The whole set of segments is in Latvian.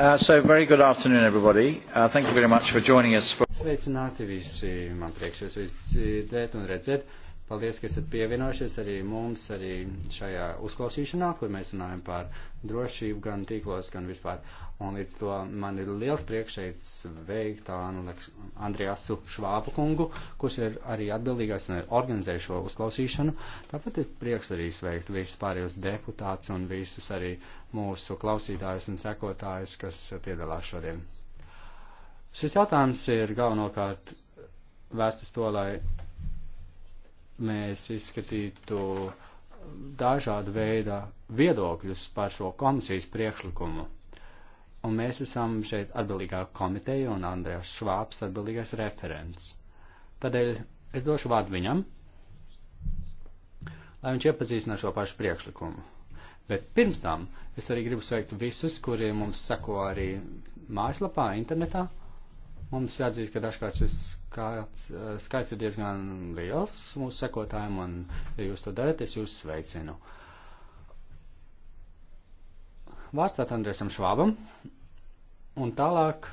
Uh, so very good afternoon, everybody. Uh, thank you very much for joining us. For... Sveicināti visi, man prieks jūs dzirdēt un redzēt. Paldies, ka esat pievienojušies arī mums, arī šajā uzklausīšanā, kur mēs runājam par drošību gan tīklos, gan vispār. Un līdz to man ir liels prieks šeit sveikt Andriasu Švābu kungu, kurš ir arī atbildīgais un ir organizējis šo uzklausīšanu. Tāpat ir prieks arī sveikt visus pārējos deputātus un visus arī mūsu klausītājus un sekotājus, kas piedalās šodien. Šis jautājums ir galvenokārt vērsts to, lai mēs izskatītu dažādu veidu viedokļus par šo komisijas priekšlikumu. Un mēs esam šeit atbildīgā komiteja un Andrēs Švāps atbildīgais referents. Tādēļ es došu vārdu viņam, lai viņš iepazīstina šo pašu priekšlikumu. Bet pirms tam es arī gribu sveikt visus, kuri mums seko arī mājaslapā, internetā. Mums jāatzīst, ka dažkārt šis skaits, eh, skaits ir diezgan liels mūsu sekotājiem, un, ja jūs to darat, es jūs sveicinu. Vārstāt Andresam Švābam, un tālāk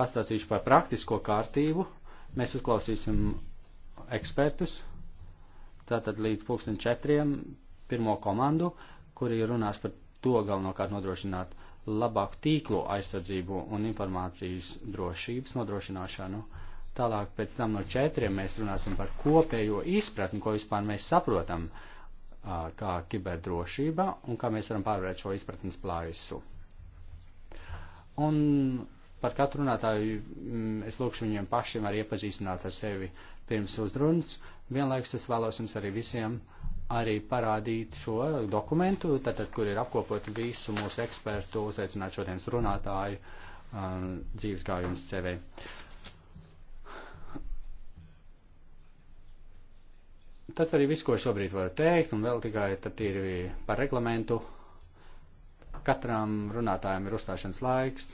pastāstīšu par praktisko kārtību. Mēs uzklausīsim ekspertus, tātad līdz pulksten četriem pirmo komandu, kuri runās par to galvenokārt nodrošināt labāku tīklu aizsardzību un informācijas drošības nodrošināšanu. Tālāk pēc tam no četriem mēs runāsim par kopējo izpratni, ko vispār mēs saprotam kā kiberdrošība un kā mēs varam pārvarēt šo izpratnes plājusu. Un par katru runātāju mm, es lūkšu viņiem pašiem arī iepazīstināt ar sevi pirms uzrunas. Vienlaikus es vēlos jums arī visiem arī parādīt šo dokumentu, tātad, kur ir apkopot visu mūsu ekspertu, uzaicināt šodienas runātāju um, dzīves gājums CV. Tas arī viss, ko šobrīd varu teikt, un vēl tikai tad ir par reglamentu. Katram runātājam ir uzstāšanas laiks.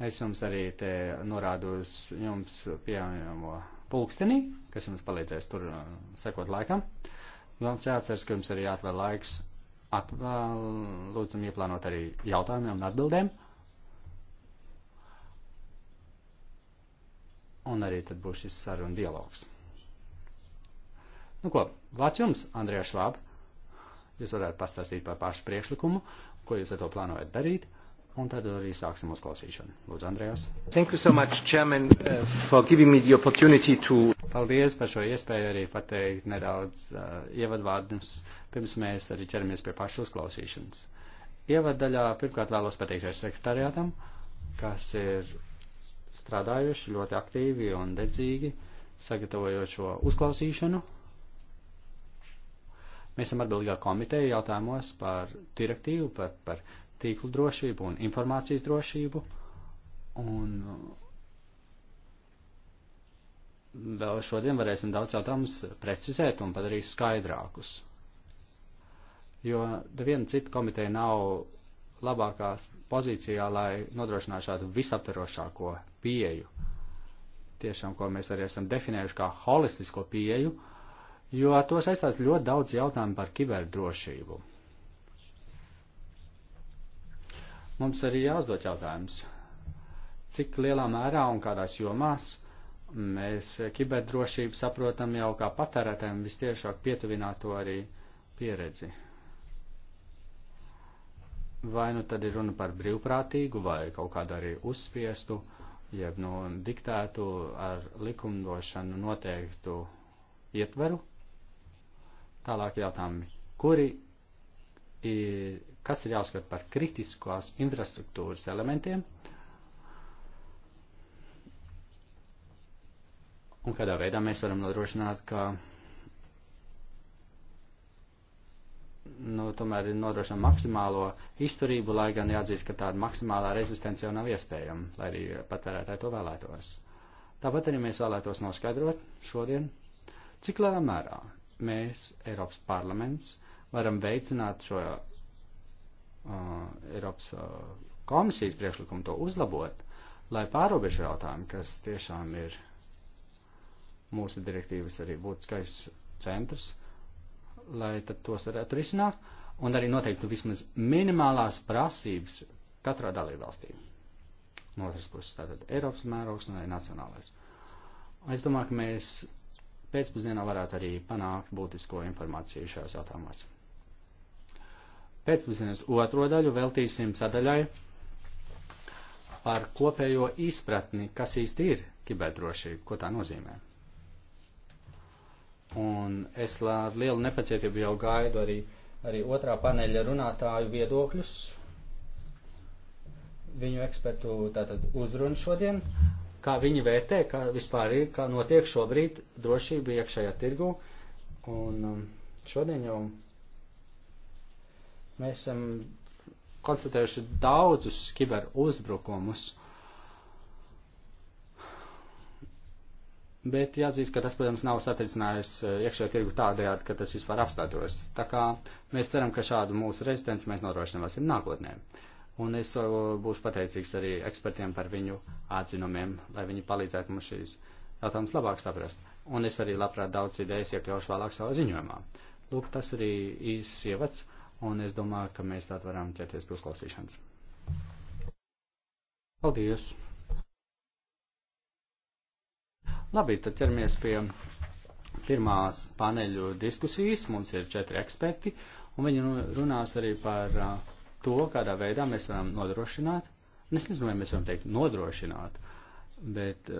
Es jums arī te norādu uz jums pieejamo pulkstenī, kas jums palīdzēs tur uh, sekot laikam. Jums jāatceras, ka jums arī jāatvēl laiks atvēl, lūdzam, ieplānot arī jautājumiem un atbildēm. Un arī tad būs šis saruna dialogs. Nu ko, vārds jums, Andrija Švāb, jūs varētu pastāstīt par pašu priekšlikumu, ko jūs ar to plānojat darīt. Un tad arī sāksim uzklausīšanu. Lūdzu, Andrejās. Thank you so much, Chairman, uh, for giving me the opportunity to. Paldies par šo iespēju arī pateikt nedaudz uh, ievadvārdus, pirms mēs arī ķeramies pie pašu uzklausīšanas. Ievaddaļā pirmkārt vēlos pateikties sekretariātam, kas ir strādājuši ļoti aktīvi un dedzīgi, sagatavojot šo uzklausīšanu. Mēs esam atbildīgā komiteja jautājumos par direktīvu, par, par tīklu drošību un informācijas drošību. Un uh, vēl šodien varēsim daudz jautājumus precizēt un padarīt skaidrākus. Jo neviena cita komiteja nav labākās pozīcijā, lai nodrošinātu šādu visaptverošāko pieju. Tiešām, ko mēs arī esam definējuši kā holistisko pieju, jo to saistās ļoti daudz jautājumu par kiberdrošību. Mums arī jāuzdod jautājums, cik lielā mērā un kādās jomās mēs kiberdrošību saprotam jau kā patērētājiem vistiešāk pietuvināto arī pieredzi. Vai nu tad ir runa par brīvprātīgu vai kaut kādu arī uzspiestu, jeb no nu, diktētu ar likumdošanu noteiktu ietveru? Tālāk jautājumi, kuri ir kas ir jāuzskata par kritiskās infrastruktūras elementiem un kādā veidā mēs varam nodrošināt, ka nu, tomēr ir nodrošina maksimālo izturību, lai gan jāatzīst, ka tāda maksimālā rezistence jau nav iespējama, lai arī patērētāji to vēlētos. Tāpat arī mēs vēlētos noskaidrot šodien, cik lielā mērā mēs, Eiropas parlaments, varam veicināt šo Eiropas komisijas priekšlikumu to uzlabot, lai pārobežu jautājumi, kas tiešām ir mūsu direktīvas arī būtiskais centrs, lai tad tos varētu risināt, un arī noteiktu vismaz minimālās prasības katrā dalībvalstī. No otras puses, tātad Eiropas mērogs un arī nacionālais. Es domāju, ka mēs pēcpusdienā varētu arī panākt būtisko informāciju šajās jautājumās. Pēcpusdienas otro daļu veltīsim sadaļai par kopējo izpratni, kas īsti ir kiberdrošība, ko tā nozīmē. Un es ar lielu nepacietību jau gaidu arī, arī otrā paneļa runātāju viedokļus, viņu ekspertu tātad uzrunu šodien, kā viņi vērtē, kā vispār ir, kā notiek šobrīd drošība iekšējā tirgu. Un um, šodien jau Mēs esam konstatējuši daudzus kiber uzbrukumus. Bet jāatzīst, ka tas, protams, nav satricinājis eh, iekšējo tirgu tādējādi, ka tas vispār apstātos. Tā kā mēs ceram, ka šādu mūsu rezistenci mēs nodrošināsim nākotnē. Un es būšu pateicīgs arī ekspertiem par viņu atzinumiem, lai viņi palīdzētu mums šīs jautājumas labāk saprast. Un es arī labprāt daudz idejas iekļaušu vēlāk savā ziņojumā. Lūk, tas arī īsts ievads un es domāju, ka mēs tādā varam ķerties pie uzklausīšanas. Paldies! Labi, tad ķeramies pie pirmās paneļu diskusijas. Mums ir četri eksperti, un viņi nu runās arī par to, kādā veidā mēs varam nodrošināt. Nu, es nezinu, vai mēs varam teikt nodrošināt, bet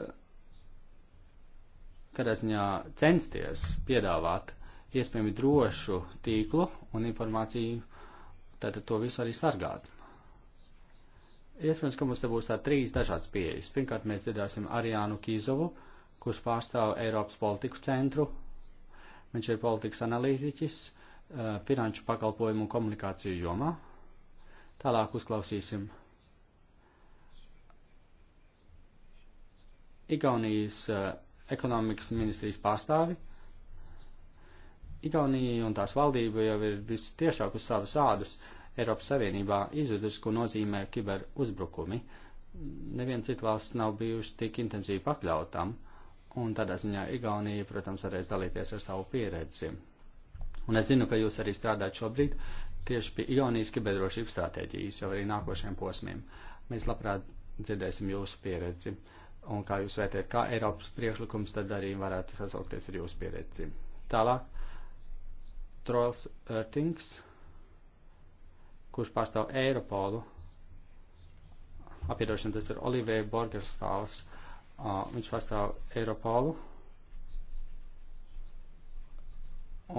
kādā ziņā censties piedāvāt iespējami drošu tīklu un informāciju, tātad to visu arī sargāt. Iespējams, ka mums te būs tā trīs dažādas pieejas. Pirmkārt, mēs dzirdēsim Arijānu Kīzovu, kurš pārstāv Eiropas politiku centru. Viņš ir politikas analītiķis eh, finanšu pakalpojumu un komunikāciju jomā. Tālāk uzklausīsim Igaunijas eh, ekonomikas ministrijas pārstāvi Igaunija un tās valdība jau ir vistiešāk uz savas ādas Eiropas Savienībā izjūtas, ko nozīmē kiber uzbrukumi. Neviena cita valsts nav bijusi tik intensīvi pakļautam, un tādā ziņā Igaunija, protams, varēs dalīties ar savu pieredzi. Un es zinu, ka jūs arī strādājat šobrīd tieši pie Igaunijas kiberdrošības stratēģijas jau arī nākošajiem posmiem. Mēs labprāt dzirdēsim jūsu pieredzi, un kā jūs vērtējat, kā Eiropas priekšlikums tad arī varētu sasaukties ar jūsu pieredzi. Tālāk Troils Ertings, eh, kurš pārstāv Eiropolu. Apiedošana tas ir Olivija Borgerstāls. Uh, viņš pārstāv Eiropolu.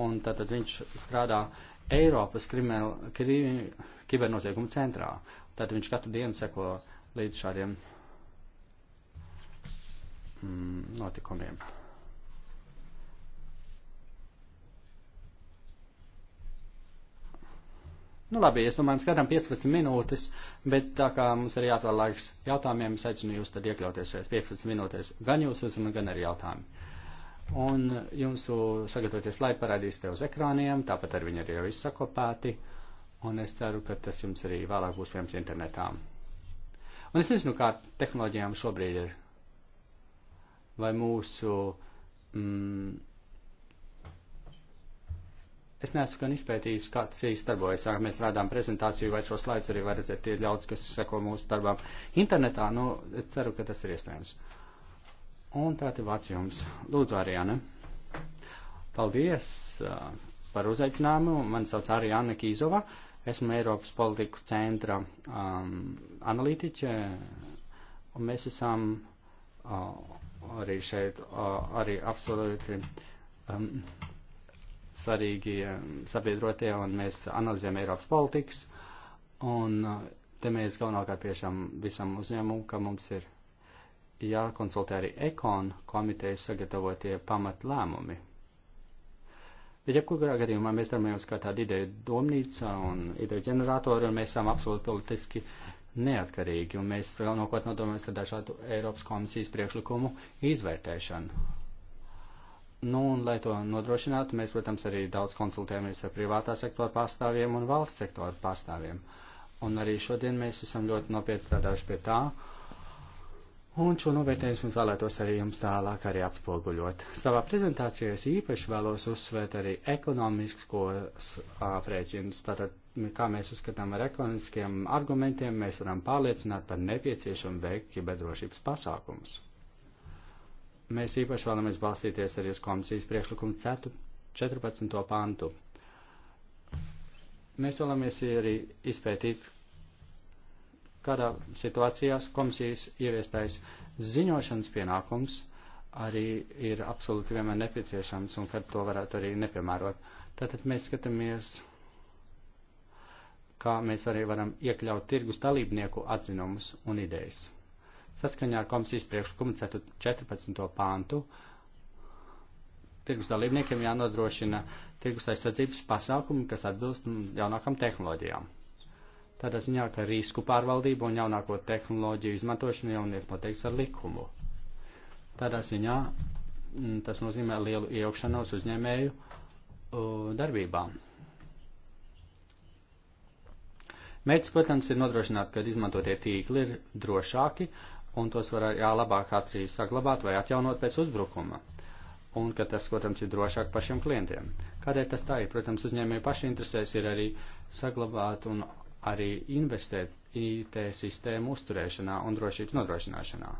Un tātad viņš strādā Eiropas krimēl, kri, kibernozieguma centrā. Tātad viņš katru dienu seko līdz šādiem mm, notikumiem. Nu, labi, es domāju, mums katram 15 minūtes, bet tā kā mums ir jāatvēl laiks jautājumiem, es aicinu jūs tad iekļauties 15 minūtēs, gan jūsu uzrunu, gan arī jautājumi. Un jūsu sagatavoties lai parādīs te uz ekrāniem, tāpat ar viņu arī jau izsakopēti, un es ceru, ka tas jums arī vēlāk būs pieejams internetā. Un es nezinu, kā tehnoloģijām šobrīd ir, vai mūsu mm, Es neesmu gan izpētījis, kā tas īsti darbojas. Ja mēs rādām prezentāciju vai šo slaidu arī var redzēt tie ļauds, kas seko mūsu darbām internetā. Nu, es ceru, ka tas ir iespējams. Un tā ir vārds jums. Lūdzu, Arijāne. Paldies uh, par uzaicinājumu. Man sauc Arijāna Kīzova. Esmu Eiropas politiku centra um, analītiķe. Un mēs esam uh, arī šeit uh, arī absolūti. Um, svarīgie um, sabiedrotie, un mēs analizējam Eiropas politikas, un uh, te mēs galvenokārt piešām visam uzņēmumu, ka mums ir jākonsultē arī ekon komitejas sagatavotie pamatlēmumi. Bet jebkurā gadījumā mēs darbojamies kā tāda ideja domnīca un ideja ģeneratori, un mēs esam absolūti politiski neatkarīgi, un mēs galvenokārt nodomājamies ar dažādu Eiropas komisijas priekšlikumu izvērtēšanu. Nu, un, lai to nodrošinātu, mēs, protams, arī daudz konsultējamies ar privātā sektora pārstāvjiem un valsts sektora pārstāvjiem. Un arī šodien mēs esam ļoti nopietni strādājuši pie tā. Un šo novērtējumu es vēlētos arī jums tālāk arī atspoguļot. Savā prezentācijā es īpaši vēlos uzsvērt arī ekonomiskos aprēķinus. Tātad, kā mēs uzskatām ar ekonomiskiem argumentiem, mēs varam pārliecināt par nepieciešamu veikt kiberdrošības pasākumus mēs īpaši vēlamies balstīties arī uz komisijas priekšlikumu 14. pantu. Mēs vēlamies arī izpētīt, kādā situācijās komisijas ieviestais ziņošanas pienākums arī ir absolūti vienmēr nepieciešams un kad to varētu arī nepiemērot. Tātad mēs skatāmies, kā mēs arī varam iekļaut tirgus dalībnieku atzinumus un idejas. Saskaņā ar komisijas priekšlikumu 14. pāntu tirgus dalībniekiem jānodrošina tirgus aizsardzības pasākumi, kas atbilst jaunākām tehnoloģijām. Tādā ziņā, ka risku pārvaldība un jaunāko tehnoloģiju izmantošana jau ir noteikts ar likumu. Tādā ziņā tas nozīmē lielu iejaukšanos uzņēmēju darbībā. Mērķis, protams, ir nodrošināt, ka izmantotie tīkli ir drošāki un tos var jālabāk ātri saglabāt vai atjaunot pēc uzbrukuma. Un ka tas, protams, ir drošāk pašiem klientiem. Kādēļ tas tā ir? Protams, uzņēmēji paši interesēs ir arī saglabāt un arī investēt IT sistēmu uzturēšanā un drošības nodrošināšanā.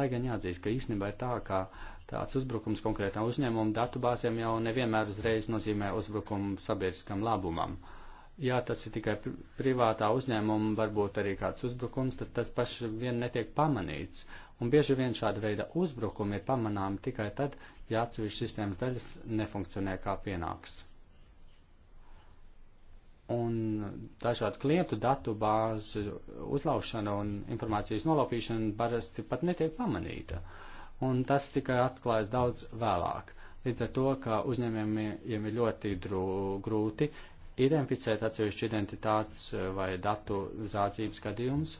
Lai gan jāatzīst, ka īstenībā ir tā, ka tāds uzbrukums konkrētām uzņēmumu datubāzēm jau nevienmēr uzreiz nozīmē uzbrukumu sabiedriskam labumam. Uh, ja tas ir tikai privātā uzņēmuma, varbūt arī kāds uzbrukums, tad tas paši vien netiek pamanīts. Un bieži vien šāda veida uzbrukumi ir pamanāmi tikai tad, ja atsevišķas sistēmas daļas nefunkcionē kā pienāks. Un dažādu klientu datu bāzu uzlaušana un informācijas nolaupīšana parasti pat netiek pamanīta. Un tas tikai atklājas daudz vēlāk. Līdz ar to, ka uzņēmējiem ir ļoti drū, grūti identificēt atsevišķu identitātes eh, vai datu zādzības gadījumus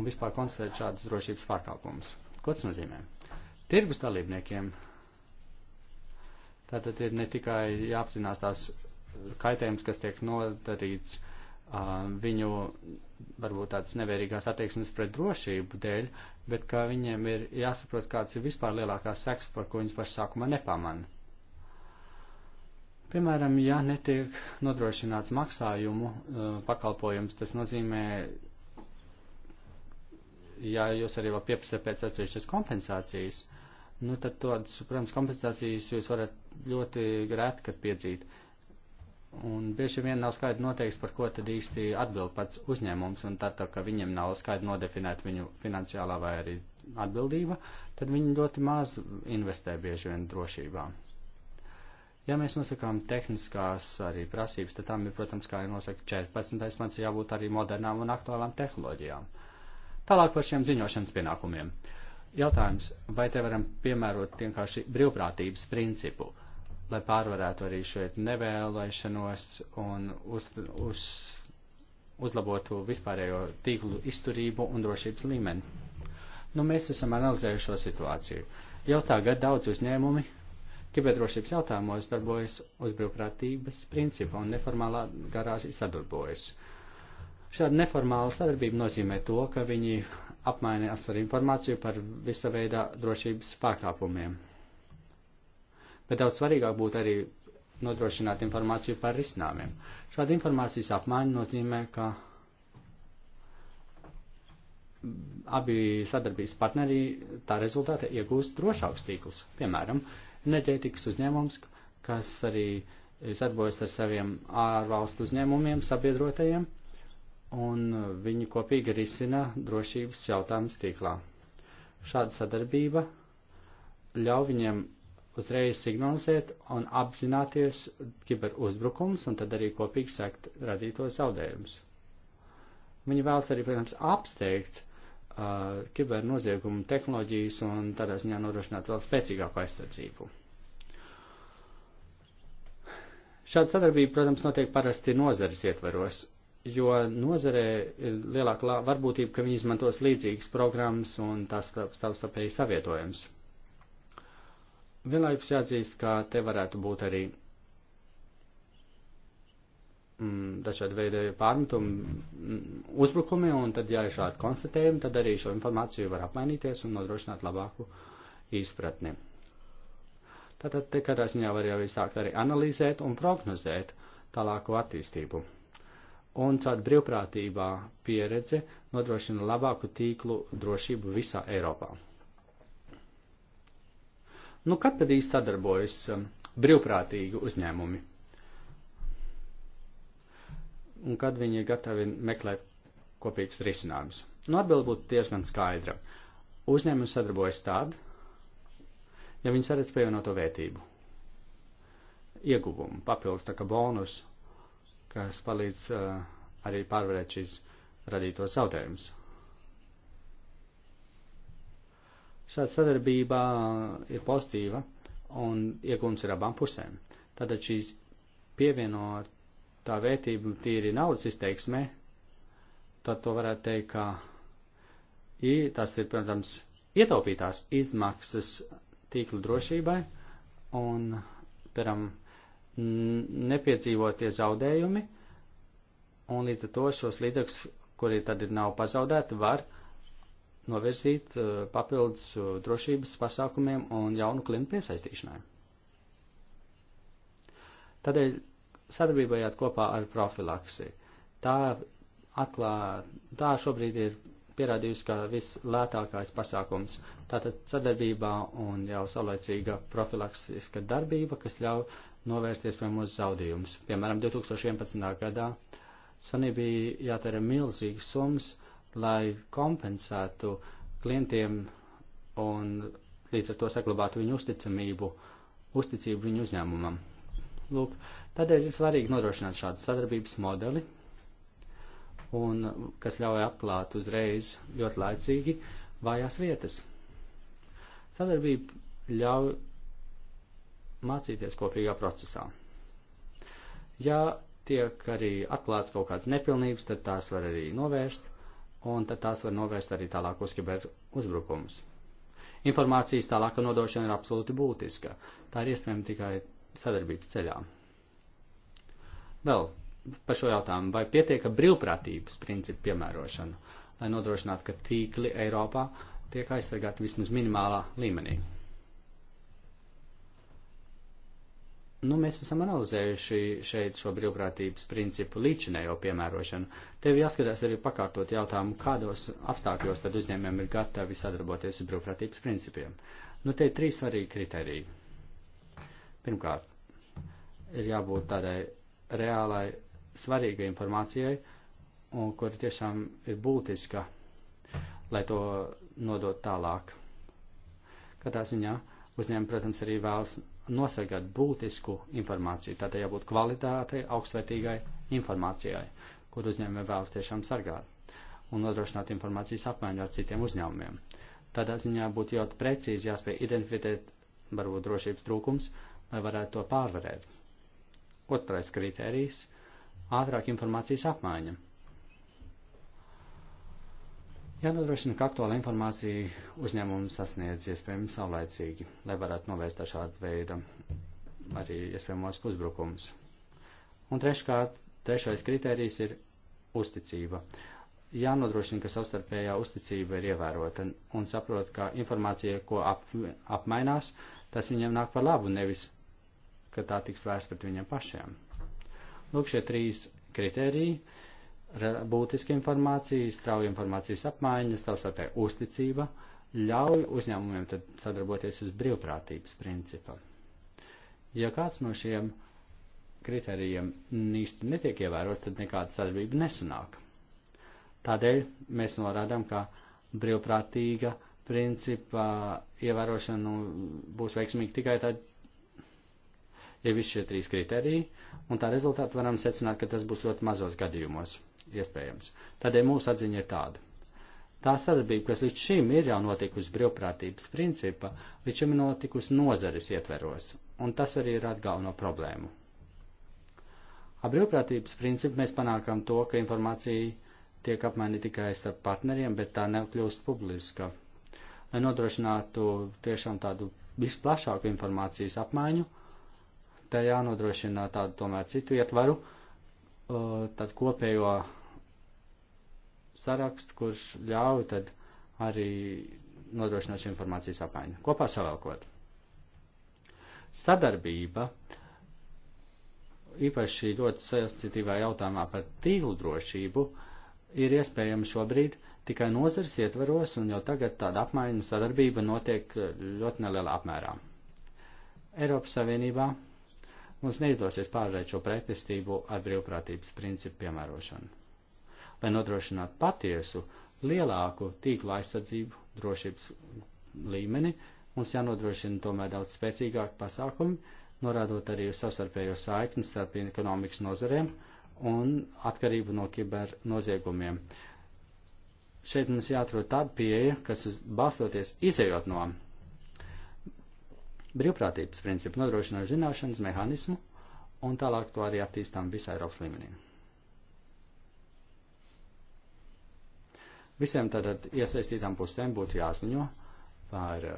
un vispār konstatēt šādus drošības pārkāpumus. Ko tas nozīmē? Tirgus dalībniekiem tātad ir ne tikai jāapzinās tās kaitējums, kas tiek nodarīts uh, viņu varbūt tādas nevērīgās attieksmes pret drošību dēļ, bet ka viņiem ir jāsaprot, kāds ir vispār lielākās seks, par ko viņas paši sākumā nepamana. Piemēram, ja netiek nodrošināts maksājumu eh, pakalpojums, tas nozīmē, ja jūs arī vēl pieprasat pēc atsevišķas kompensācijas, nu tad tādas, protams, kompensācijas jūs varat ļoti reti, kad piedzīt. Un bieži vien nav skaidri noteikts, par ko tad īsti atbild pats uzņēmums, un tā tā, ka viņiem nav skaidri nodefinēta viņu finansiālā vai arī atbildība, tad viņi ļoti maz investē bieži vien drošībā. Ja mēs nosakām tehniskās arī prasības, tad tam ir, protams, kā jau nosaka 14. mans jābūt arī modernām un aktuālām tehnoloģijām. Tālāk par šiem ziņošanas pienākumiem. Jautājums, vai te varam piemērot vienkārši brīvprātības principu, lai pārvarētu arī šeit nevēlēšanos un uz, uz, uzlabotu vispārējo tīklu izturību un drošības līmeni? Nu, mēs esam analizējuši šo situāciju. Jau tagad daudz uzņēmumi Kiberdrošības jautājumos darbojas uz brīvprātības principa un neformālā garāžī sadarbojas. Šāda neformāla sadarbība nozīmē to, ka viņi apmainījās ar informāciju par visa veida drošības pārkāpumiem. Bet daudz svarīgāk būtu arī nodrošināt informāciju par risinājumiem. Šāda informācijas apmaiņa nozīmē, ka abi sadarbības partneri tā rezultātā iegūst drošākus tīklus. Piemēram, uh, enerģētikas uzņēmums, kas arī sadarbojas ar saviem ārvalstu uzņēmumiem, sabiedrotajiem, un viņi kopīgi risina drošības jautājumus tīklā. Šāda sadarbība ļauj viņiem uzreiz signalizēt un apzināties kiberuzbrukums un tad arī kopīgi sekt radītos zaudējumus. Viņi vēlas arī, protams, apsteigt uh, kibernoziegumu tehnoloģijas un tādā ziņā nodrošināt vēl spēcīgāku aizsardzību. Šāda sadarbība, protams, notiek parasti nozares ietveros, jo nozarē ir lielāka varbūtība, ka viņi izmantos līdzīgas programmas un tās savstarpēji savietojams. Vienlaikus jāatzīst, ka te varētu būt arī Mm, dažādi veidi pārmetumi, mm, uzbrukumi, un tad, ja ir šādi konstatējumi, tad arī šo informāciju var apmainīties un nodrošināt labāku izpratni. Tātad te kādā ziņā var jau izsākt arī analizēt un prognozēt tālāko attīstību. Un tāda brīvprātībā pieredze nodrošina labāku tīklu drošību visā Eiropā. Nu, kad tad īsti sadarbojas um, brīvprātīgi uzņēmumi? un kad viņi ir gatavi meklēt kopīgus risinājumus. Nu, atbildi būtu diezgan skaidra. Uzņēmums sadarbojas tad, ja viņi saredz pievienoto vērtību, ieguvumu, papildus tā kā bonus, kas palīdz uh, arī pārvarēt šīs radītos zaudējumus. Šāda sadarbība ir pozitīva un iegūms ir abām pusēm. Tātad šīs pievienot tā vērtība tīri naudas izteiksmē, tad to varētu teikt, ka tas ir, protams, ietaupītās izmaksas tīklu drošībai un, piemēram, nepiedzīvotie zaudējumi, un līdz ar to šos līdzekļus, kuri tad ir nav pazaudēti, var novirzīt e, papildus e, drošības pasākumiem un jaunu klientu piesaistīšanai. Tādēļ sadarbībājāt kopā ar profilaksi. Tā atklā, tā šobrīd ir pierādījusi kā vislētākais pasākums. Tātad sadarbībā un jau saulēcīga profilaksiska darbība, kas ļauj novērst iespējamos zaudējumus. Piemēram, 2011. gadā Sanī bija jātērē milzīgas summas, lai kompensētu klientiem un līdz ar to saglabātu viņu uzticamību, uzticību viņu uzņēmumam. Lūk, tādēļ ir svarīgi nodrošināt šādu sadarbības modeli, un, kas ļauj atklāt uzreiz ļoti laicīgi vājās vietas. Sadarbība ļauj mācīties kopīgā procesā. Ja tiek arī atklāts kaut kāds nepilnības, tad tās var arī novērst, un tad tās var novērst arī tālākos kiber uzbrukumus. Informācijas tālāka nodošana ir absolūti būtiska. Tā ir iespējama tikai sadarbības ceļā. Vēl par šo jautājumu, vai pietiek ar brīvprātības principu piemērošanu, lai nodrošinātu, ka tīkli Eiropā tiek aizsargāti vismaz minimālā līmenī. Nu, mēs esam analizējuši šeit šo brīvprātības principu līdzinējo piemērošanu. Tev jāskatās arī pakārtot jautājumu, kādos apstākļos tad uzņēmējiem ir gatavi sadarboties ar brīvprātības principiem. Nu, te ir trīs svarīgi kriteriji. Pirmkārt, ir jābūt tādai reālai, svarīgai informācijai, un kur tiešām ir būtiska, lai to nodot tālāk. Katrā ziņā uzņēmumi, protams, arī vēlas nosargāt būtisku informāciju, tātad jābūt kvalitātei, augstvērtīgai informācijai, kur uzņēmumi vēlas tiešām sargāt un nodrošināt informācijas apmaiņu ar citiem uzņēmumiem. Tādā ziņā būtu ļoti precīzi jāspēj identificēt varbūt drošības trūkums, lai varētu to pārvarēt. Otrais kritērijs - ātrāk informācijas apmaiņa. Jānodrošina, ka aktuāla informācija uzņēmumu sasniedz iespējami saulēcīgi, lai varētu novērst dažādu veidu arī iespējamos uzbrukumus. Un treškārt, trešais kritērijs ir uzticība. Jānodrošina, ka savstarpējā uzticība ir ievērota un saprot, ka informācija, ko ap, apmainās, tas viņiem nāk par labu, nevis ka tā tiks vērsta pret viņiem pašiem. Lūk, šie trīs kriteriji - būtiska informācija, strauja informācijas apmaiņa, savstarpēja uzticība ļauj uzņēmumiem tad sadarboties uz brīvprātības principa. Ja kāds no šiem kriterijiem īsti netiek ievērots, tad nekāda sadarbība nesanāk. Tādēļ mēs norādām, ka brīvprātīga principa ievērošana būs veiksmīga tikai tad, ir e visi šie trīs kriteriji, un tā rezultāti varam secināt, ka tas būs ļoti mazos gadījumos iespējams. Tādēļ mūsu atziņa ir tāda. Tā sadarbība, kas līdz šim ir jau notikusi brīvprātības principa, līdz šim ir notikusi nozares ietveros, un tas arī ir atgalno problēmu. Ar brīvprātības principu mēs panākam to, ka informācija tiek apmainīta tikai starp partneriem, bet tā nekļūst publiska. Lai nodrošinātu tiešām tādu visplašāku informācijas apmaiņu, te jānodrošina tādu tomēr citu ietvaru, uh, tad kopējo sarakstu, kurš ļauj tad arī nodrošināt šo informācijas apmaiņu. Kopā savēlkot. Sadarbība īpaši ļoti sensitīvā jautājumā par tīklu drošību ir iespējama šobrīd tikai nozars ietvaros, un jau tagad tāda apmaiņu sadarbība notiek ļoti nelielā apmērā. Eiropas Savienībā mums neizdosies pārvarēt šo pretestību ar brīvprātības principu piemērošanu. Lai nodrošinātu patiesu, lielāku tīkla aizsardzību, drošības līmeni, mums jānodrošina tomēr daudz spēcīgāki pasākumi, norādot arī uz savstarpējo saikni starp ekonomikas nozarēm un atkarību no kiber noziegumiem. Šeit mums jāatrod tāda pieeja, kas uz, balstoties izējot no Brīvprātības principu nodrošina zināšanas mehānismu, un tālāk to arī attīstām visā Eiropas līmenī. Visiem tātad iesaistītām pusēm būtu jāziņo par uh,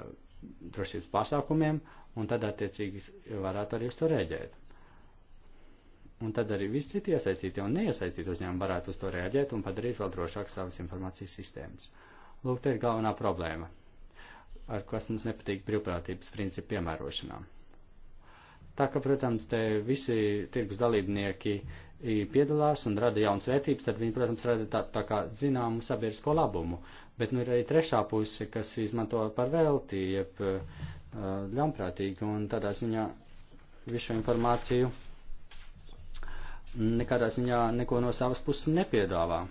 drošības pasākumiem, un tad attiecīgi varētu arī uz to rēģēt. Un tad arī visi citi iesaistītie un neiesaistīti uzņēmumi varētu uz to rēģēt un padarīt vēl drošāk savas informācijas sistēmas. Lūk, te ir galvenā problēma ar kas mums nepatīk brīvprātības principu piemērošanā. Tā ka, protams, te visi tirgus dalībnieki piedalās un rada jaunas vērtības, tad viņi, protams, rada tā, tā kā zināmu sabiedrisko labumu. Bet nu ir arī trešā puse, kas izmanto par velti, jeb uh, ļaunprātīgi, un tādā ziņā visu informāciju nekādā ziņā neko no savas puses nepiedāvā.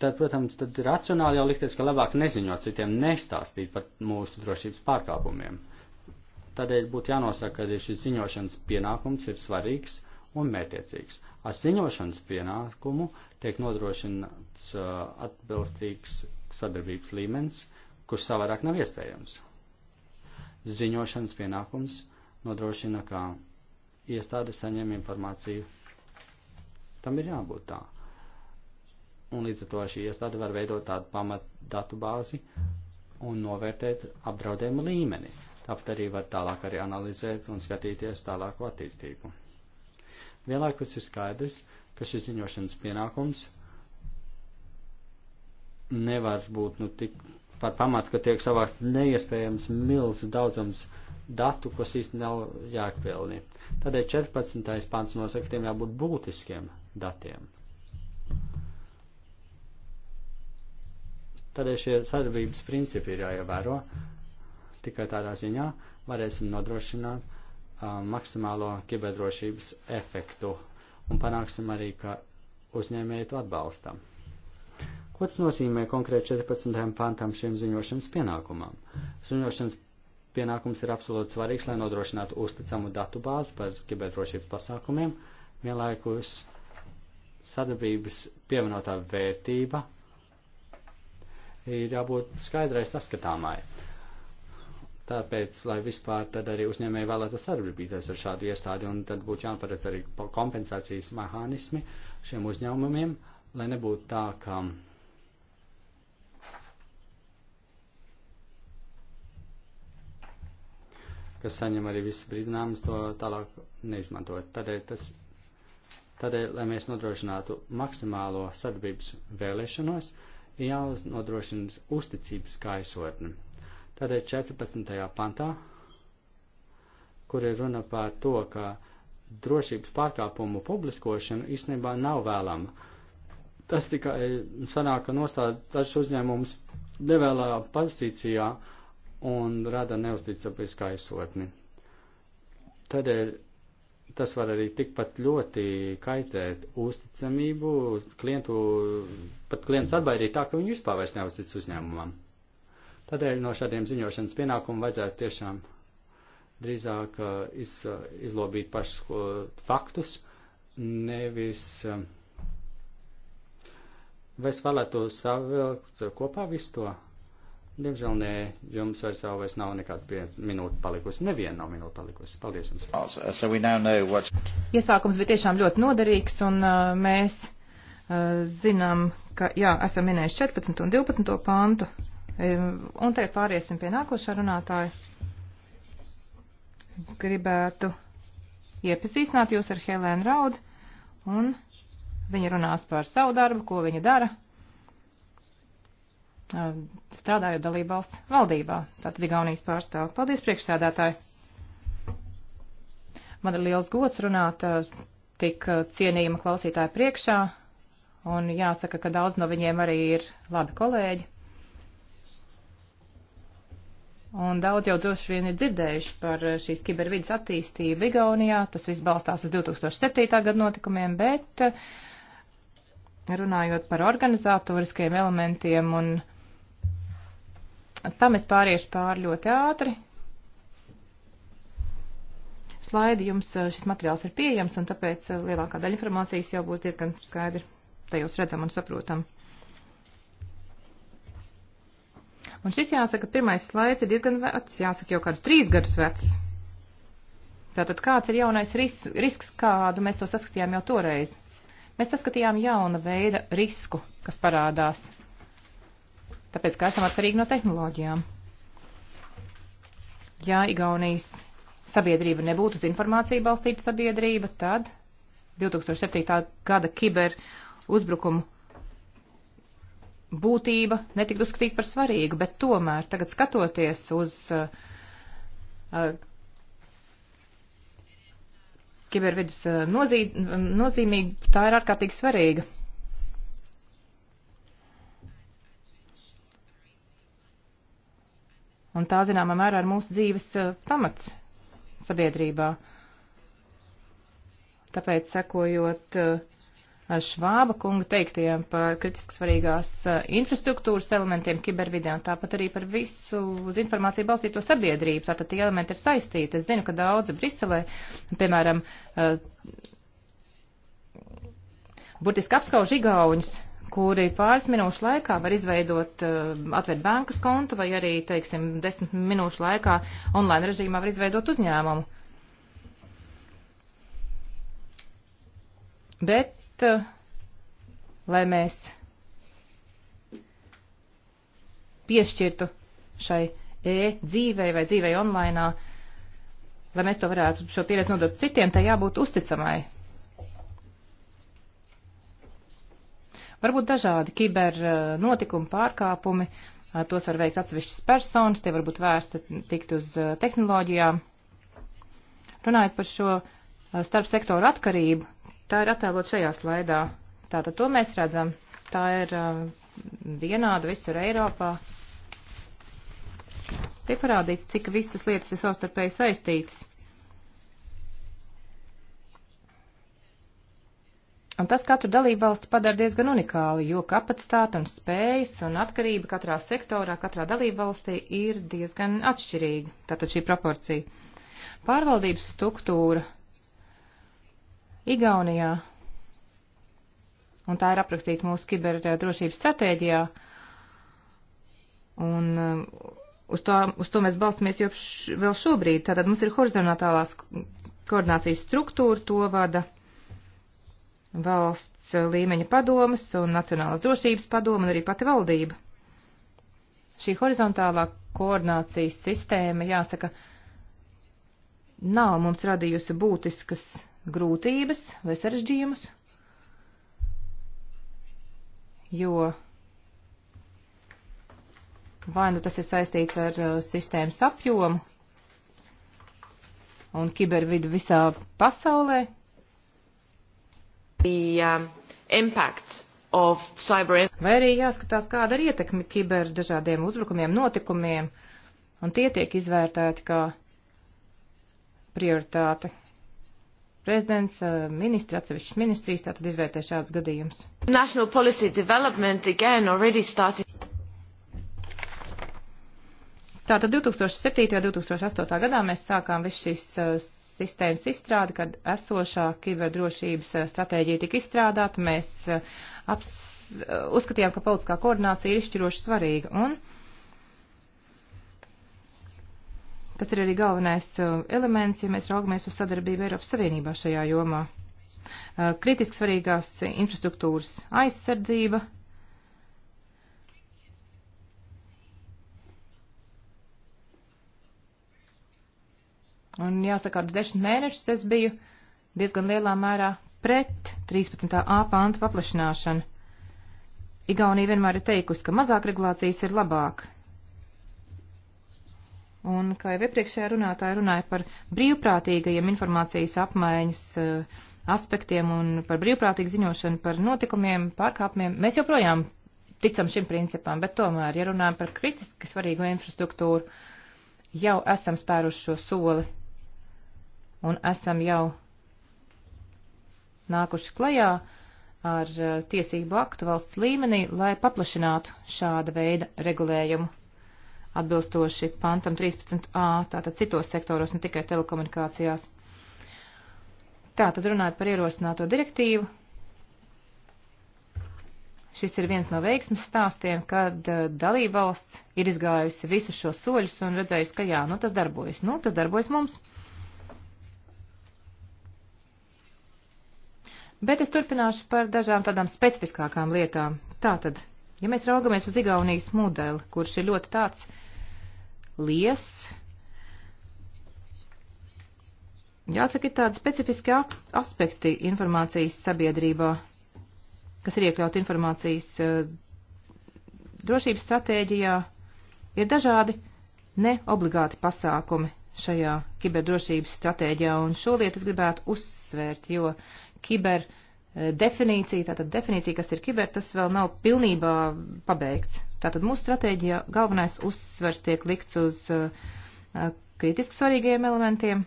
tad, protams, tad racionāli jau likties, ka labāk neziņot citiem, nestāstīt par mūsu drošības pārkāpumiem. Tādēļ būtu jānosaka, ka šis ziņošanas pienākums ir svarīgs un mērķiecīgs. Ar ziņošanas pienākumu tiek nodrošināts uh, atbilstīgs sadarbības līmenis, kurš savādāk nav iespējams. Ziņošanas pienākums nodrošina, ka iestāde saņem informāciju. Tam ir jābūt tā. Un līdz ar to šī iestāde var veidot tādu pamatdatu bāzi un novērtēt apdraudējumu līmeni. Tāpat arī var tālāk arī analizēt un skatīties tālāko attīstību. Vienlaikus ir skaidrs, ka šis ziņošanas pienākums nevar būt nu, tik par pamatu, ka tiek savākt neiespējams milzu daudzums datu, kas īsti nav jāapvielni. Tādēļ 14. pants nosaka, tiem jābūt būtiskiem datiem. Tādēļ šie sadarbības principi ir jāievēro. Tikai tādā ziņā varēsim nodrošināt uh, maksimālo kiberdrošības efektu un panāksim arī, ka uzņēmēji to atbalstam. Ko tas nozīmē konkrēti 14. pantam šiem ziņošanas pienākumam? Ziņošanas pienākums ir absolūti svarīgs, lai nodrošinātu uzticamu datu bāzi par kiberdrošības pasākumiem, vienlaikus sadarbības pievienotā vērtība ir jābūt skaidrai saskatāmai. Tāpēc, lai vispār tad arī uzņēmēji vēlētos sadarbīties ar šādu iestādi, un tad būtu jāparedz arī kompensācijas mehānismi šiem uzņēmumiem, lai nebūtu tā, ka. kas saņem arī visu brīdinājumus, to tālāk neizmantot. Tādēļ, tas, tādēļ, lai mēs nodrošinātu maksimālo sadarbības vēlēšanos, uh, ir jānodrošina uzticības gaisotne. Tādēļ 14. pantā, kur ir runa par to, ka drošības pārkāpumu publiskošana īstenībā nav vēlama. Tas tikai sanāk, ka nostāda dažs uzņēmums nevēlā pozīcijā un rada neusticības gaisotni. Tādēļ tas var arī tikpat ļoti kaitēt uzticamību, klientu, pat klientus atbaidīt tā, ka viņi vispār vairs neuztic uzņēmumam. Tādēļ no šādiem ziņošanas pienākumu vajadzētu tiešām drīzāk uh, iz, uh, izlobīt pašus faktus, nevis um, vai es vēlētu savilkt kopā visu to Diemžēl nē, jums vairs jau vairs nav nekāda minūte palikusi, neviena nav minūte palikusi. Paldies jums. Oh, so what... Iesākums bija tiešām ļoti noderīgs, un uh, mēs uh, zinām, ka, jā, esam minējuši 14 un 12 pantu, um, un te pāriesim pie nākošā runātāja. Gribētu iepazīstināt jūs ar Helēnu Raudu, un viņa runās par savu darbu, ko viņa dara. Um, strādājot dalību valsts valdībā. Tātad Igaunijas pārstāv. Paldies, priekšsēdētāji! Man ir liels gods runāt uh, tik uh, cienījama klausītāja priekšā, un jāsaka, ka daudz no viņiem arī ir labi kolēģi. Un daudz jau droši vien ir dzirdējuši par uh, šīs kibervidas attīstību Igaunijā. Tas viss balstās uz 2007. gadu notikumiem, bet runājot par organizatoriskiem elementiem un Tam es pāriešu pāri ļoti ātri. Slaidi jums eh, šis materiāls ir pieejams, un tāpēc eh, lielākā daļa informācijas jau būs diezgan skaidri tajos redzam un saprotam. Un šis jāsaka, pirmais slaids ir diezgan vecs, jāsaka jau kādus trīs gadus vecs. Tātad kāds ir jaunais ris risks, kādu mēs to saskatījām jau toreiz? Mēs saskatījām jauna veida risku, kas parādās tāpēc, ka esam atkarīgi no tehnoloģijām. Ja Igaunijas sabiedrība nebūtu uz informāciju balstīta sabiedrība, tad 2007. gada kiber uzbrukumu būtība netika uzskatīta par svarīgu, bet tomēr tagad skatoties uz uh, uh, kibervidas uh, nozīmīgu, tā ir ārkārtīgi svarīga. Un tā, zināmā mērā, ir mūsu dzīves eh, pamats sabiedrībā. Tāpēc, sekojot eh, Švāba kunga teiktajiem par kritiski svarīgās eh, infrastruktūras elementiem kibervidē un tāpat arī par visu uz informāciju balstīto sabiedrību, tātad tie elementi ir saistīti. Es zinu, ka daudzi Briselē, piemēram, burtiski apskauž igauņus kuri pāris minūšu laikā var izveidot, eh, atvērt bankas kontu vai arī, teiksim, desmit minūšu laikā online režīmā var izveidot uzņēmumu. Bet, eh, lai mēs piešķirtu šai e-dzīvei vai dzīvei online, lai mēs to varētu šo pieredzi nodot citiem, tai jābūt uzticamai Varbūt dažādi kiber eh, notikumi, pārkāpumi, eh, tos var veikt atsevišķas personas, tie varbūt vērsti tikt uz eh, tehnoloģijām. Runājot par šo starp sektoru atkarību, tā ir attēlot šajā slaidā. Tātad to mēs redzam. Tā ir vienāda visur Eiropā. Tiek parādīts, cik visas lietas ir savstarpēji saistītas. Un tas katru dalībvalsti padara diezgan unikāli, jo kapacitāte un spējas un atkarība katrā sektorā, katrā dalībvalstī ir diezgan atšķirīga. Tātad šī proporcija. Pārvaldības struktūra Igaunijā, un tā ir aprakstīta mūsu kiberdrošības stratēģijā, un um, uz to, uz to mēs balstamies jau š, vēl šobrīd. Tātad mums ir horizontālās koordinācijas struktūra, to vada valsts līmeņa padomas un Nacionālās drošības padoma un arī pati valdība. Šī horizontālā koordinācijas sistēma, jāsaka, nav mums radījusi būtiskas grūtības vai sarežģījumus, jo vai nu tas ir saistīts ar uh, sistēmas apjomu un kibervidu visā pasaulē, The, um, impacts of cyber. Vai arī jāskatās, kāda ir ietekme kiber dažādiem uzbrukumiem, notikumiem, un tie tiek izvērtēti kā prioritāte. Prezidents, uh, ministri, atsevišķas ministrijas tātad izvērtē šādus gadījumus. National policy development again already started. Tātad 2007. un 2008. gadā mēs sākām visu šīs uh, sistēmas izstrādi, kad esošā kiberdrošības eh, stratēģija tika izstrādāta, mēs eh, aps, eh, uzskatījām, ka politiskā koordinācija ir izšķiroši svarīga. Un tas ir arī galvenais elements, ja mēs raugamies uz sadarbību Eiropas Savienībā šajā jomā. Kritiski svarīgās infrastruktūras aizsardzība, Un jāsaka, kādus desmit mēnešus es biju diezgan lielā mērā pret 13a pānta paplašināšanu. Igaunija vienmēr ir teikusi, ka mazāk regulācijas ir labāk. Un, kā jau iepriekšējā runātāja runāja par brīvprātīgajiem informācijas apmaiņas uh, aspektiem un par brīvprātīgu ziņošanu par notikumiem, pārkāpumiem, mēs joprojām ticam šim principam, bet tomēr, ja runājam par kritiski svarīgo infrastruktūru, jau esam spēruši šo soli un esam jau nākuši klajā ar eh, tiesību aktu valsts līmenī, lai paplašinātu šāda veida regulējumu atbilstoši pantam 13a, tātad citos sektoros, ne tikai telekomunikācijās. Tā, tad runājot par ierosināto direktīvu, šis ir viens no veiksmes stāstiem, kad eh, dalībvalsts ir izgājusi visus šos soļus un redzējusi, ka jā, nu tas darbojas, nu tas darbojas mums. Bet es turpināšu par dažām tādām specifiskākām lietām. Tātad, ja mēs raugamies uz Igaunijas modeli, kurš ir ļoti tāds lies, jāsaka, ir tādi specifiski aspekti informācijas sabiedrībā, kas ir iekļauti informācijas eh, drošības stratēģijā, ir dažādi neobligāti pasākumi šajā kiberdrošības stratēģijā, un šo lietu es gribētu uzsvērt, jo kiber eh, definīcija, tātad definīcija, kas ir kiber, tas vēl nav pilnībā pabeigts. Tātad mūsu stratēģija galvenais uzsvers tiek likts uz eh, kritiski svarīgiem elementiem.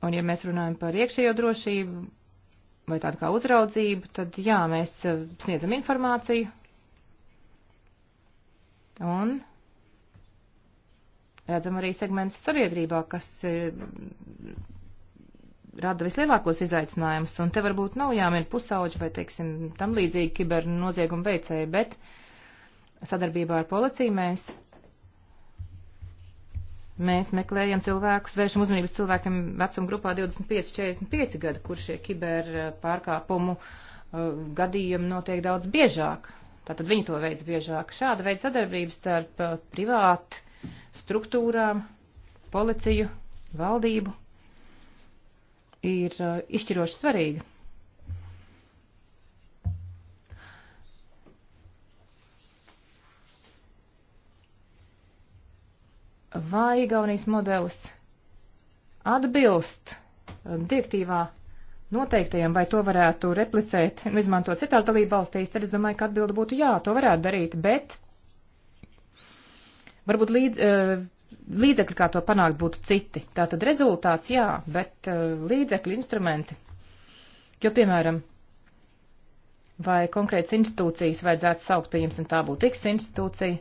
Un ja mēs runājam par iekšējo drošību vai tādu kā uzraudzību, tad jā, mēs eh, sniedzam informāciju. Un Redzam arī segmentus sabiedrībā, kas ir, eh, rada vislielākos izaicinājumus, un te varbūt nav jāmin pusauģi vai, teiksim, tam līdzīgi kibernozieguma veicēji, bet sadarbībā ar policiju mēs mēs meklējam cilvēkus, vēršam uzmanības cilvēkiem vecuma grupā 25-45 gadu, kur šie kiber eh, pārkāpumu uh, gadījumi notiek daudz biežāk. Tātad viņi to veids biežāk. Šāda veida sadarbības starp privātu struktūrām, policiju, valdību ir uh, izšķiroši svarīga. Vai Igaunijas modelis atbilst um, direktīvā noteiktajiem, vai to varētu replicēt, nu, izmantot citās dalībvalstīs, tad es domāju, ka atbilde būtu jā, to varētu darīt, bet Varbūt līdz, eh, līdzekļi, kā to panākt, būtu citi. Tātad rezultāts jā, bet eh, līdzekļi, instrumenti. Jo, piemēram, vai konkrētas institūcijas vajadzētu saukt, pieņemsim, tā būtu X institūcija.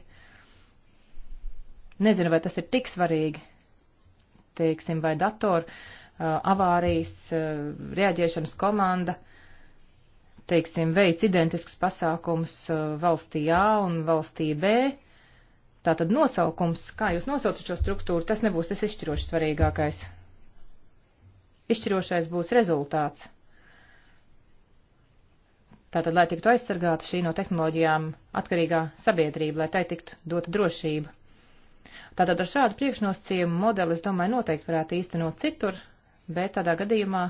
Nezinu, vai tas ir tik svarīgi, teiksim, vai datoru eh, avārijas reaģēšanas komanda, teiksim, veic identiskus pasākumus valstī A un valstī B Tātad nosaukums, kā jūs nosaucat šo struktūru, tas nebūs tas izšķiroši svarīgākais. Izšķirošais būs rezultāts. Tātad, lai tiktu aizsargāta šī no tehnoloģijām atkarīgā sabiedrība, lai tai tiktu dota drošība. Tātad ar šādu priekšnosacījumu modeli, es domāju, noteikti varētu īstenot citur, bet tādā gadījumā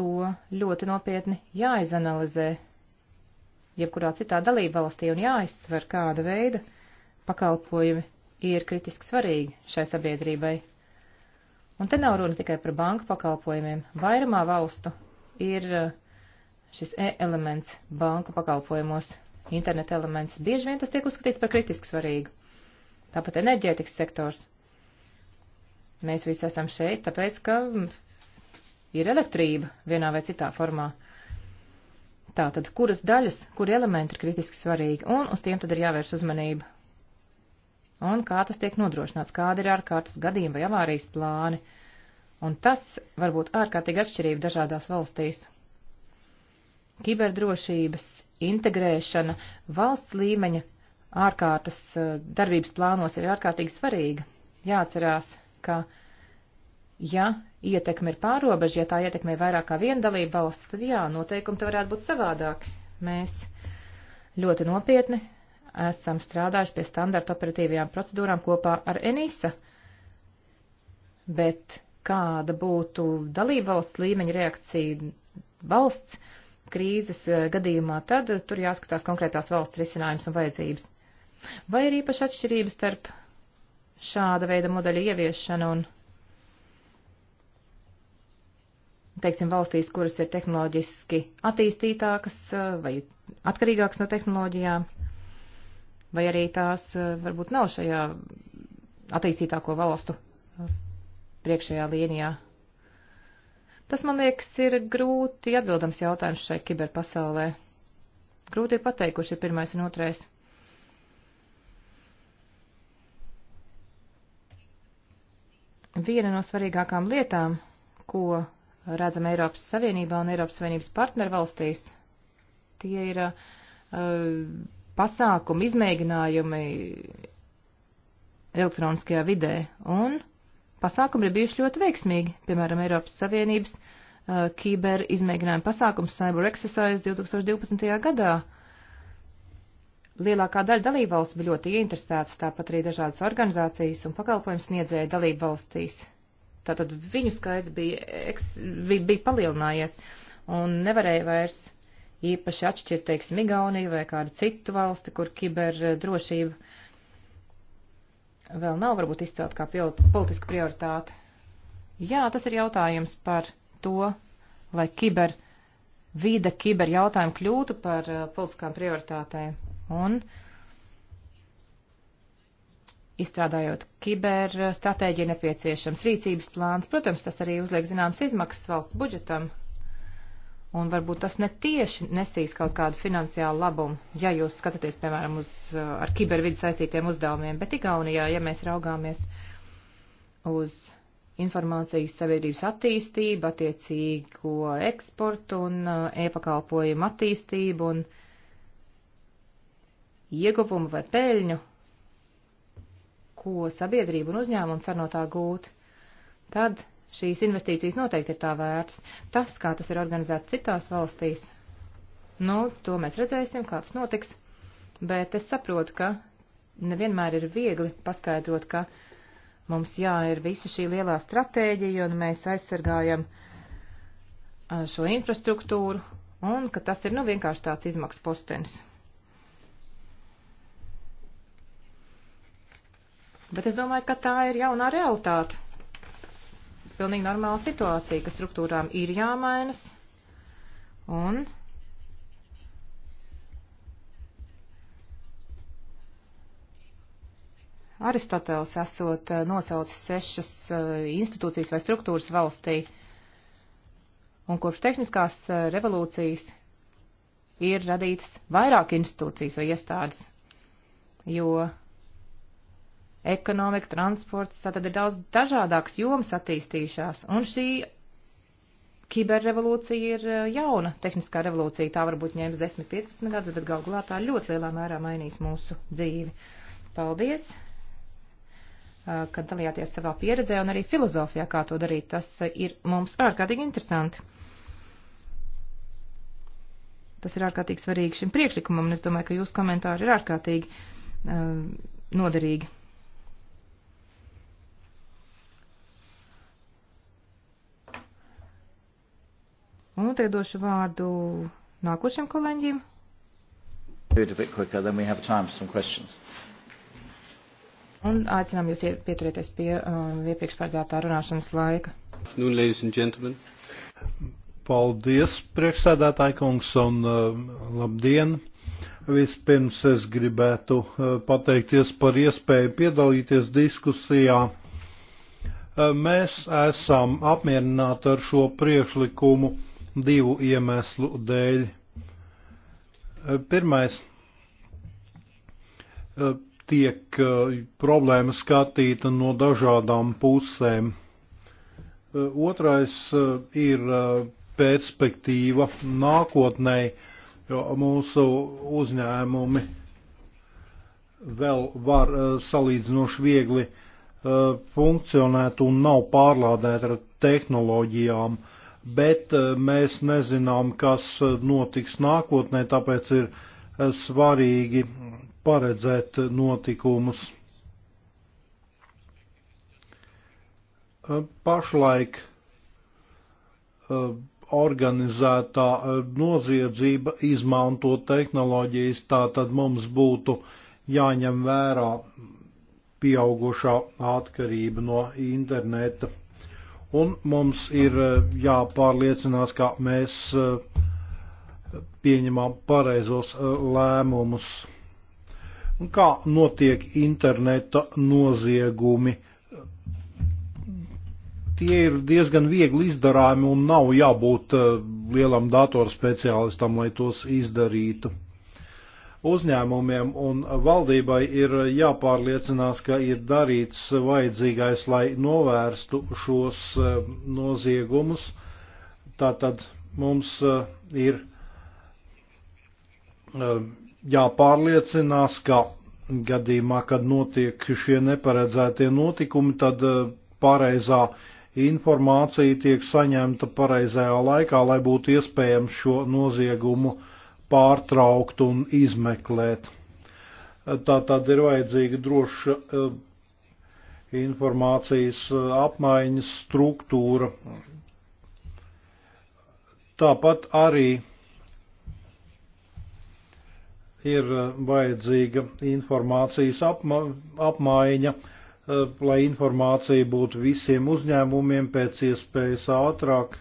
to ļoti nopietni jāizanalizē jebkurā citā dalībvalstī un jāizsver kāda veida pakalpojumi ir kritiski svarīgi šai sabiedrībai. Un te nav runa tikai par banku pakalpojumiem. Vairumā valstu ir eh, šis e elements banku pakalpojumos, interneta elements. Bieži vien tas tiek uzskatīts par kritiski svarīgu. Tāpat enerģētikas sektors. Mēs visi esam šeit, tāpēc, ka ir elektrība vienā vai citā formā. Tātad, kuras daļas, kuri elementi ir kritiski svarīgi, un uz tiem tad ir jāvērš uzmanība un kā tas tiek nodrošināts, kāda ir ārkārtas gadījuma vai avārijas plāni. Un tas var būt ārkārtīgi atšķirība dažādās valstīs. Kiberdrošības integrēšana valsts līmeņa ārkārtas eh, darbības plānos ir ārkārtīgi svarīga. Jāatcerās, ka ja ietekme ir pārobeža, ja tā ietekmē vairāk kā vienu dalību valsts, tad jā, noteikumi te varētu būt savādāki. Mēs ļoti nopietni esam strādājuši pie standarta operatīvajām procedūrām kopā ar ENISA. Bet kāda būtu dalībvalsts līmeņa reakcija valsts krīzes eh, gadījumā, tad tur jāskatās konkrētās valsts risinājums un vajadzības. Vai ir īpaši atšķirības starp šāda veida modeļa ieviešanu un, teiksim, valstīs, kuras ir tehnoloģiski attīstītākas eh, vai atkarīgākas no tehnoloģijām? vai arī tās eh, varbūt nav šajā attīstītāko valstu eh, priekšējā līnijā. Tas, man liekas, ir grūti atbildams jautājums šai kiberpasaulē. Grūti ir pateikt, kurš ir pirmais un otrais. Viena no svarīgākām lietām, ko redzam Eiropas Savienībā un Eiropas Savienības partnervalstīs, tie ir uh, pasākumi, izmēģinājumi elektroniskajā vidē, un pasākumi ir bijuši ļoti veiksmīgi, piemēram, Eiropas Savienības uh, kiber izmēģinājuma pasākums Cyber Exercise 2012. gadā. Lielākā daļa dalībvalstu bija ļoti ieinteresētas, tāpat arī dažādas organizācijas un pakalpojums sniedzēja dalībvalstīs. Tātad viņu skaits bija, bija, bija palielinājies un nevarēja vairs uh, īpaši atšķirt, teiksim, Igauniju vai kādu citu valsti, kur kiberdrošība vēl nav varbūt izcelt kā politiska prioritāte. Jā, tas ir jautājums par to, lai kiber vīda, kiber jautājumi kļūtu par uh, politiskām prioritātēm. Un izstrādājot kiber uh, stratēģiju nepieciešams rīcības plāns, protams, tas arī uzliek zināmas izmaksas valsts budžetam un varbūt tas netieši nesīs kaut kādu finansiālu labumu, ja jūs skatāties, piemēram, uz uh, ar kibervidi saistītiem uzdevumiem, bet Igaunijā, ja mēs raugāmies uz informācijas sabiedrības attīstību, attiecīgo eksportu un uh, e-pakalpojumu attīstību un ieguvumu vai peļņu, ko sabiedrība un uzņēmumi cer no tā gūt, tad šīs investīcijas noteikti ir tā vērts. Tas, kā tas ir organizēts citās valstīs, nu, to mēs redzēsim, kā tas notiks. Bet es saprotu, ka nevienmēr ir viegli paskaidrot, ka mums jā, ir visa šī lielā stratēģija un mēs aizsargājam šo infrastruktūru un ka tas ir, nu, vienkārši tāds izmaksu postenis. Bet es domāju, ka tā ir jaunā realitāte pilnīgi normāla situācija, ka struktūrām ir jāmainas. Un Aristotels esot eh, nosaucis sešas eh, institūcijas vai struktūras valstī, un kopš tehniskās eh, revolūcijas ir radītas vairāk institūcijas vai iestādes, jo ekonomika, transports, tātad ir daudz dažādākas jomas attīstījušās, un šī kiberrevolūcija ir eh, jauna tehniskā revolūcija, tā varbūt ņēmis 10-15 gadus, bet gal galā tā ļoti lielā mērā mainīs mūsu dzīvi. Paldies, eh, ka dalījāties savā pieredzē un arī filozofijā, kā to darīt, tas ir mums ārkārtīgi interesanti. Tas ir ārkārtīgi svarīgi šim priekšlikumam, un es domāju, ka jūsu komentāri ir ārkārtīgi um, noderīgi. Un nu te došu vārdu nākošiem kolēģiem. Un aicinām jūs pieturēties pie um, iepriekš paredzētā runāšanas laika. Afternoon, ladies and gentlemen. Paldies, priekšsēdētāji kungs, un uh, labdien! Vispirms es gribētu uh, pateikties par iespēju piedalīties diskusijā. Uh, mēs esam apmierināti ar šo priekšlikumu. Uh, divu iemeslu dēļ. Eh, pirmais, eh, tiek eh, problēma skatīta no dažādām pusēm. Otrais ir perspektīva nākotnē, jo mūsu uzņēmumi vēl var salīdzinoši viegli funkcionēt un nav pārlādēti ar tehnoloģijām. Uh, bet eh, mēs nezinām, kas eh, notiks nākotnē, tāpēc ir eh, svarīgi paredzēt notikumus. Pašlaik organizētā noziedzība izmanto tehnoloģijas, tātad mums būtu jāņem vērā pieaugušā atkarība no interneta un mums ir eh, jāpārliecinās, ka mēs eh, pieņemam pareizos eh, lēmumus. Un kā notiek interneta noziegumi? Tie ir diezgan viegli izdarāmi un nav jābūt lielam datorspeciālistam, lai tos izdarītu uzņēmumiem un valdībai ir jāpārliecinās, ka ir darīts vajadzīgais, lai novērstu šos eh, noziegumus. Tātad mums eh, ir eh, jāpārliecinās, ka gadījumā, kad notiek šie neparedzētie notikumi, tad pareizā informācija tiek saņemta pareizajā laikā, lai būtu iespējams šo noziegumu pārtraukt un izmeklēt. Tā tad ir vajadzīga droša eh, informācijas eh, apmaiņas struktūra. Tāpat arī ir eh, vajadzīga informācijas apma apmaiņa, lai informācija būtu visiem uzņēmumiem pēc iespējas ātrāk.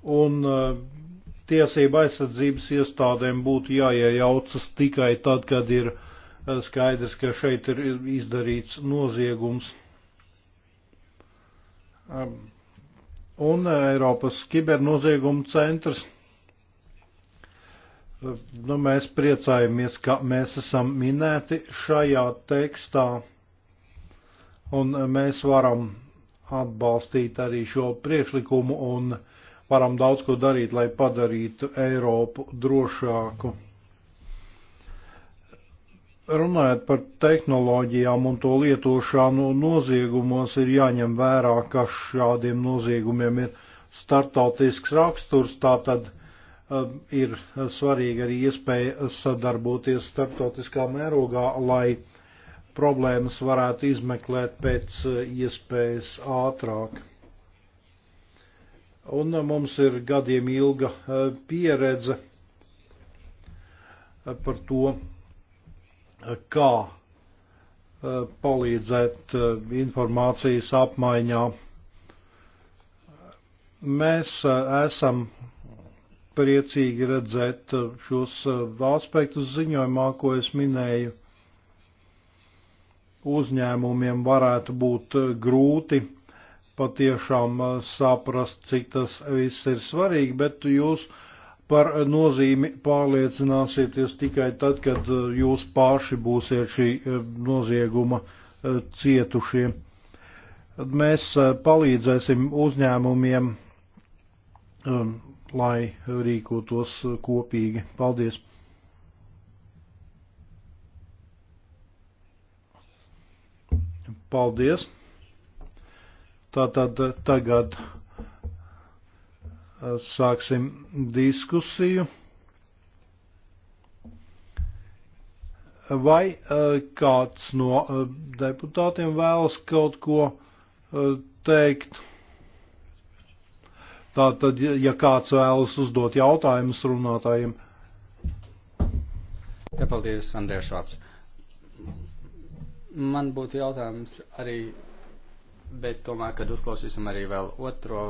Un tiesība aizsardzības iestādēm būtu jāiejaucas tikai tad, kad ir eh, skaidrs, ka šeit ir izdarīts noziegums. Un eh, Eiropas kibernozieguma centrs. Nu, mēs priecājamies, ka mēs esam minēti šajā tekstā, un eh, mēs varam atbalstīt arī šo priekšlikumu un uh, varam daudz ko darīt, lai padarītu Eiropu drošāku. Runājot par tehnoloģijām un to lietošanu noziegumos, ir jāņem vērā, ka šādiem noziegumiem ir startautisks raksturs, tātad um, ir svarīga arī iespēja sadarboties startautiskā mērogā, lai problēmas varētu izmeklēt pēc uh, iespējas ātrāk un uh, mums ir gadiem ilga uh, pieredze uh, par to, kā palīdzēt informācijas apmaiņā. Mēs esam priecīgi redzēt šos aspektus ziņojumā, ko es minēju. Uzņēmumiem varētu būt grūti patiešām uh, saprast, cik tas viss ir svarīgi, bet jūs par nozīmi pārliecināsieties tikai tad, kad uh, jūs paši būsiet šī uh, nozieguma cietušie. Mēs palīdzēsim uzņēmumiem, um, lai rīkotos kopīgi. Paldies! Paldies! Tātad eh, tagad eh, sāksim diskusiju. Vai eh, kāds no deputātiem vēlas kaut ko teikt? Tātad, ja kāds vēlas uzdot jautājumus runātājiem. Jā, paldies, Andrēšvārds. Man būtu jautājums arī bet tomēr, kad uzklausīsim arī vēl otro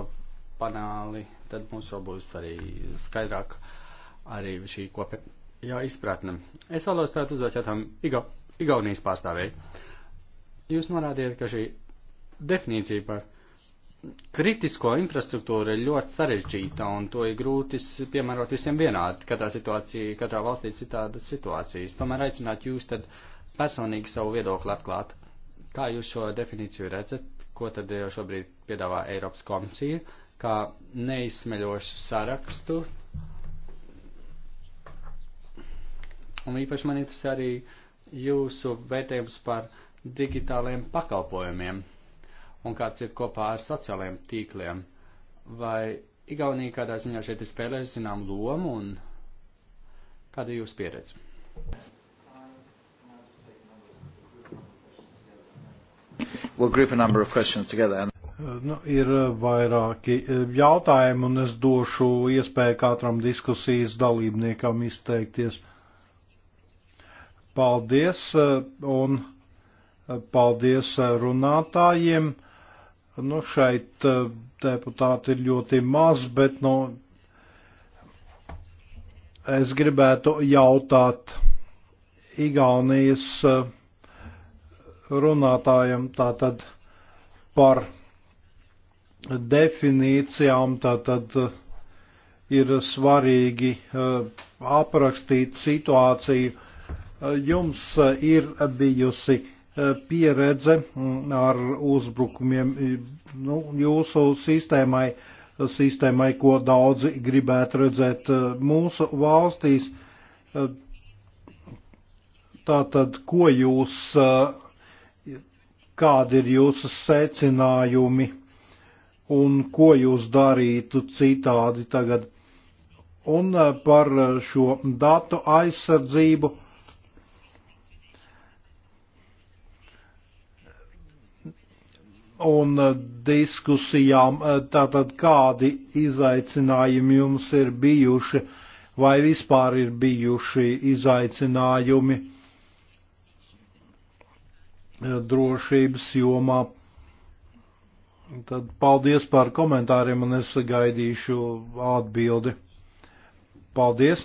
panāli, tad mums jau būs arī skaidrāk arī šī kopējā izpratne. Es vēlos tātad uzdot jautājumu Iga, Igaunijas pārstāvēji. Jūs norādījat, ka šī definīcija par kritisko infrastruktūru ir ļoti sarežģīta un to ir grūti piemērot visiem vienādi. Katrā situācija, katrā valstī citādas situācijas. Tomēr aicināt jūs tad personīgi savu viedokli atklāt. Kā jūs šo definīciju redzat? ko tad jau eh, šobrīd piedāvā Eiropas komisija, kā neizsmeļošu sarakstu. Un īpaši man interesē arī jūsu vērtējums par digitāliem pakalpojumiem un kāds ir kopā ar sociālajiem tīkliem. Vai Igaunija kādā ziņā šeit ir spēlējusi zinām lomu un kāda ir jūsu pieredze? we'll group a number of questions together. Nu, ir eh, vairāki eh, jautājumi, un es došu iespēju katram diskusijas dalībniekam izteikties. Paldies, eh, un paldies runātājiem. Nu, šeit deputāti ir ļoti maz, bet nu, es gribētu jautāt Igaunijas runātājiem tātad par definīcijām, tātad eh, ir svarīgi eh, aprakstīt situāciju. Eh, jums ir bijusi pieredze mm, ar uzbrukumiem nu, jūsu sistēmai, sistēmai, ko daudzi gribētu redzēt mūsu valstīs. Tātad, ko jūs uh, kādi ir jūsu secinājumi un ko jūs darītu citādi tagad. Un eh, par šo datu aizsardzību. Un eh, diskusijām, eh, tātad kādi izaicinājumi jums ir bijuši vai vispār ir bijuši izaicinājumi? Eh, drošības jomā. Tad paldies par komentāriem un es gaidīšu atbildi. Paldies!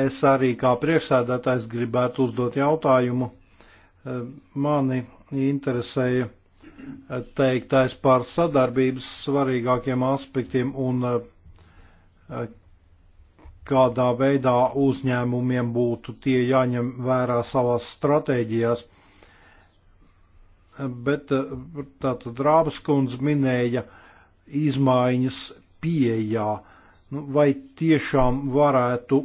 Es arī kā priekšsēdētājs gribētu uzdot jautājumu. Eh, mani interesēja eh, teiktais par sadarbības svarīgākiem aspektiem un kādā veidā uzņēmumiem būtu tie jāņem vērā savās stratēģijās. Bet eh, tātad Rābaskundze minēja izmaiņas pieejā, nu, vai tiešām varētu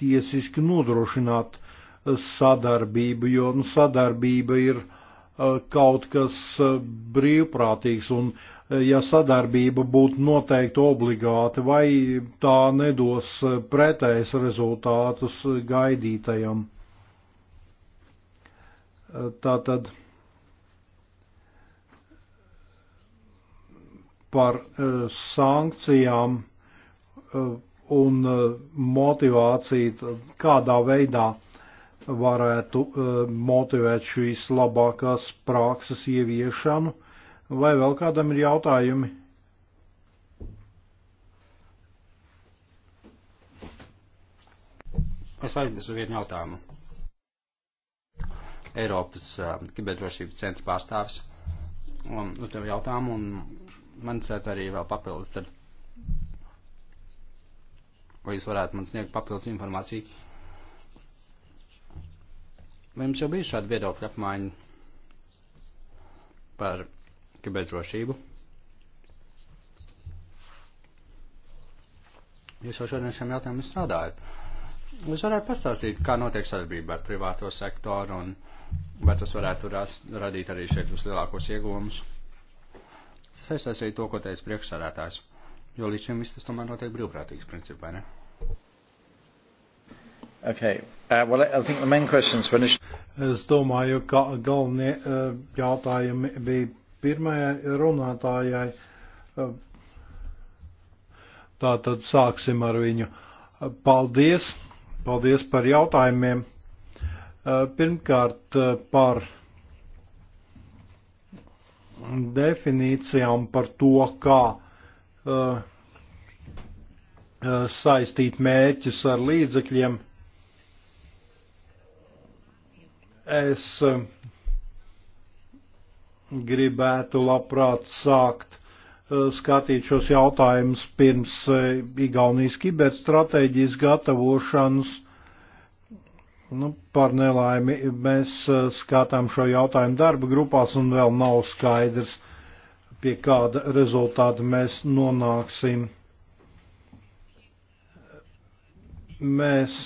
tiesiski nodrošināt eh, sadarbību, jo nu, sadarbība ir eh, kaut kas brīvprātīgs un uh, ja sadarbība būtu noteikti obligāta, vai tā nedos pretējs rezultātus gaidītajam. Tātad par eh, sankcijām eh, un eh, motivāciju, kādā veidā varētu motivēt šīs labākās prakses ieviešanu Vai vēl kādam ir jautājumi? Es aizmirsu vienu jautājumu. Eiropas uh, kiberdrošības centra pārstāvis un um, uz tev jautājumu, un man sēt arī vēl papildus, tad vai jūs varētu man sniegt papildus informāciju? Vai jums jau bija šāda viedokļa apmaiņa par kiberdrošību. Jūs jau šodien šiem jautājumiem strādājat. Jūs varētu pastāstīt, kā notiek sadarbība ar privāto sektoru un vai tas varētu rast, radīt arī šeit vislielākos ieguvumus. Saistās arī to, ko teica priekšsādātājs, jo līdz šim viss tas tomēr notiek brīvprātīgs principā, ne? Okay. Uh, well, I think the main questions were... Es domāju, ka galvenie uh, jautājumi bija pirmajai runātājai. Tā tad sāksim ar viņu. Paldies! Paldies par jautājumiem! Pirmkārt par definīcijām par to, kā uh, saistīt mērķus ar līdzekļiem. Es uh, gribētu labprāt sākt eh, skatīt šos jautājumus pirms eh, Igaunijas kiberstratēģijas gatavošanas. Nu, par nelaimi mēs eh, skatām šo jautājumu darba grupās un vēl nav skaidrs, pie kāda rezultāta mēs nonāksim. Mēs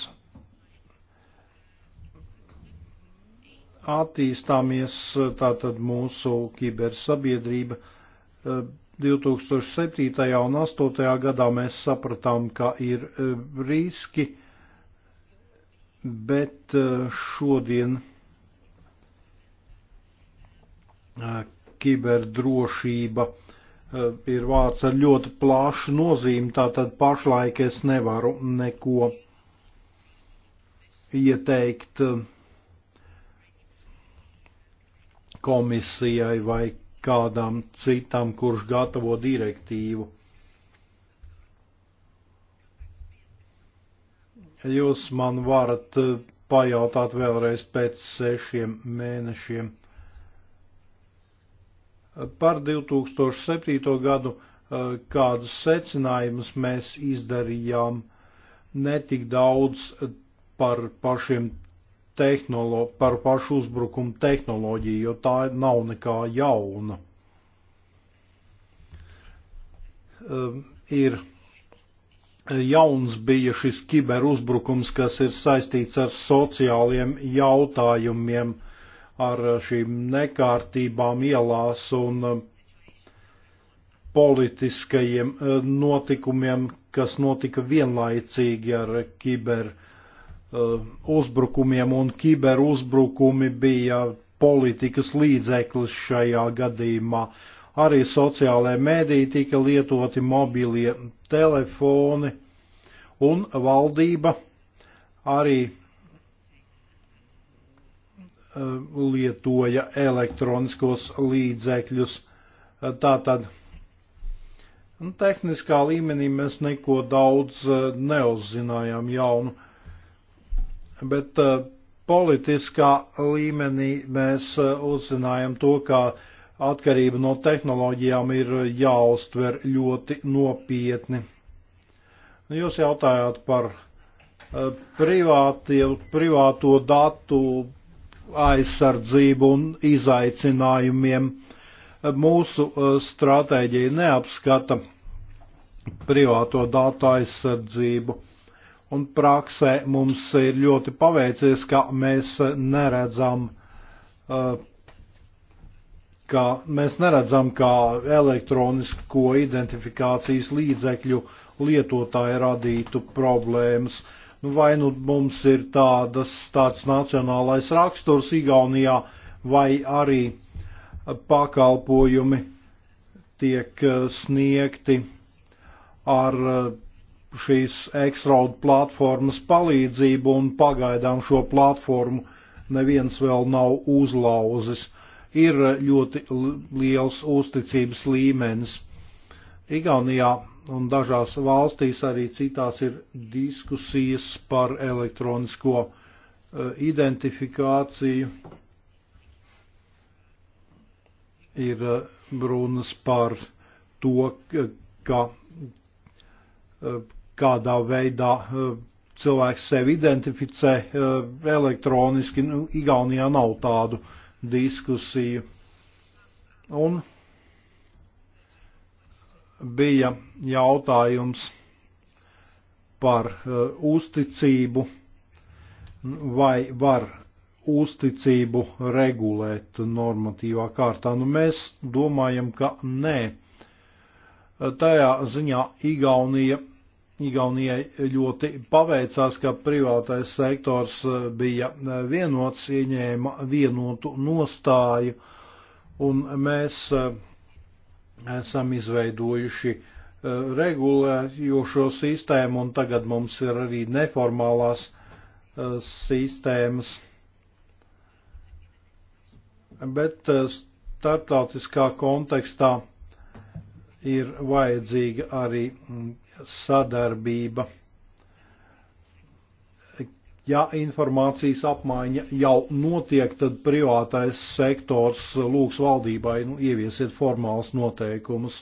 attīstāmies, tātad mūsu kibersabiedrība. 2007. Eh, un 2008. gadā mēs sapratām, ka ir eh, riski, bet eh, šodien kiberdrošība ir vārds ar ļoti plašu nozīmi, tātad pašlaik es nevaru neko ieteikt komisijai vai kādam citam, kurš gatavo direktīvu. Jūs man varat eh, pajautāt vēlreiz pēc sešiem mēnešiem. Par 2007. gadu eh, kādus secinājumus mēs izdarījām netik daudz par pašiem tehnolo, par pašu uzbrukumu tehnoloģiju, jo tā nav nekā jauna. Um, ir jauns bija šis kiberuzbrukums, kas ir saistīts ar sociāliem jautājumiem, ar šīm nekārtībām ielās un ehm, politiskajiem ehm, notikumiem, kas notika vienlaicīgi ar kiberuzbrukumu Uh, uzbrukumiem, un kiberuzbrukumi bija politikas līdzeklis šajā gadījumā. Arī sociālajā mēdī tika lietoti mobilie telefoni, un valdība arī uh, lietoja elektroniskos līdzekļus. Uh, tātad nu, tehniskā līmenī mēs neko daudz neuzzinājām jaunu bet eh, politiskā līmenī mēs eh, uzzinājam to, ka atkarība no tehnoloģijām ir jāuztver ļoti nopietni. Nu, jūs jautājāt par eh, privātie, privāto datu aizsardzību un izaicinājumiem. Mūsu stratēģija neapskata privāto datu aizsardzību Un praksē mums ir ļoti paveicies, ka mēs neredzam, uh, ka mēs neredzam, kā elektronisko identifikācijas līdzekļu lietotāji radītu problēmas. Nu, vai nu mums ir tādas, tāds nacionālais raksturs Igaunijā, vai arī pakalpojumi tiek uh, sniegti ar uh, šīs X-Road platformas palīdzību un pagaidām šo platformu neviens vēl nav uzlauzis. Ir ļoti liels uzticības līmenis. Igaunijā un dažās valstīs arī citās ir diskusijas par elektronisko e, identifikāciju. Ir e, runas par to, ka e, kādā veidā eh, cilvēks sevi identificē eh, elektroniski. Nu, Igaunijā nav tādu diskusiju. Un bija jautājums par uh, uzticību, vai var uzticību regulēt normatīvā kārtā. Nu, mēs domājam, ka nē. Tajā ziņā Igaunija Igaunijai ļoti paveicās, ka privātais sektors eh, bija eh, vienots, ieņēma vienotu nostāju, un mēs eh, esam izveidojuši regulējošo sistēmu, un tagad mums ir arī neformālās sistēmas. Bet starptautiskā kontekstā ir vajadzīga arī mm, sadarbība. Ja informācijas apmaiņa jau notiek, tad privātais sektors lūgs valdībai nu, ieviesiet formālus noteikumus.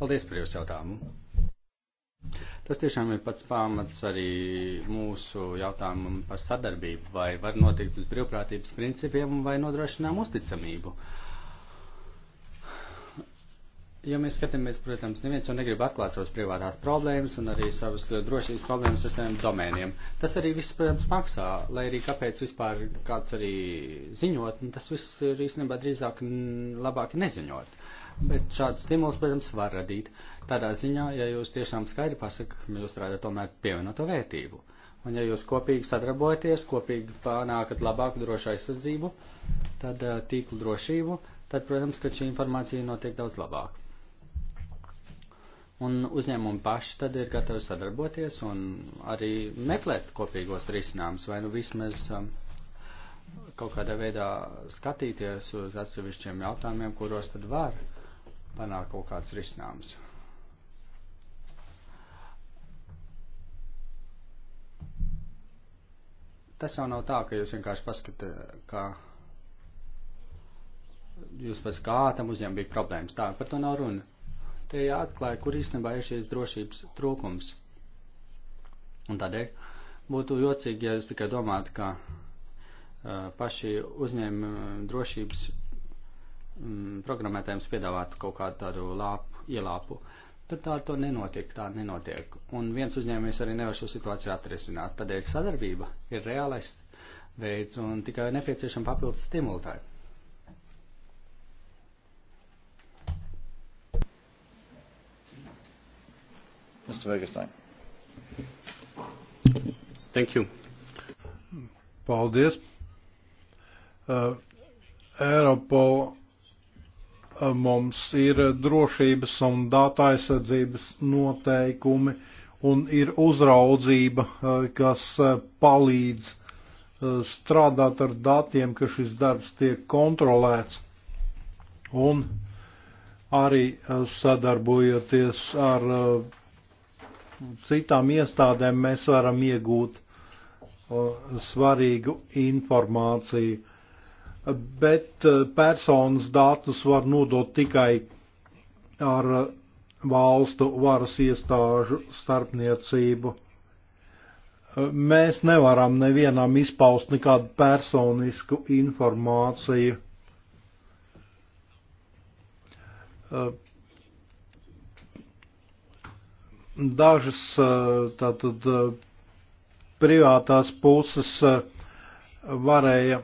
Paldies par jūsu jautājumu. Tas tiešām ir pats pamats arī mūsu jautājumam par sadarbību, vai var notikt uz brīvprātības principiem vai nodrošinām uzticamību. Uh, ja mēs skatāmies, protams, neviens jau negrib atklāt savas privātās problēmas un arī savas eh, drošības problēmas ar saviem domēniem. Tas arī viss, protams, maksā, lai arī kāpēc vispār kāds arī ziņot, un nu, tas viss ir īstenībā drīzāk labāk neziņot. Bet šāds stimuls, protams, var radīt tādā ziņā, ja jūs tiešām skaidri pasakat, ka jūs strādājat tomēr pievienoto vērtību. Un ja jūs kopīgi sadarbojaties, kopīgi panākat labāku drošu aizsardzību, tad eh, tīklu drošību, tad, protams, ka šī informācija notiek daudz labāk. Un uzņēmumi paši tad ir gatavi sadarboties un arī meklēt kopīgos risinājumus, vai nu vismaz um, kaut kādā veidā skatīties uz atsevišķiem jautājumiem, kuros tad var panākt kaut kāds risinājums. Tas jau nav tā, ka jūs vienkārši paskatāt, kā jūs pēc kā tam uzņēmumam bija problēmas. Tā, par to nav runa tie atklāja, kur īstenībā ir šīs drošības trūkums. Un tādēļ būtu jocīgi, ja jūs tikai domātu, ka uh, paši uzņēmumi drošības um, programmētājiem piedāvātu kaut kādu tādu lāpu, ielāpu. Tur tā to nenotiek, tā nenotiek. Un viens uzņēmējs arī nevar šo situāciju atrisināt. Tādēļ sadarbība ir reālais veids un tikai nepieciešama papildus stimulētāji. Mr. Vegestein. Thank you. Paldies. Uh, Eiropola uh, mums ir drošības un datu aizsardzības noteikumi un ir uzraudzība, uh, kas uh, palīdz strādāt ar datiem, ka šis darbs tiek kontrolēts un arī sadarbojoties ar citām iestādēm mēs varam iegūt uh, svarīgu informāciju, bet uh, personas datus var nodot tikai ar uh, valstu varas iestāžu starpniecību. Mēs nevaram nevienam izpaust nekādu personisku informāciju dažas tātad privātās puses varēja,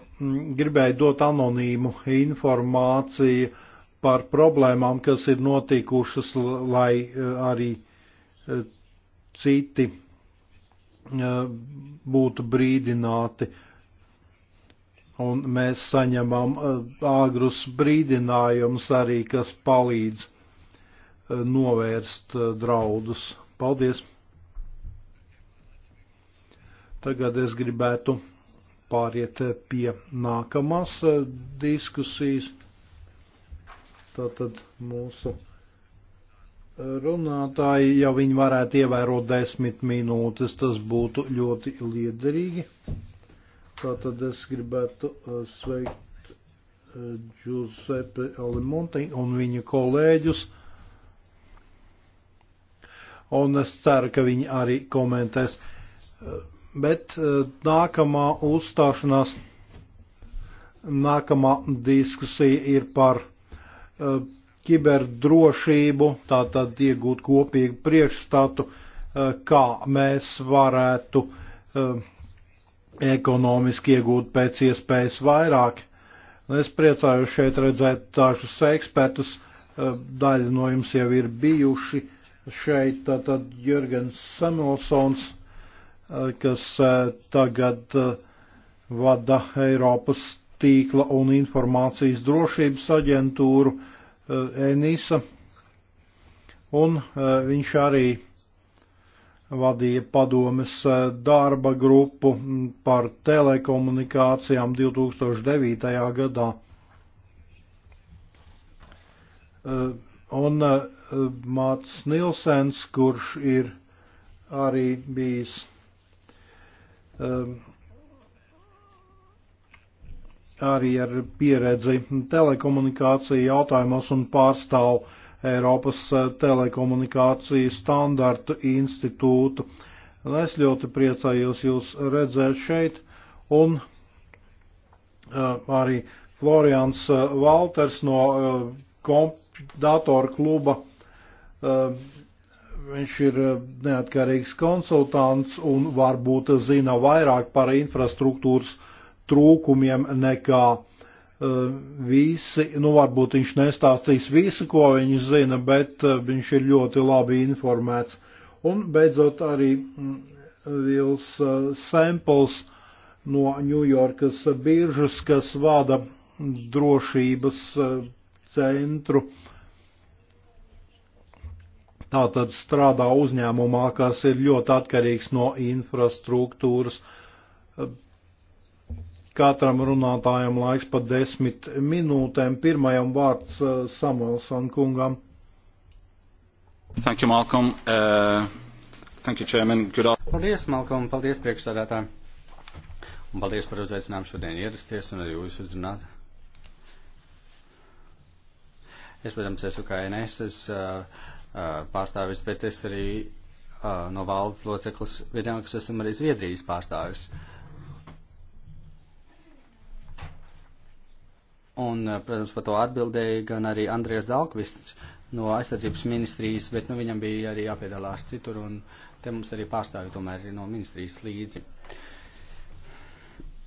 gribēja dot anonīmu informāciju par problēmām, kas ir notikušas, lai arī citi būtu brīdināti. Un mēs saņemam āgrus brīdinājumus arī, kas palīdz novērst draudus. Paldies! Tagad es gribētu pāriet pie nākamās eh, diskusijas. Tātad mūsu runātāji, ja viņi varētu ievērot desmit minūtes, tas būtu ļoti liederīgi. Tātad es gribētu eh, sveikt eh, Giuseppe Alimonti un viņa kolēģus un es ceru, ka viņi arī komentēs. Bet eh, nākamā uzstāšanās, nākamā diskusija ir par eh, kiberdrošību, tātad iegūt kopīgu priekšstatu, eh, kā mēs varētu ekonomiski iegūt pēc iespējas vairāk. Es priecājos šeit redzēt dažus ekspertus, daļa no jums jau ir bijuši uh, Šeit tad Jurgens Samuelsons, kas tagad vada Eiropas tīkla un informācijas drošības aģentūru ENISA, un viņš arī vadīja padomes darba grupu par telekomunikācijām 2009. gadā. Un Mārts Nilsens, kurš ir arī bijis um, arī ar pieredzi telekomunikāciju jautājumos un pārstāv Eiropas uh, telekomunikāciju standartu institūtu. Un es ļoti priecājos jūs redzēt šeit un uh, arī Florians uh, Valters no uh, datoru kluba Um, viņš ir uh, neatkarīgs konsultants un varbūt zina vairāk par infrastruktūras trūkumiem nekā uh, visi. Nu, varbūt viņš nestāstīs visu, ko viņš zina, bet uh, viņš ir ļoti labi informēts. Un beidzot arī mm, Vils Sempels no Ņujorkas biržas, kas vada drošības centru uh, tātad strādā uzņēmumā, kas ir ļoti atkarīgs no infrastruktūras. Katram runātājam laiks pa desmit minūtēm. Pirmajam vārds eh, Samuelson kungam. Thank you, Malcolm. Uh, thank you, Chairman. Good afternoon. Paldies, Malcolm. Paldies, priekšsādātāji. Un paldies par uzaicinājumu šodien ierasties un arī jūs uzrunāt. Es, protams, esmu kā NSS. Uh, pārstāvis, bet es arī no valdes loceklis vienalgas esmu arī Zviedrijas pārstāvis. Un, protams, par to atbildēja gan arī Andrijas Dalkvists no aizsardzības ministrijas, bet nu, viņam bija arī jāpiedalās citur, un te mums arī pārstāvi tomēr no ministrijas līdzi. Uh,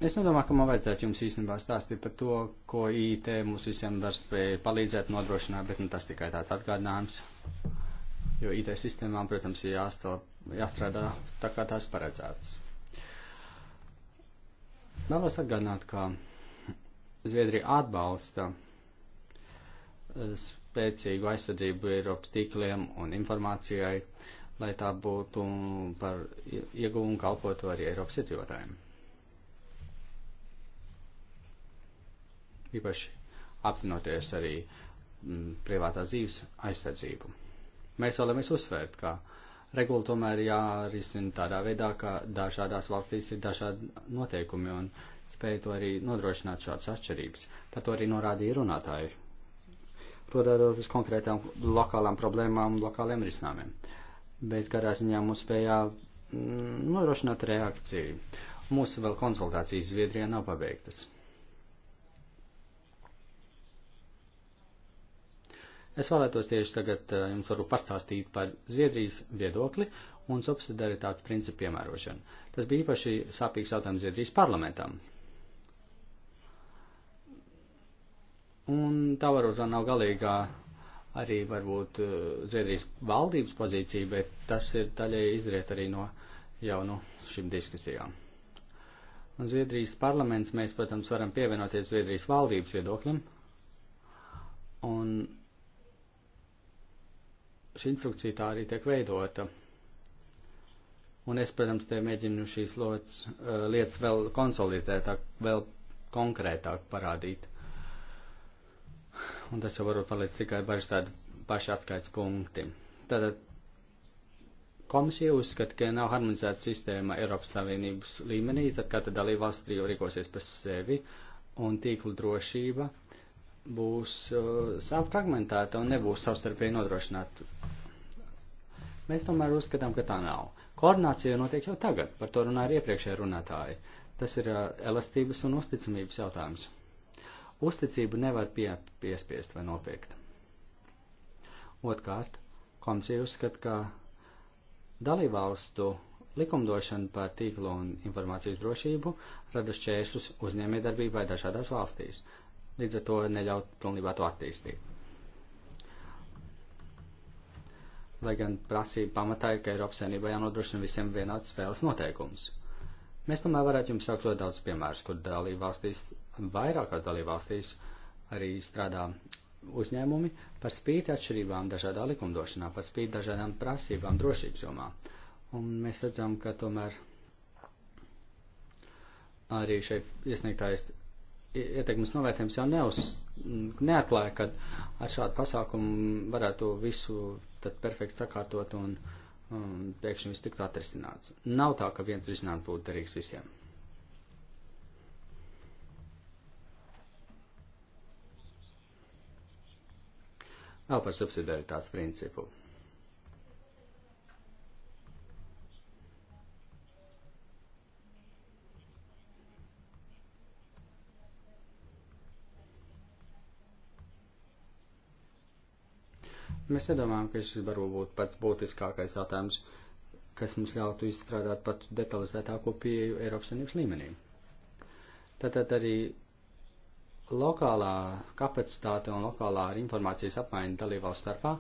Es nedomāju, ka man vajadzētu jums īstenībā stāstīt par to, ko IT mums visiem var palīdzēt nodrošināt, bet nu, tas tikai tāds atgādinājums. Jo IT sistēmām, protams, ir jāstāv, jāstrādā tā, kā tās paredzētas. Vēlos atgādināt, ka Zviedrija atbalsta eh, spēcīgu aizsardzību Eiropas tīkliem un informācijai, lai tā būtu par ieguvumu kalpotu arī Eiropas iedzīvotājiem. īpaši apzinoties arī m, mm, privātā dzīves aizsardzību. Mēs vēlamies uzsvērt, ka regula tomēr jārisina tādā veidā, ka dažādās valstīs ir dažādi noteikumi un spēja to arī nodrošināt šādas atšķirības. Par to arī norādīja runātāji. Rodot uz konkrētām lokālām problēmām un lokāliem risinājumiem. Bet kādā ziņā mums spējā mm, nodrošināt reakciju. Mūsu vēl konsultācijas Zviedrijā nav pabeigtas. Es vēlētos tieši tagad eh, jums varu pastāstīt par Zviedrijas viedokli un subsidaritātes principu piemērošanu. Tas bija īpaši sāpīgs jautājums Zviedrijas parlamentam. Un tā varbūt nav galīgā arī varbūt eh, Zviedrijas valdības pozīcija, bet tas ir daļai izriet arī no jau no šīm diskusijām. Un Zviedrijas parlaments mēs, protams, varam pievienoties Zviedrijas valdības viedoklim. Un šī instrukcija tā arī tiek veidota. Un es, protams, te mēģinu šīs lots, eh, lietas vēl konsolidētāk, vēl konkrētāk parādīt. Un tas jau varbūt paliec tikai bažas tādi paši atskaits punkti. Tātad komisija uzskata, ka nav harmonizēta sistēma Eiropas Savienības līmenī, tad katra dalībvalsts rīkosies pa sevi, un tīklu drošība būs uh, fragmentēta un nebūs savstarpēji nodrošināta. Mēs tomēr uzskatām, ka tā nav. Koordinācija notiek jau tagad, par to runā arī iepriekšējie runātāji. Tas ir uh, elastības un uzticamības jautājums. Uzticību nevar pie, piespiest vai nopirkt. Otkārt, komisija uzskata, ka dalībvalstu likumdošana par tīklu un informācijas drošību rada šķēršļus uzņēmējdarbībai dažādās valstīs līdz ar to neļaut pilnībā to attīstīt. Lai gan prasība pamatā ir, ka Eiropas Savienībā jānodrošina visiem vienāds spēles noteikums. Mēs tomēr varētu jums saukt ļoti daudz piemērus, kur dalībvalstīs, vairākās dalībvalstīs arī strādā uzņēmumi par spīti atšķirībām dažādā likumdošanā, par spīti dažādām prasībām drošības jomā. Un mēs redzam, ka tomēr arī šeit iesniegtājas ieteikums novērtējums jau neuz, neatklāja, ka ar šādu pasākumu varētu visu tad perfekti sakārtot un, un pēkšņi viss tiktu atrisināts. Nav tā, ka viens risinājums būtu derīgs visiem. Vēl par subsidiaritātes principu. Mēs nedomājam, ka šis varbūt būtu pats būtiskākais jautājums, kas mums ļautu izstrādāt pat detalizētāko pieeju Eiropas Savienības līmenī. Tātad arī lokālā kapacitāte un lokālā informācijas apmaiņa dalībvalstu starpā,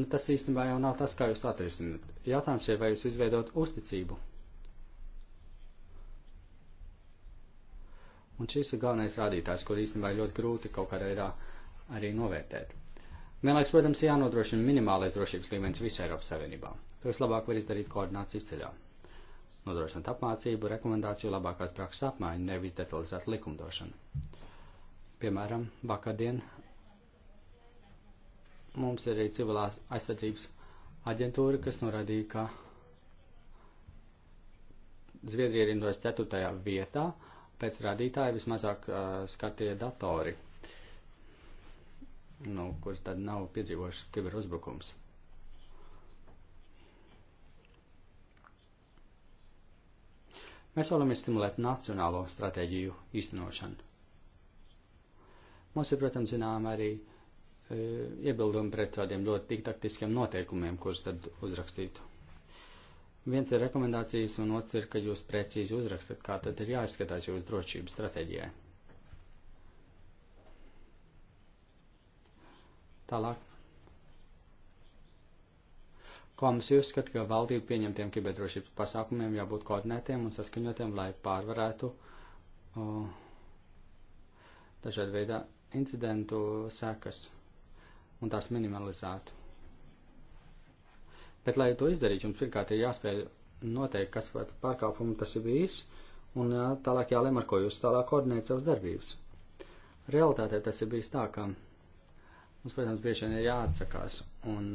nu, tas īstenībā jau nav tas, kā jūs to atrisināt. Jautājums ir, vai jūs izveidot uzticību. Un šis ir galvenais rādītājs, kur īstenībā ļoti grūti kaut kādā veidā arī novērtēt. Vienlaiks, protams, jānodrošina minimālais drošības līmenis visā Eiropas Savienībā. To vislabāk var izdarīt koordinācijas ceļā. Nodrošināt apmācību, rekomendāciju, labākās prakses apmaiņu, nevis detalizēt likumdošanu. Piemēram, vakardien mums ir arī civilās aizsardzības aģentūra, kas norādīja, ka Zviedrija ir 4. vietā pēc rādītāja vismazāk uh, skatīja datori nu, kuras tad nav piedzīvojušas kiberuzbrukums. Mēs vēlamies stimulēt nacionālo stratēģiju īstenošanu. Mums ir, protams, zinām arī e, iebildumi pret tādiem ļoti diktaktiskiem noteikumiem, kurus tad uzrakstītu. Viens ir rekomendācijas, un otrs ir, ka jūs precīzi uzrakstat, kā tad ir jāizskatās jūsu drošības stratēģijai. Tālāk. Komisija uzskata, ka valdību pieņemtiem kiberdrošības pasākumiem jābūt koordinētiem un saskaņotiem, lai pārvarētu uh, dažādu veidā incidentu sekas un tās minimalizētu. Bet, lai to izdarītu, jums pirmkārt ir jāspēj noteikt, kas var pārkāpumu tas ir bijis, un jā, tālāk jālem, ar ko jūs tālāk koordinējat savas darbības. Realtātē tas ir bijis tā, ka Mums, protams, bieži vien ir jāatsakās un.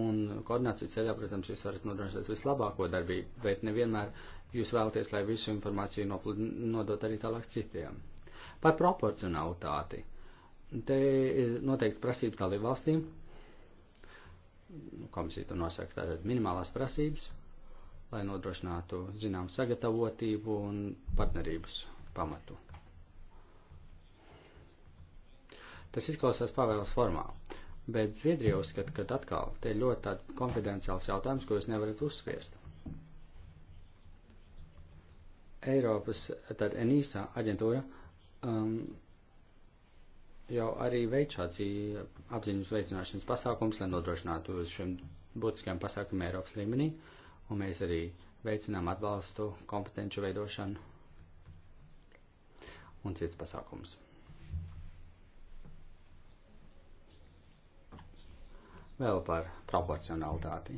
Un koordinācijas ceļā, protams, jūs varat nodrošināt vislabāko darbību, bet nevienmēr jūs vēlaties, lai visu informāciju nodot arī tālāk citiem. Par proporcionalitāti. Te ir noteikti prasības dalību valstīm. Nu, komisija to nosaka tātad minimālās prasības, lai nodrošinātu zinām sagatavotību un partnerības pamatu. Tas izklausās pavēles formā, bet Zviedrija uzskata, ka atkal te ir ļoti tāds konfidenciāls jautājums, ko jūs nevarat uzspiest. Eiropas, tad ENISA aģentūra um, jau arī veic šāds apziņas veicināšanas pasākums, lai nodrošinātu uz šiem būtiskiem pasākumiem Eiropas līmenī. Uh, un mēs arī veicinām atbalstu, kompetenču veidošanu un cits pasākums. Vēl par proporcionalitāti.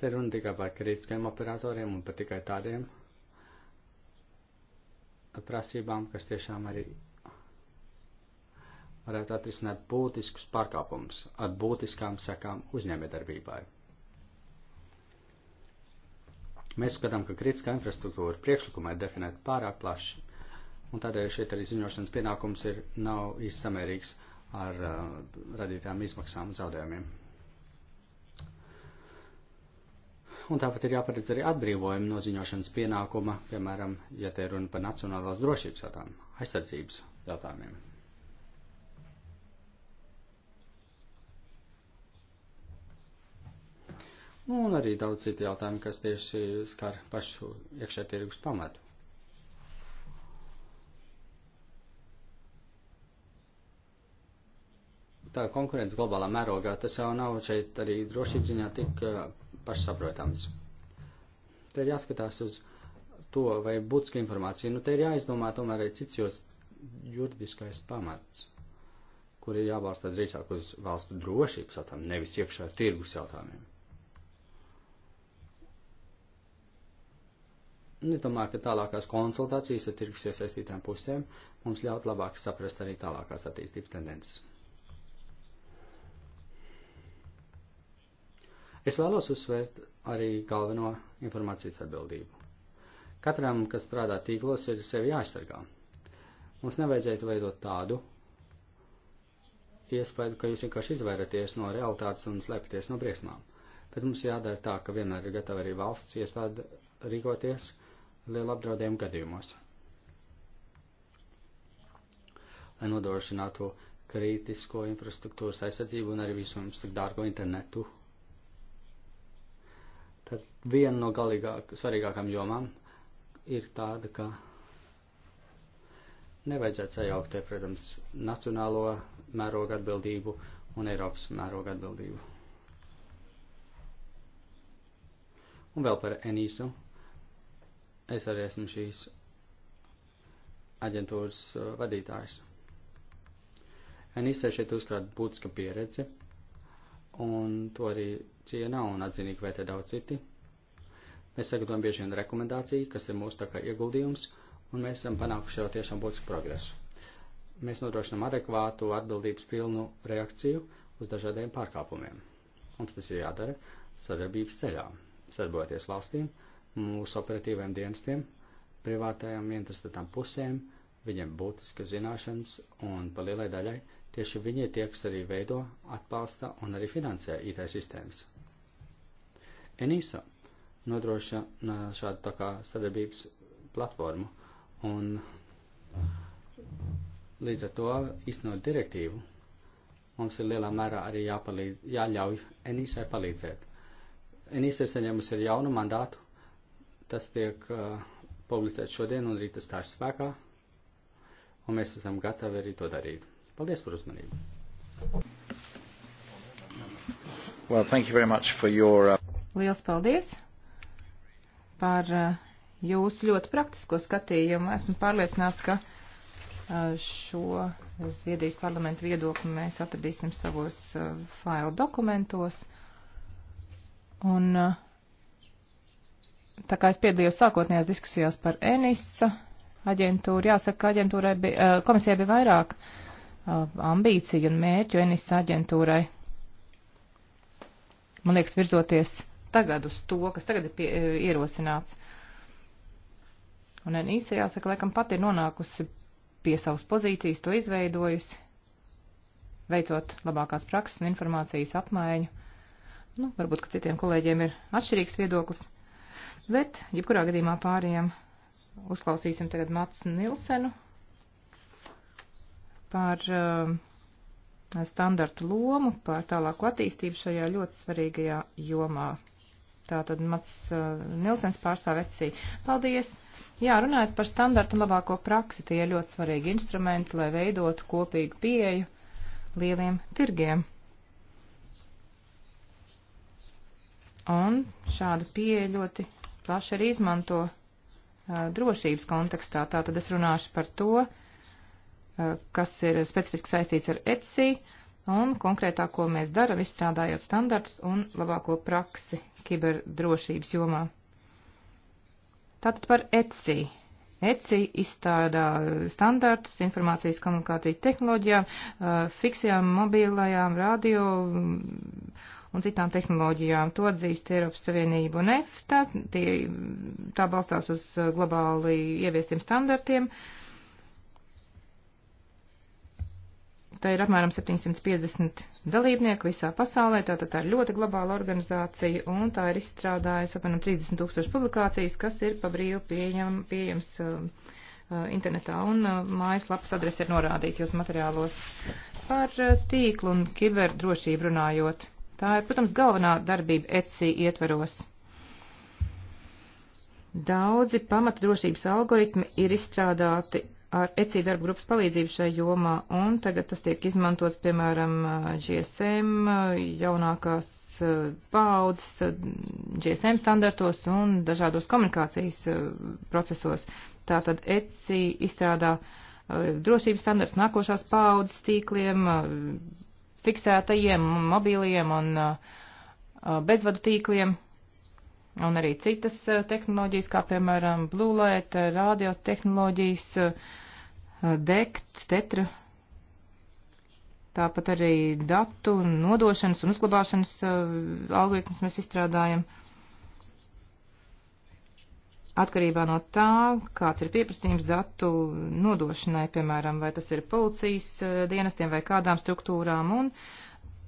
Te runa tikai par kritiskiem operatoriem un pat tikai tādiem prasībām, kas tiešām arī varētu atrisināt būtiskus pārkāpumus ar būtiskām sekām uzņēmējdarbībai. Mēs skatām, ka kritiskā infrastruktūra priekšlikumā ir definēta pārāk plaši, un tādēļ šeit arī ziņošanas pienākums ir nav izsamērīgs ar uh, radītām izmaksām un zaudējumiem. Un tāpat ir jāparedz arī atbrīvojumi no ziņošanas pienākuma, piemēram, ja te runa par nacionālās drošības jautājumu, aizsardzības jautājumiem. un arī daudz citu jautājumu, kas tieši skar pašu iekšē tirgus pamatu. Tā konkurence globālā mērogā tas jau nav šeit arī drošības ziņā tik pašsaprotams. Te ir jāskatās uz to, vai būtiska informācija, nu te ir jāizdomā tomēr arī cits jūs juridiskais pamats, kur ir jābalsta drīzāk uz valstu drošības jautājumiem, nevis iekšā tirgus jautājumiem. Un es domāju, ka tālākās konsultācijas ar tirgus iesaistītām pusēm mums ļaut labāk saprast arī tālākās attīstības tendences. Es vēlos uzsvērt arī galveno informācijas atbildību. Katram, kas strādā tīklos, ir sevi jāaizsargā. Mums nevajadzētu veidot tādu iespēju, ka jūs vienkārši izvairāties no realitātes un slēpties no briesmām. Bet mums jādara tā, ka vienmēr ir gatava arī valsts iestāde rīkoties, liela apdraudējuma gadījumos. Lai nodrošinātu kritisko infrastruktūras aizsardzību un arī visu mums tik dārgo internetu. Tad viena no galīgāk, svarīgākām jomām ir tāda, ka nevajadzētu sajaukt, protams, nacionālo mēroga atbildību un Eiropas mēroga atbildību. Un vēl par Enīsu Es arī esmu šīs aģentūras uh, vadītājs. NISA šeit uzkrāt būtiska pieredze, un to arī ciena un atzinīgi vērtē daudz citi. Mēs sagatavojam bieži vien rekomendāciju, kas ir mūsu tā kā ieguldījums, un mēs esam panākuši jau tiešām būtisku progresu. Mēs nodrošinām adekvātu atbildības pilnu reakciju uz dažādiem pārkāpumiem. Mums tas ir jādara sadarbības ceļā, sadarbojoties valstīm, mūsu operatīviem dienestiem, privātajām interesētām pusēm, viņiem būtiska zināšanas un pa lielai daļai tieši viņi tie, kas arī veido, atbalsta un arī finansē IT sistēmas. Enisa nodrošina šādu tā kā sadarbības platformu un līdz ar to iznot direktīvu mums ir lielā mērā arī jāpalīdz, jāļauj Enīsai palīdzēt. Enīsai saņēmusi ir jaunu mandātu Tas tiek uh, publicēts šodien un rīt tas stāsts spēkā, un mēs esam gatavi arī to darīt. Paldies par uzmanību! Well, thank you very much for your... Uh... Liels paldies par uh, jūsu ļoti praktisko skatījumu. Esmu pārliecināts, ka uh, šo Zviedrijas parlamentu viedokli mēs atradīsim savos uh, failu dokumentos. Un uh, tā kā es piedalījos sākotnējās diskusijās par ENISA aģentūru, jāsaka, ka aģentūrai bija, eh, komisijai bija vairāk eh, ambīciju un mērķu ENISA aģentūrai. Man liekas, virzoties tagad uz to, kas tagad ir pie, eh, ierosināts. Un ENISA, jāsaka, laikam pat ir nonākusi pie savas pozīcijas, to izveidojusi, veicot labākās prakses un informācijas apmaiņu. Nu, varbūt, ka citiem kolēģiem ir atšķirīgs viedoklis. Bet, jebkurā gadījumā pārējiem uzklausīsim tagad Mats Nilsenu par uh, standartu lomu, par tālāku attīstību šajā ļoti svarīgajā jomā. Tātad Mats uh, Nilsens pārstāv ECI. Paldies! Jā, runājot par standartu un labāko praksi, tie ir ļoti svarīgi instrumenti, lai veidotu kopīgu pieeju lieliem tirgiem. Un šāda pieeja ļoti plaši arī izmanto drošības kontekstā. Tātad es runāšu par to, kas ir specifiski saistīts ar ETSI un konkrētā, ko mēs daram, izstrādājot standartus un labāko praksi kiberdrošības jomā. Tātad par ETSI. ECI izstādā standartus informācijas komunikāciju tehnoloģijām, fiksijām, mobilajām, radio un citām tehnoloģijām. To atzīst Eiropas Savienība un EFTA, tie, tā balstās uz uh, globāli ieviestiem standartiem. Tā ir apmēram 750 dalībnieku visā pasaulē, tātad tā ir ļoti globāla organizācija, un tā ir izstrādājusi apmēram 30 tūkstoši publikācijas, kas ir pa brīvu pieejam, pieejams uh, uh, internetā, un uh, mājaslapas adrese ir norādīta jūsu materiālos. Par uh, tīklu un kiberdrošību runājot, Tā ir, protams, galvenā darbība ECI ietvaros. Daudzi pamata drošības algoritmi ir izstrādāti ar ECI darba grupas palīdzību šai jomā, un tagad tas tiek izmantots, piemēram, GSM jaunākās eh, paudzes eh, GSM standartos un dažādos komunikācijas eh, procesos. Tātad ECI izstrādā drošības standarts nākošās paudzes tīkliem, fiksētajiem, mobīliem un uh, uh, bezvadu tīkliem, un arī citas uh, tehnoloģijas, kā piemēram blūlēt, radiotehnoloģijas, dekt, tetra, tāpat arī datu nodošanas un uzglabāšanas algoritmus mēs izstrādājam. Uh, atkarībā no tā, kāds ir pieprasījums datu nodošanai, piemēram, vai tas ir policijas eh, dienestiem vai kādām struktūrām, un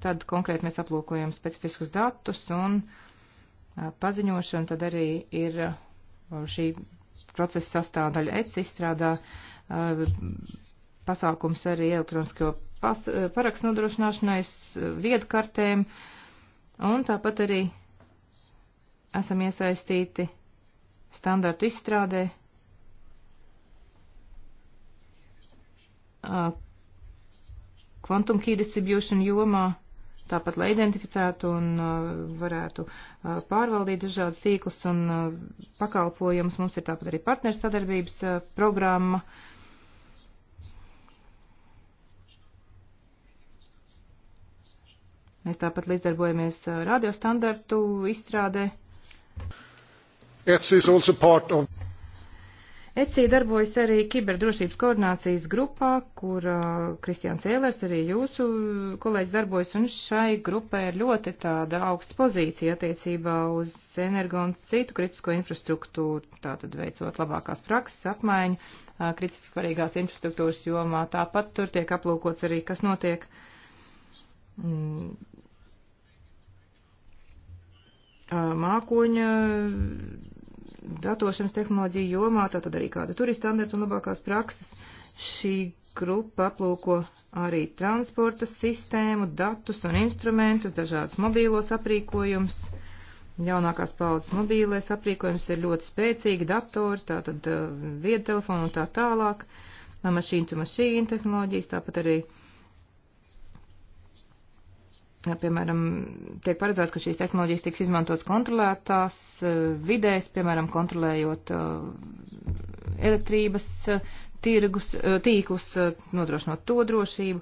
tad konkrēti mēs aplūkojam specifiskus datus un eh, paziņošanu, tad arī ir eh, šī procesa sastāvdaļa ETS izstrādā pasākums arī elektronisko parakstu nodrošināšanai, viedkartēm, un tāpat arī esam iesaistīti standartu izstrādē, kvantum key distribution jomā, tāpat, lai identificētu un uh, varētu uh, pārvaldīt dažādas tīklus un uh, pakalpojumus. Mums ir tāpat arī partneru sadarbības uh, programma. Mēs tāpat līdzdarbojamies uh, radiostandartu izstrādē. ETSI is also part of. ETSI darbojas arī kiberdrošības koordinācijas grupā, kur uh, Kristiāns Ēlers, arī jūsu kolēģis darbojas, un šai grupai ir ļoti tāda augsta pozīcija attiecībā uz energo un citu kritisko infrastruktūru, tātad veicot labākās prakses apmaiņu uh, kritiski svarīgās infrastruktūras jomā. Tāpat tur tiek aplūkots arī, kas notiek. Mm, uh, mākoņa datošanas tehnoloģiju jomā, tātad arī kāda tur ir standarta un labākās prakses. Šī grupa aplūko arī transporta sistēmu, datus un instrumentus, dažādas mobīlos aprīkojums. Jaunākās paudzes mobīlais aprīkojums ir ļoti spēcīgi, datori, tātad eh, viedtelefonu un tā tālāk, mašīna to mašīna tehnoloģijas, tāpat arī uh, piemēram, tiek paredzēts, ka šīs tehnoloģijas tiks izmantotas kontrolētās eh, vidēs, piemēram, kontrolējot eh, elektrības eh, tirgus, tīklus, nodrošinot to drošību.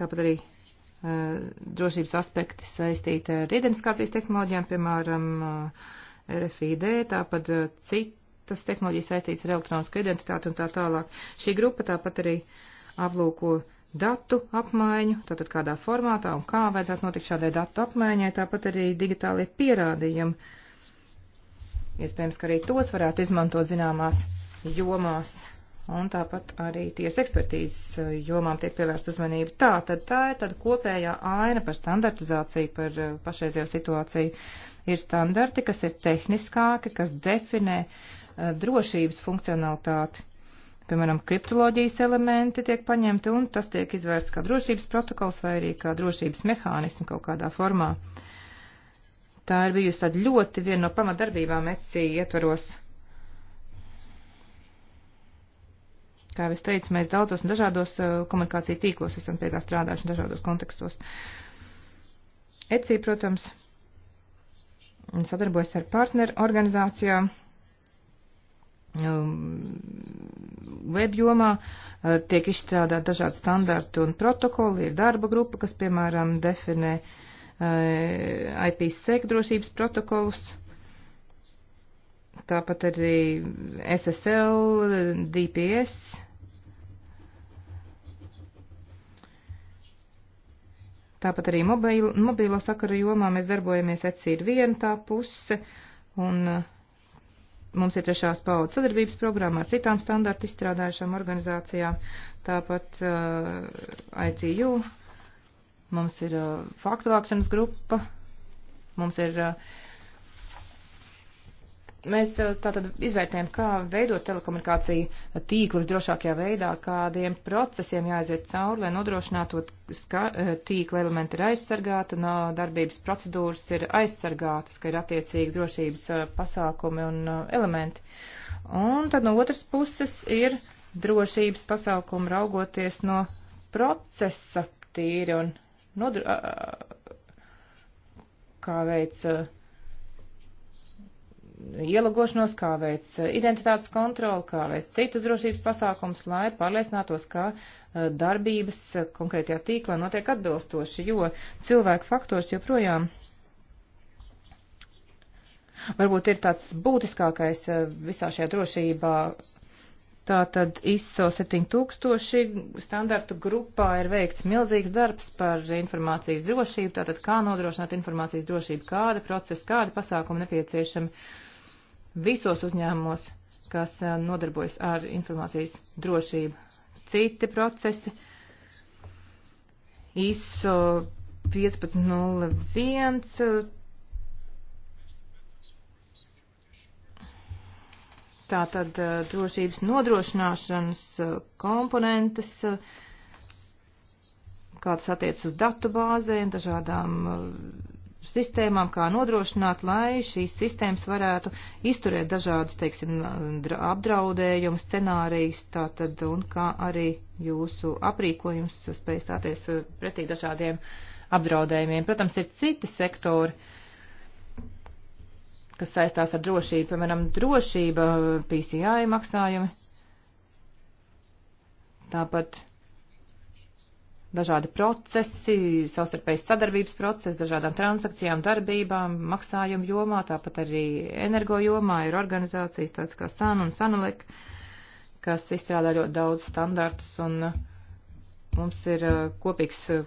Tāpat arī drošības aspekti saistīti ar identifikācijas tehnoloģijām, piemēām, RFID, tāpat citas tehnoloģijas saistītas ar elektronisko identitāti un tā tālāk. Šī grupa tāpat arī aplūko uh, datu apmaiņu, tātad kādā formātā un kā vajadzētu notikt šādai datu apmaiņai, tāpat arī digitālie pierādījumi. Iespējams, ka arī tos varētu izmantot zināmās jomās, un tāpat arī tiesa ekspertīzes eh, jomām tiek pievērsta uzmanība. Tā, tad tā ir tad kopējā aina par standartizāciju, par eh, pašreizējo situāciju. Ir standarti, kas ir tehniskāki, kas definē eh, drošības funkcionalitāti piemēram, kriptoloģijas elementi tiek paņemti un tas tiek izvērsts kā drošības protokols vai arī kā drošības mehānismu kaut kādā formā. Tā ir bijusi tāda ļoti viena no pamatdarbībām ECI ietvaros. Kā jau es teicu, mēs daudzos un dažādos uh, komunikāciju tīklos esam pie tā strādājuši dažādos kontekstos. ECI, protams, sadarbojas ar partneru organizācijām Um, web jomā uh, tiek izstrādāt dažādi standarti un protokoli, ir darba grupa, kas, piemēram, definē uh, IPsec drošības protokolus, tāpat arī SSL, DPS. Tāpat arī mobīlo, mobīlo sakaru jomā mēs darbojamies, ECI ir viena tā puse, un uh, Mums ir trešās paudzes sadarbības programma ar citām standartu izstrādājušām organizācijām, tāpat uh, ICU, mums ir uh, faktu vākšanas grupa, mums ir uh, Mēs eh, tātad izvērtējam, kā veidot telekomunikāciju tīklus drošākajā veidā, kādiem procesiem jāaiziet cauri, lai nodrošinātu, ka eh, tīkla elementi ir aizsargāti un eh, darbības procedūras ir aizsargātas, ka ir attiecīgi drošības pasākumi un elementi. Un tad no otras puses ir drošības pasākumi raugoties no procesa tīri un nodro, kā veids ielagošanos, kā veic eh, identitātes kontroli, kā veic citus drošības pasākums, lai pārliecinātos, ka eh, darbības eh, konkrētajā tīklā notiek atbilstoši, jo cilvēku faktors joprojām varbūt ir tāds būtiskākais visā šajā drošībā. Tātad ISO 7000 standartu grupā ir veikts milzīgs darbs par informācijas drošību, tātad kā nodrošināt informācijas drošību, kāda procesa, kāda pasākuma nepieciešama. Uh, visos uzņēmumos, kas eh, nodarbojas ar informācijas drošību. Citi procesi ISO 1501. Eh, tātad eh, drošības nodrošināšanas komponentes, kā tas attiec uz datubāzēm, dažādām sistēmām, kā nodrošināt, lai šīs sistēmas varētu izturēt dažādus, teiksim, apdraudējumu scenārijus, tātad, un kā arī jūsu aprīkojums spēj stāties uh, pretī dažādiem apdraudējumiem. Protams, ir citi sektori, kas saistās ar drošību, piemēram, drošība, PCI maksājumi. Tāpat dažādi procesi, savstarpējas sadarbības procesi, dažādām transakcijām, darbībām, maksājumu jomā, tāpat arī energo jomā ir organizācijas tāds kā SAN un SANELEK, kas izstrādā ļoti daudz standartus un uh, mums ir uh, kopīgs uh,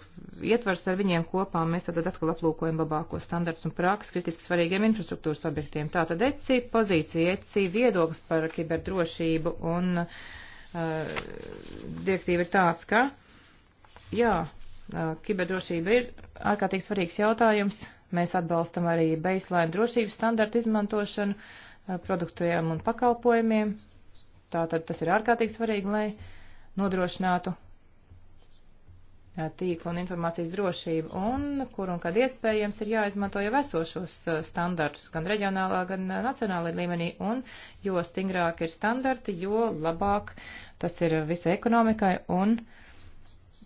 ietvars ar viņiem kopā. Mēs tad atkal aplūkojam labāko standartus un prāks kritiski svarīgiem infrastruktūras objektiem. Tātad ECI pozīcija, ECI viedoklis par kiberdrošību un uh, direktīva ir tāds, ka Jā, kiberdrošība ir ārkārtīgi svarīgs jautājums. Mēs atbalstam arī baseline drošības standartu izmantošanu produktiem un pakalpojumiem. Tātad tas ir ārkārtīgi svarīgi, lai nodrošinātu tīkla un informācijas drošību un kur un kad iespējams ir jāizmanto jau esošos standartus gan reģionālā, gan nacionālā līmenī un jo stingrāk ir standarti, jo labāk tas ir visai ekonomikai un uh,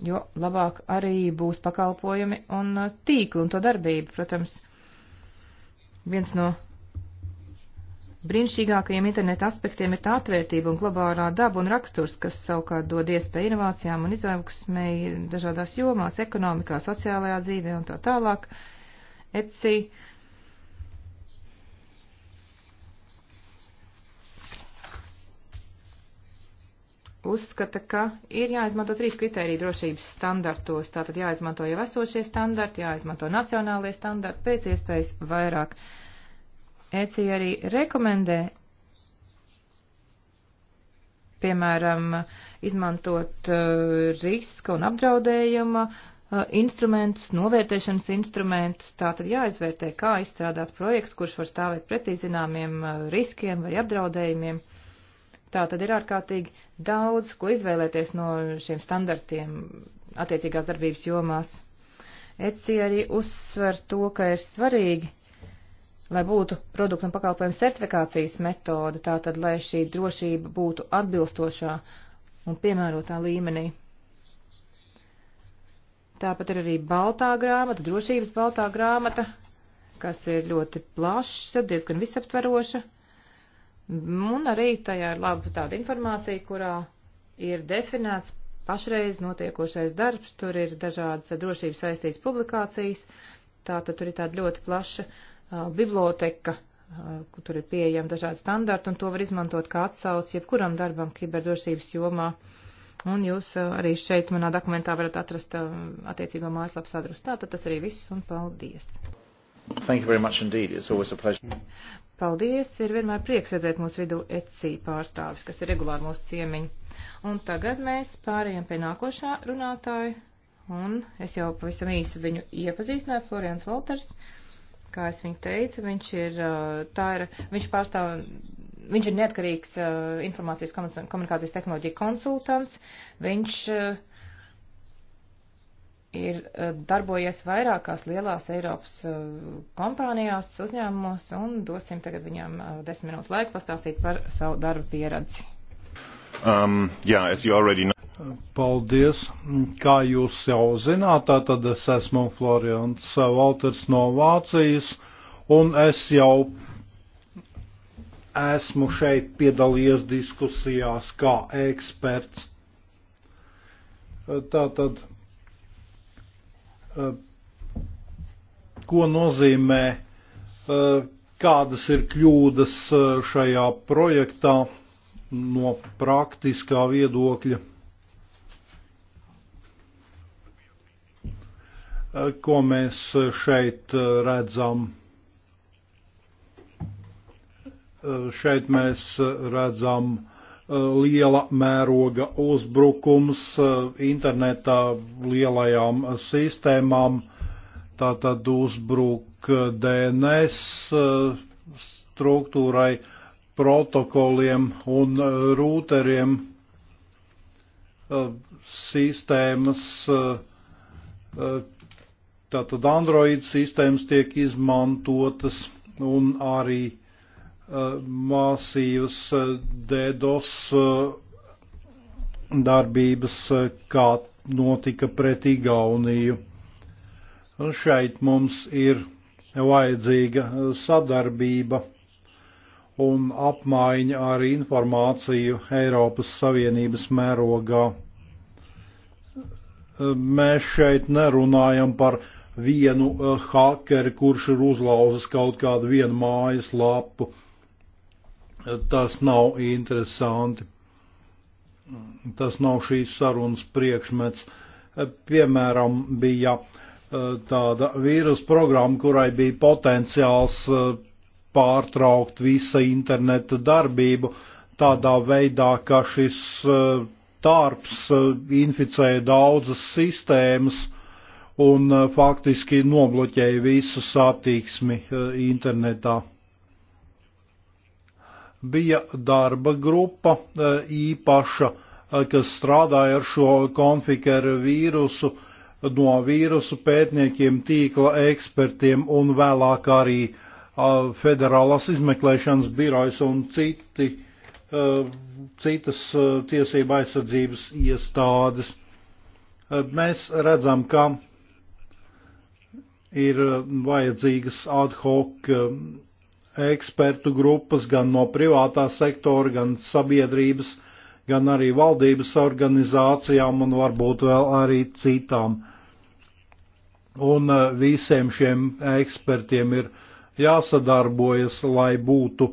jo labāk arī būs pakalpojumi un uh, tīkli un to darbību. Protams, viens no brīnišķīgākajiem interneta aspektiem ir tā atvērtība un globālā daba un raksturs, kas savukārt dod iespēju inovācijām un izaugsmēji dažādās jomās, ekonomikā, sociālajā dzīvē un tā tālāk. ECI uzskata, ka ir jāizmanto trīs kritērija drošības standartos. Tātad jāizmanto jau esošie standarti, jāizmanto nacionālie standarti pēc iespējas vairāk. ECI arī rekomendē, piemēram, izmantot uh, riska un apdraudējuma uh, instrumentus, novērtēšanas instrumentus. Tātad jāizvērtē, kā izstrādāt projektu, kurš var stāvēt pretī zināmiem uh, riskiem vai apdraudējumiem. Uh, Tā tad ir ārkārtīgi daudz, ko izvēlēties no šiem standartiem attiecīgās darbības jomās. ECI arī uzsver to, ka ir svarīgi, lai būtu produktu un pakalpojumu certifikācijas metode, tā tad, lai šī drošība būtu atbilstošā un piemērotā līmenī. Tāpat ir arī baltā grāmata, drošības baltā grāmata, kas ir ļoti plaša, diezgan visaptveroša. Un arī tajā ir laba tāda informācija, kurā ir definēts pašreiz notiekošais darbs, tur ir dažādas drošības saistītas publikācijas, tātad tur ir tāda ļoti plaša uh, biblioteka, uh, tur ir pieejama dažādi standarti, un to var izmantot kā atsauci jebkuram darbam kiberdrošības jomā. Un jūs uh, arī šeit manā dokumentā varat atrast uh, attiecīgo mājaslapas adresu. Tātad tas arī viss, un paldies! Thank you very much indeed. It's always a pleasure. Paldies, ir vienmēr prieks redzēt mūsu vidū ECI pārstāvis, kas ir regulāri mūsu ciemiņi. Un tagad mēs pārējām pie nākošā runātāja, un es jau pavisam īsi viņu iepazīstināju, Florians Volters, kā es viņu teicu, viņš ir, uh, tā ir, viņš pārstāv, viņš ir neatkarīgs uh, informācijas komunikācijas tehnoloģija konsultants, viņš uh, ir eh, darbojies vairākās lielās Eiropas eh, kompānijās, uzņēmumos, un dosim tagad viņam eh, desmit minūtes laiku pastāstīt par savu darbu pieredzi. Um, yeah, as you already know. Paldies! Kā jūs jau zināt, tad es esmu Florians Valters no Vācijas, un es jau esmu šeit piedalījies diskusijās kā eksperts. Tātad Eh, ko nozīmē, eh, kādas ir kļūdas eh, šajā projektā no praktiskā viedokļa. Ko mēs šeit redzam? Šeit mēs redzam uh, Eh, liela mēroga uzbrukums eh, internetā lielajām eh, sistēmām. Tātad uzbruk DNS struktūrai, protokoliem un rūteriem sistēmas. Tātad Android sistēmas tiek izmantotas un arī masīvas eh, DDoS eh, darbības, eh, kā notika pret Igauniju. Un šeit mums ir vajadzīga sadarbība un apmaiņa ar informāciju Eiropas Savienības mērogā. Mēs šeit nerunājam par vienu hakeri, kurš ir uzlauzis kaut kādu vienu mājas lapu. Uh, tas nav interesanti. Tas nav šīs sarunas priekšmets. Piemēram, bija eh, tāda vīrus programma, kurai bija potenciāls eh, pārtraukt visa interneta darbību tādā veidā, ka šis eh, tārps inficēja daudzas sistēmas un faktiski nobloķēja visu satiksmi internetā bija darba grupa e, īpaša, e, kas strādāja ar šo konfikeru vīrusu no vīrusu pētniekiem, tīkla ekspertiem un vēlāk arī e, federālās izmeklēšanas birojas un citi, citas tiesība aizsardzības iestādes. Mēs redzam, ka ir vajadzīgas ad hoc ekspertu grupas gan no privātā sektora, gan sabiedrības, gan arī valdības organizācijām un varbūt vēl arī citām. Un eh, visiem šiem ekspertiem ir jāsadarbojas, lai būtu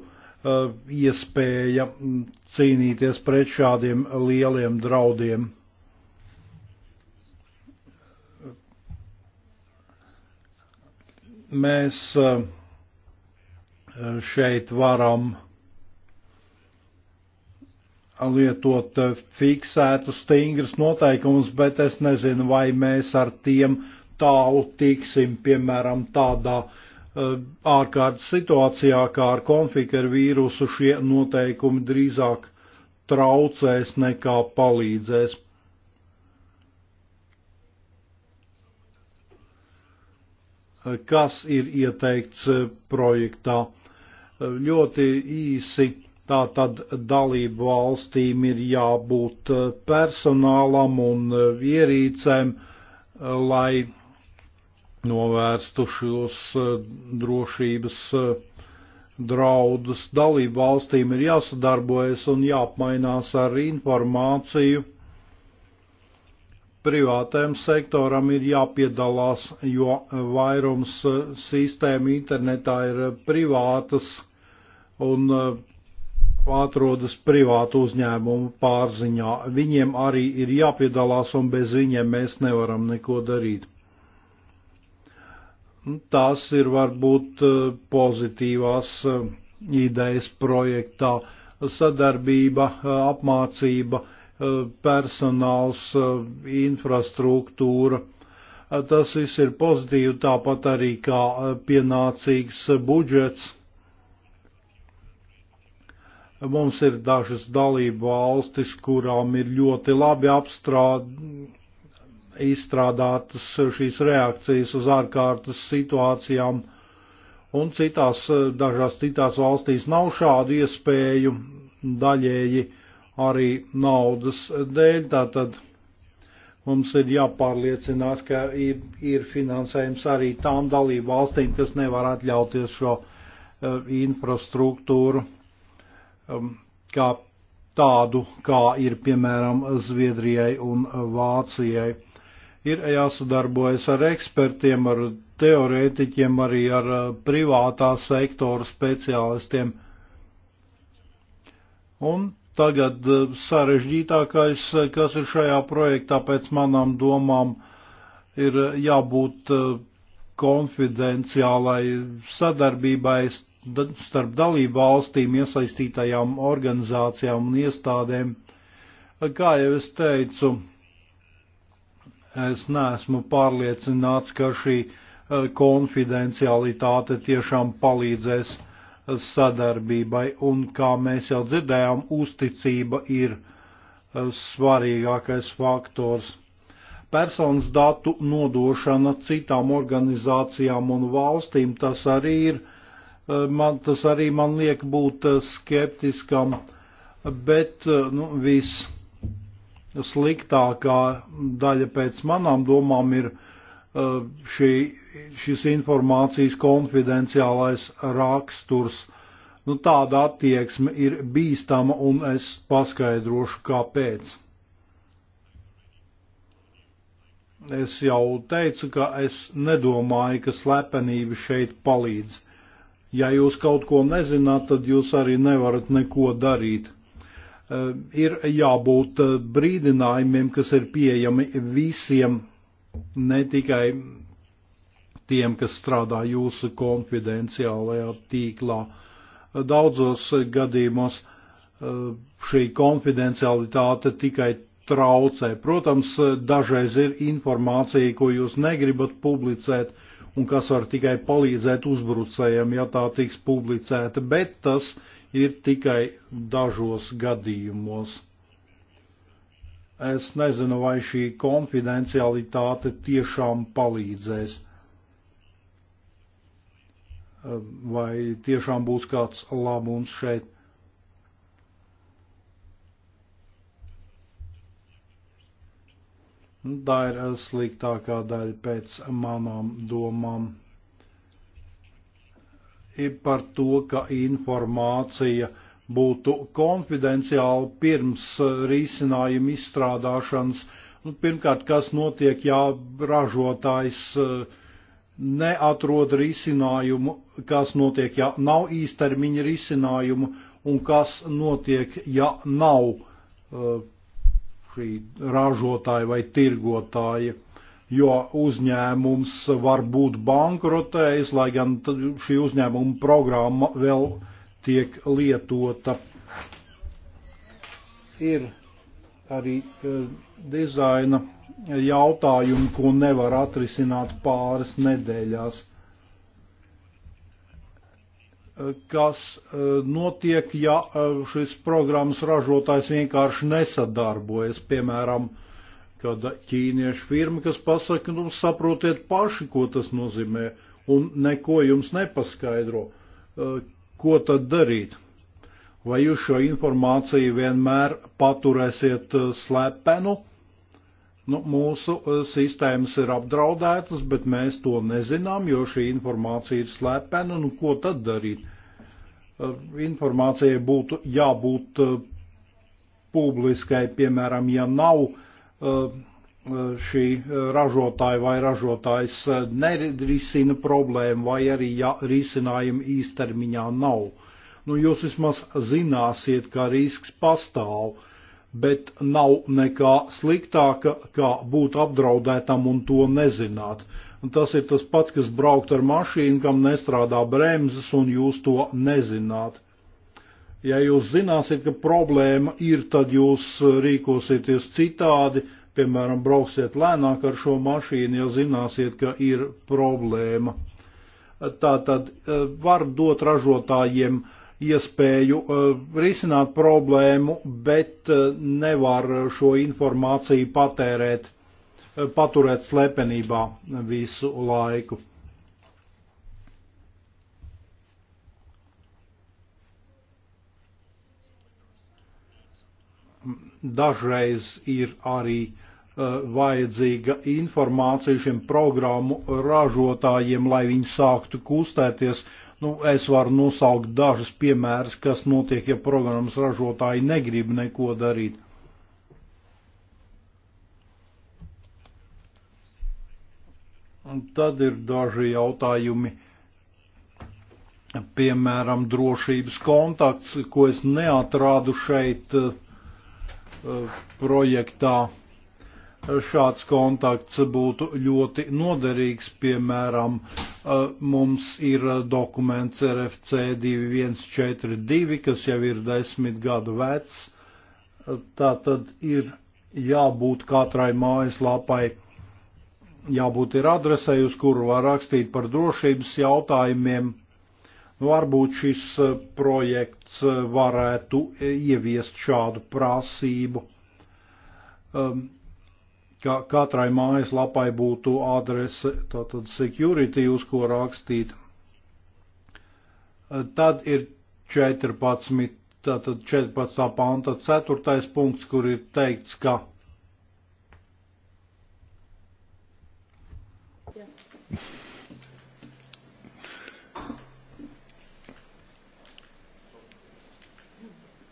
uh, iespēja mm, cīnīties pret šādiem lieliem draudiem. Mēs uh, šeit varam lietot fiksētus stingrus noteikumus, bet es nezinu, vai mēs ar tiem tālu tiksim, piemēram, tādā uh, ārkārtas situācijā, kā ar konfiguru vīrusu, šie noteikumi drīzāk traucēs nekā palīdzēs. Kas ir ieteikts e, projektā? ļoti īsi. Tātad dalību valstīm ir jābūt eh, personālam un eh, ierīcēm, eh, lai novērstu šos drošības draudus. Dalību valstīm ir jāsadarbojas un jāapmainās ar informāciju. Privātajam sektoram ir jāpiedalās, jo vairums sistēma internetā ir privātas un uh, atrodas privātu uzņēmumu pārziņā. Viņiem arī ir jāpiedalās, un bez viņiem mēs nevaram neko darīt. Nu, tās ir varbūt uh, pozitīvās uh, idejas projektā sadarbība, apmācība, personāls, infrastruktūra. Tas viss ir pozitīvi, tāpat arī kā pienācīgs budžets Mums ir dažas dalību valstis, kurām ir ļoti labi apstrād, izstrādātas šīs reakcijas uz ārkārtas situācijām, un citās, dažās citās valstīs nav šādu iespēju daļēji arī naudas dēļ. Tātad mums ir jāpārliecinās, ka ir, ir finansējums arī tām dalību valstīm, kas nevar atļauties šo uh, infrastruktūru. Um, kā tādu, kā ir piemēram Zviedrijai un Vācijai. Ir jāsadarbojas ar ekspertiem, ar teorētiķiem, arī ar uh, privātā sektora speciālistiem. Un tagad uh, sarežģītākais, uh, kas ir šajā projektā pēc manām domām, ir jābūt konfidenciālai sadarbībai starp dalību valstīm, iesaistītajām organizācijām un iestādēm. Kā jau es teicu, es neesmu pārliecināts, ka šī e, konfidencialitāte tiešām palīdzēs e, sadarbībai, un kā mēs jau dzirdējām, uzticība ir e, svarīgākais faktors. Personas datu nodošana citām organizācijām un valstīm tas arī ir uh, Eh, man, tas arī man liek būt eh, skeptiskam, bet eh, nu, viss sliktākā daļa pēc manām domām ir šī, šis informācijas konfidenciālais raksturs. Nu, tāda attieksme ir bīstama un es paskaidrošu, kāpēc. Es jau teicu, ka es nedomāju, ka slepenība šeit palīdz. Uh, ja jūs kaut ko nezināt, tad jūs arī nevarat neko darīt. E, ir jābūt e, brīdinājumiem, kas ir pieejami visiem, ne tikai tiem, kas strādā jūsu konfidenciālajā tīklā. E, daudzos gadījumos šī konfidencialitāte tikai traucē. Protams, dažreiz ir informācija, ko jūs negribat publicēt, uh, un kas var tikai palīdzēt uzbrucējiem, ja tā tiks publicēta, bet tas ir tikai dažos gadījumos. Es nezinu, vai šī konfidencialitāte tiešām palīdzēs, vai tiešām būs kāds labums šeit Nu, tā ir eh, sliktākā daļa pēc manām domām. Ir par to, ka informācija būtu konfidenciāla pirms eh, risinājuma izstrādāšanas. Nu, pirmkārt, kas notiek, ja ražotājs eh, neatrod risinājumu, kas notiek, ja nav īstermiņa risinājumu, un kas notiek, ja nav uh, šī ražotāja vai tirgotāja, jo uzņēmums var būt bankrotējis, lai gan šī uzņēmuma programma vēl tiek lietota. Ir arī e, dizaina jautājumi, ko nevar atrisināt pāris nedēļās kas eh, notiek, ja eh, šis programmas ražotājs vienkārši nesadarbojas, piemēram, kad ķīniešu firma, kas pasaka, nu, saprotiet paši, ko tas nozīmē, un neko jums nepaskaidro, eh, ko tad darīt. Vai jūs šo informāciju vienmēr paturēsiet slepenu? Nu, mūsu eh, sistēmas ir apdraudētas, bet mēs to nezinām, jo šī informācija ir slepena. Nu, ko tad darīt? Eh, informācijai būtu jābūt eh, publiskai, piemēram, ja nav šī ražotāja vai ražotājs nerisina problēmu, vai arī ja risinājuma īstermiņā nav. Nu, jūs vismaz zināsiet, ka risks pastāv bet nav nekā sliktāka, kā būt apdraudētam un to nezināt. Un tas ir tas pats, kas braukt ar mašīnu, kam nestrādā bremzes, un jūs to nezināt. Ja jūs zināsiet, ka problēma ir, tad jūs rīkosieties citādi, piemēram, brauksiet lēnāk ar šo mašīnu, ja zināsiet, ka ir problēma. Tā tad eh, var dot ražotājiem uh, iespēju eh, risināt problēmu, bet eh, nevar šo informāciju patērēt, eh, paturēt slepenībā visu laiku. Dažreiz ir arī vajadzīga informācija šiem programmu ražotājiem, lai viņi sāktu kustēties uh, Nu, es varu nosaukt dažus piemērus, kas notiek, ja programmas ražotāji negrib neko darīt. Un tad ir daži jautājumi, piemēram, drošības kontakts, ko es neatrādu šeit eh, projektā šāds kontakts būtu ļoti noderīgs. Piemēram, mums ir dokuments RFC 2142, kas jau ir desmit gadu vecs. Tā tad ir jābūt katrai mājaslapai, jābūt ir adresei, uz kuru var rakstīt par drošības jautājumiem. Nu, varbūt šis projekts varētu ieviest šādu prasību. Um, ka katrai mājaslapai būtu adrese, tātad security, uz ko rakstīt. Tad ir 14, tātad 14. panta 4. punkts, kur ir teikts, ka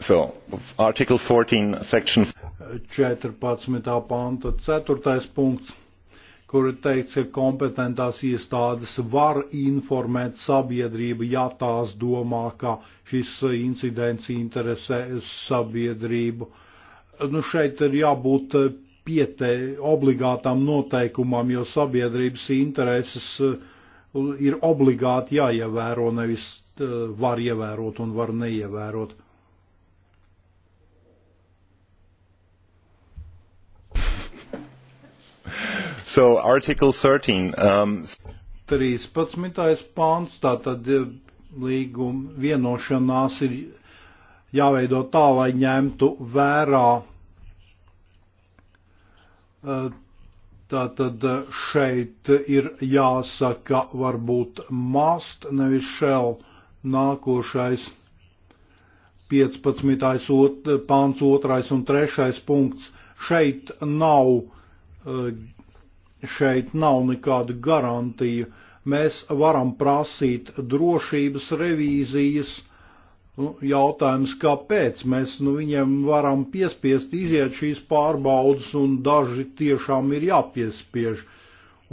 So, article 14, section 14. panta 4. punkts, kur ir teikts, ka kompetentās iestādes var informēt sabiedrību, ja tās domā, ka šis incidents interesē sabiedrību. Nu, šeit ir jābūt piete obligātam noteikumam, jo sabiedrības intereses uh, ir obligāti jāievēro, nevis uh, var ievērot un var neievērot. So Article 13. Um, 13. pāns, tātad līguma vienošanās ir jāveido tā, lai ņemtu vērā e, Tātad šeit ir jāsaka varbūt must, nevis shell nākošais 15. Ot, pāns 2 un 3. punkts. Šeit nav uh, šeit nav nekāda garantija. Mēs varam prasīt drošības revīzijas. Nu, jautājums, kāpēc mēs nu, viņiem varam piespiest iziet šīs pārbaudas, un daži tiešām ir jāpiespiež.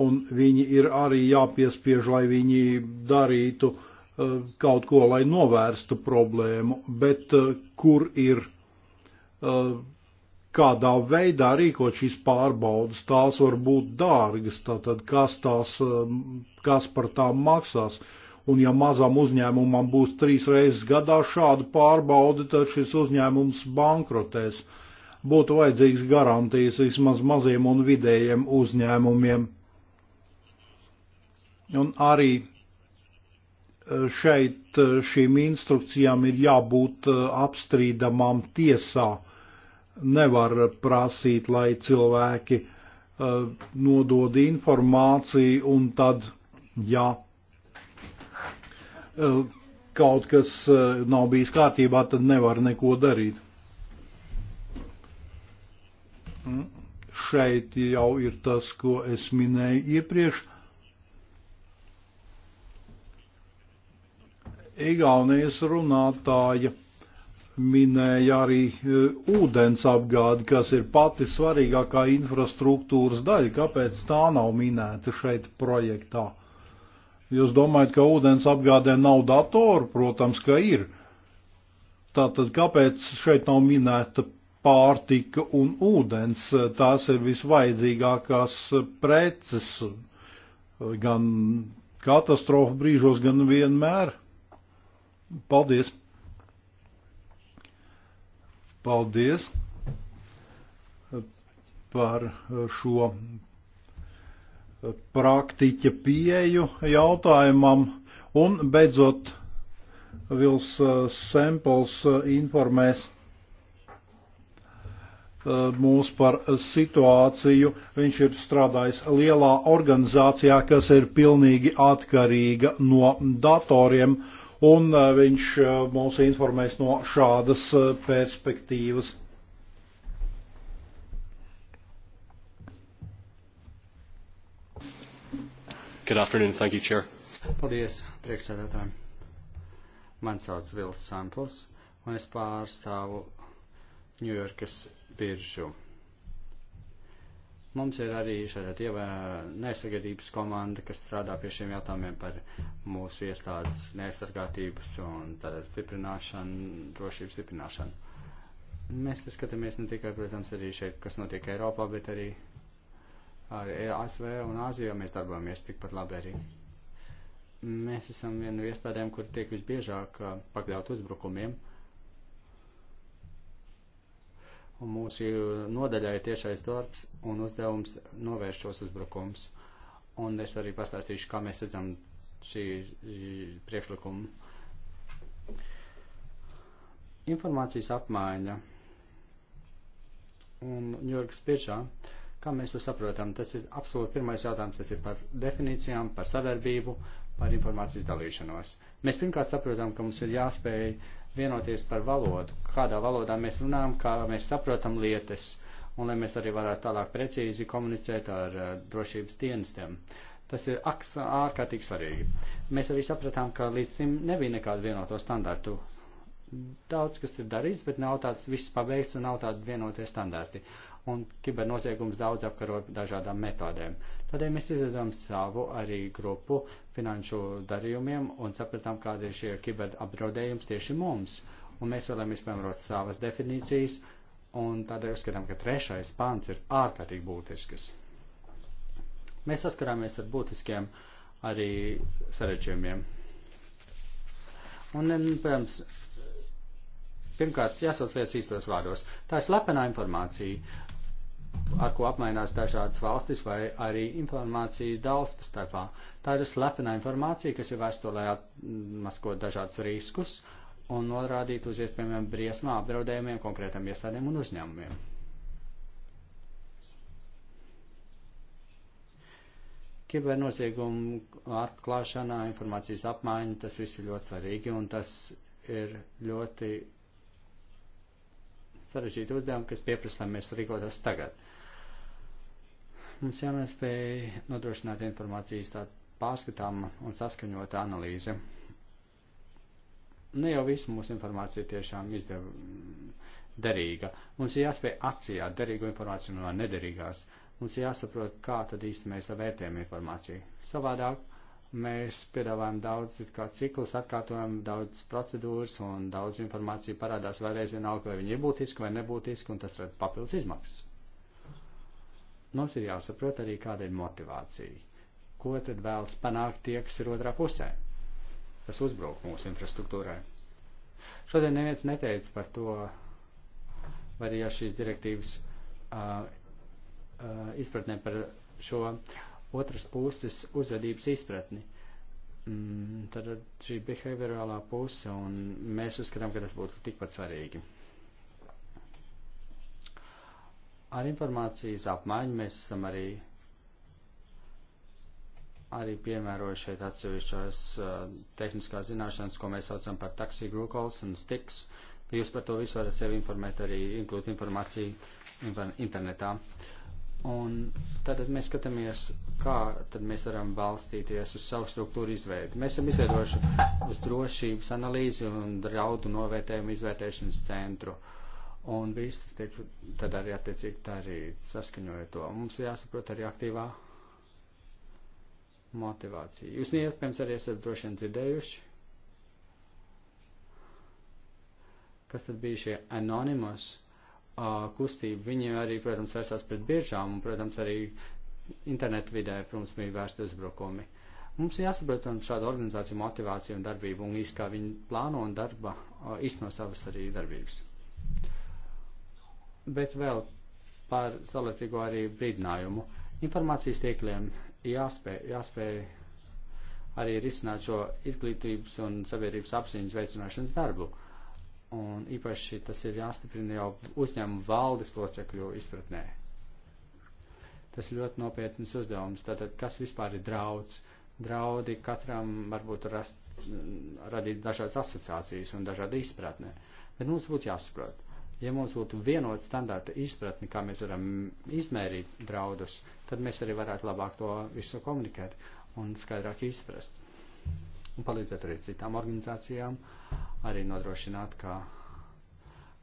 Un viņi ir arī jāpiespiež, lai viņi darītu uh, kaut ko, lai novērstu problēmu. Bet uh, kur ir uh, kādā veidā rīkot šīs pārbaudas, tās var būt dārgas, tātad kas, tās, um, kas par tām maksās. Un ja mazam uzņēmumam būs trīs reizes gadā šāda pārbauda, tad šis uzņēmums bankrotēs. Būtu vajadzīgs garantijas vismaz maziem un vidējiem uzņēmumiem. Un arī uh, šeit uh, šīm instrukcijām ir jābūt uh, apstrīdamām tiesā nevar prasīt, lai cilvēki uh, nodod informāciju un tad, ja uh, kaut kas uh, nav bijis kārtībā, tad nevar neko darīt. Mm. Šeit jau ir tas, ko es minēju iepriekš. Igaunijas runātāja minēja arī eh, ūdens apgādi, kas ir pati svarīgākā infrastruktūras daļa. Kāpēc tā nav minēta šeit projektā? Jūs domājat, ka ūdens apgādē nav datoru? Protams, ka ir. Tātad kāpēc šeit nav minēta pārtika un ūdens? Tās ir visvaidzīgākās preces gan katastrofu brīžos, gan vienmēr. Paldies! Paldies eh, par eh, šo eh, praktiķa pieeju jautājumam. Un beidzot, Vils Sempels informēs mūs par situāciju. Viņš ir strādājis lielā organizācijā, kas ir pilnīgi atkarīga no datoriem un uh, viņš uh, mūs informēs no šādas uh, perspektīvas. Good afternoon. Thank you, Chair. Paldies, priekšsēdētāji. Man sauc Vils Sampls, un es pārstāvu Ņujorkas biržu. Mums ir arī šāda tievā neaizsargātības komanda, kas strādā pie šiem jautājumiem par mūsu iestādes neaizsargātības un tādā stiprināšanu, drošības stiprināšanu. Mēs te skatāmies ne tikai, protams, arī šeit, kas notiek Eiropā, bet arī ar ASV un Āzijā mēs darbojamies tikpat labi arī. Mēs esam viena no iestādēm, kur tiek visbiežāk uh, pakļaut uzbrukumiem. Uh, Un mūsu nodaļai tiešais darbs un uzdevums novērst šos uzbrukums. Un es arī pastāstīšu, kā mēs redzam šī, šī priekšlikuma. Informācijas apmaiņa. Un Ņujorkas piešā Kā mēs to saprotam? Tas ir absolūti pirmais jautājums, tas ir par definīcijām, par sadarbību, par informācijas dalīšanos. Mēs pirmkārt saprotam, ka mums ir jāspēj vienoties par valodu, kādā valodā mēs runājam, kā mēs saprotam lietas, un lai mēs arī varētu tālāk precīzi komunicēt ar uh, drošības dienestiem. Tas ir ārkārtīgi svarīgi. Mēs arī sapratām, ka līdz šim nebija nekādu vienoto standartu daudz kas ir darīts, bet nav tāds viss pabeigts un nav tādi vienotie standarti un kibernoziegums daudz apkaro dažādām metodēm. Tādēļ mēs izveidojam savu arī grupu finanšu darījumiem un sapratām, kāda ir šie kiberapdraudējums tieši mums. Un mēs vēlamies piemērot savas definīcijas, un tādēļ uzskatām, ka trešais pants ir ārkārtīgi būtisks. Mēs saskarāmies ar būtiskiem arī sarežģījumiem. Un, protams, pirmkārt jāsauc lietas īstos vārdos. Tā ir slepenā informācija, ar ko apmainās dažādas valstis vai arī informācija dalstu starpā. Tā ir slepena informācija, kas ir vēsta, lai atmaskot dažādus riskus un norādīt uz iespējamiem briesmā apdraudējumiem konkrētam iestādēm un uzņēmumiem. Kibernoziegumu atklāšanā, informācijas apmaiņa, tas viss ir ļoti svarīgi un tas ir ļoti sarežģīti uzdevumi, kas pieprasa, lai mēs rīkotos tagad. Mums jāspēj nodrošināt informācijas tādu pārskatāmu un saskaņotu analīzi. Ne nu, jau visu mūsu informācija tiešām izdev derīga. Mums ir jāspēj atsijāt derīgu informāciju no nederīgās. Mums ir jāsaprot, kā tad īsti mēs vērtējam informāciju. Savādāk mēs piedāvājam daudz ciklus, atkārtojam daudz procedūras un daudz informācija parādās vēlreiz vienalga, vai viņi ir būtiski vai nebūtiski, un tas rada papildus izmaksas. Mums ir jāsaprot arī, kāda ir motivācija. Ko tad vēlas panākt tie, kas ir otrā pusē, kas uzbruk mūsu infrastruktūrai? Šodien neviens neteica par to, vai arī ja šīs direktīvas uh, uh, izpratnē par šo otras puses uzvedības izpratni. Mm, tad šī behaviorālā puse, un mēs uzskatām, ka tas būtu tikpat svarīgi. Ar informācijas apmaiņu mēs esam arī, arī piemērojuši šeit atsevišķās uh, tehniskās zināšanas, ko mēs saucam par taxi group calls un sticks. Jūs par to visu varat sevi informēt arī, inklut informāciju internetā. Un tad mēs skatāmies, kā tad mēs varam balstīties uz savu struktūru izveidi. Mēs esam izveidojuši uz drošības analīzi un draudu novērtējumu izvērtēšanas centru. Uh, Un viss tas tiek tad arī attiecīgi tā arī saskaņoja to. Mums jāsaprot arī aktīvā motivācija. Jūs neiespējams arī esat droši vien dzirdējuši, kas tad bija šie anonimos uh, kustība. Viņi arī, protams, vērsās pret biežām un, protams, arī internetu vidē, protams, bija vērsti uzbrukumi. Mums jāsaprot un šāda organizācija motivācija un darbība un īsti kā viņi plāno un darba, uh, īsteno savas arī darbības. Bet vēl par saulēcīgo arī brīdinājumu. Informācijas tiekliem jāspēj, jāspēj arī risināt šo izglītības un sabiedrības apziņas veicināšanas darbu. Un īpaši tas ir jāstiprina jau uzņēmumu valdes locekļu izpratnē. Tas ļoti nopietnas uzdevums. Tātad, kas vispār ir draudz? Draudi katram varbūt rast, mm, radīt dažādas asociācijas un dažādi izpratnē. Bet mums būtu jāsaprot, Ja mums būtu vienot standarta izpratni, kā mēs varam izmērīt draudus, tad mēs arī varētu labāk to visu komunikēt un skaidrāk izprast. Un palīdzēt arī citām organizācijām, arī nodrošināt, ka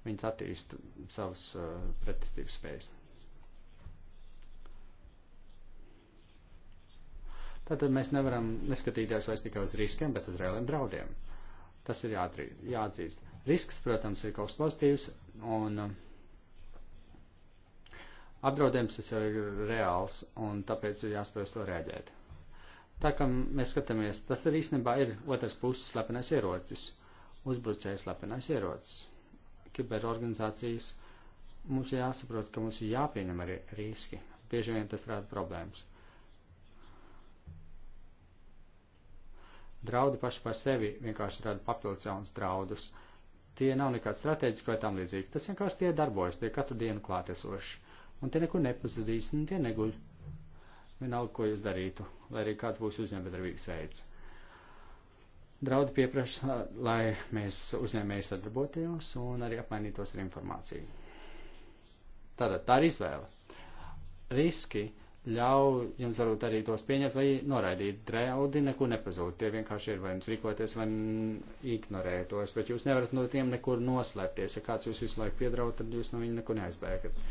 viņas attīst savus uh, pretestības spējas. Tātad mēs nevaram neskatīties vairs tikai uz riskiem, bet uz reāliem draudiem. Tas ir jāatzīst. Risks, protams, ir kaut kas pozitīvs, un um, apdraudējums tas jau ir reāls, un tāpēc ir jāspēj uz to rēģēt. Tā kā mēs skatāmies, tas arī īstenībā ir otrs puses slepenais ierocis, uzbrucējs slepenais ierocis. Kiberorganizācijas mums ir jāsaprot, ka mums ir jāpieņem arī riski. Bieži vien tas rada problēmas. Draudi paši par sevi vienkārši rada papildus jaunas draudus. Uh, Tie nav nekāds strateģiski vai tam līdzīgi. Tas vienkārši tie darbojas, tie katru dienu klātesoši. Un tie nekur nepazudīs, un tie neguļ. Vienalga, ko jūs darītu, lai arī kāds būs uzņēmējdarbības veids. Draudi pieprasa, lai mēs uzņēmēji sadarbotos un arī apmainītos ar informāciju. Tātad tā ir izvēle. Riski ļauj jums varbūt arī tos pieņemt vai noraidīt. Draudi nekur nepazūd, tie vienkārši ir, vai jums rīkoties vai ignorēt tos, bet jūs nevarat no tiem nekur noslēpties. Ja kāds jūs visu laiku piedraud, tad jūs no viņa nekur neaizbēgat.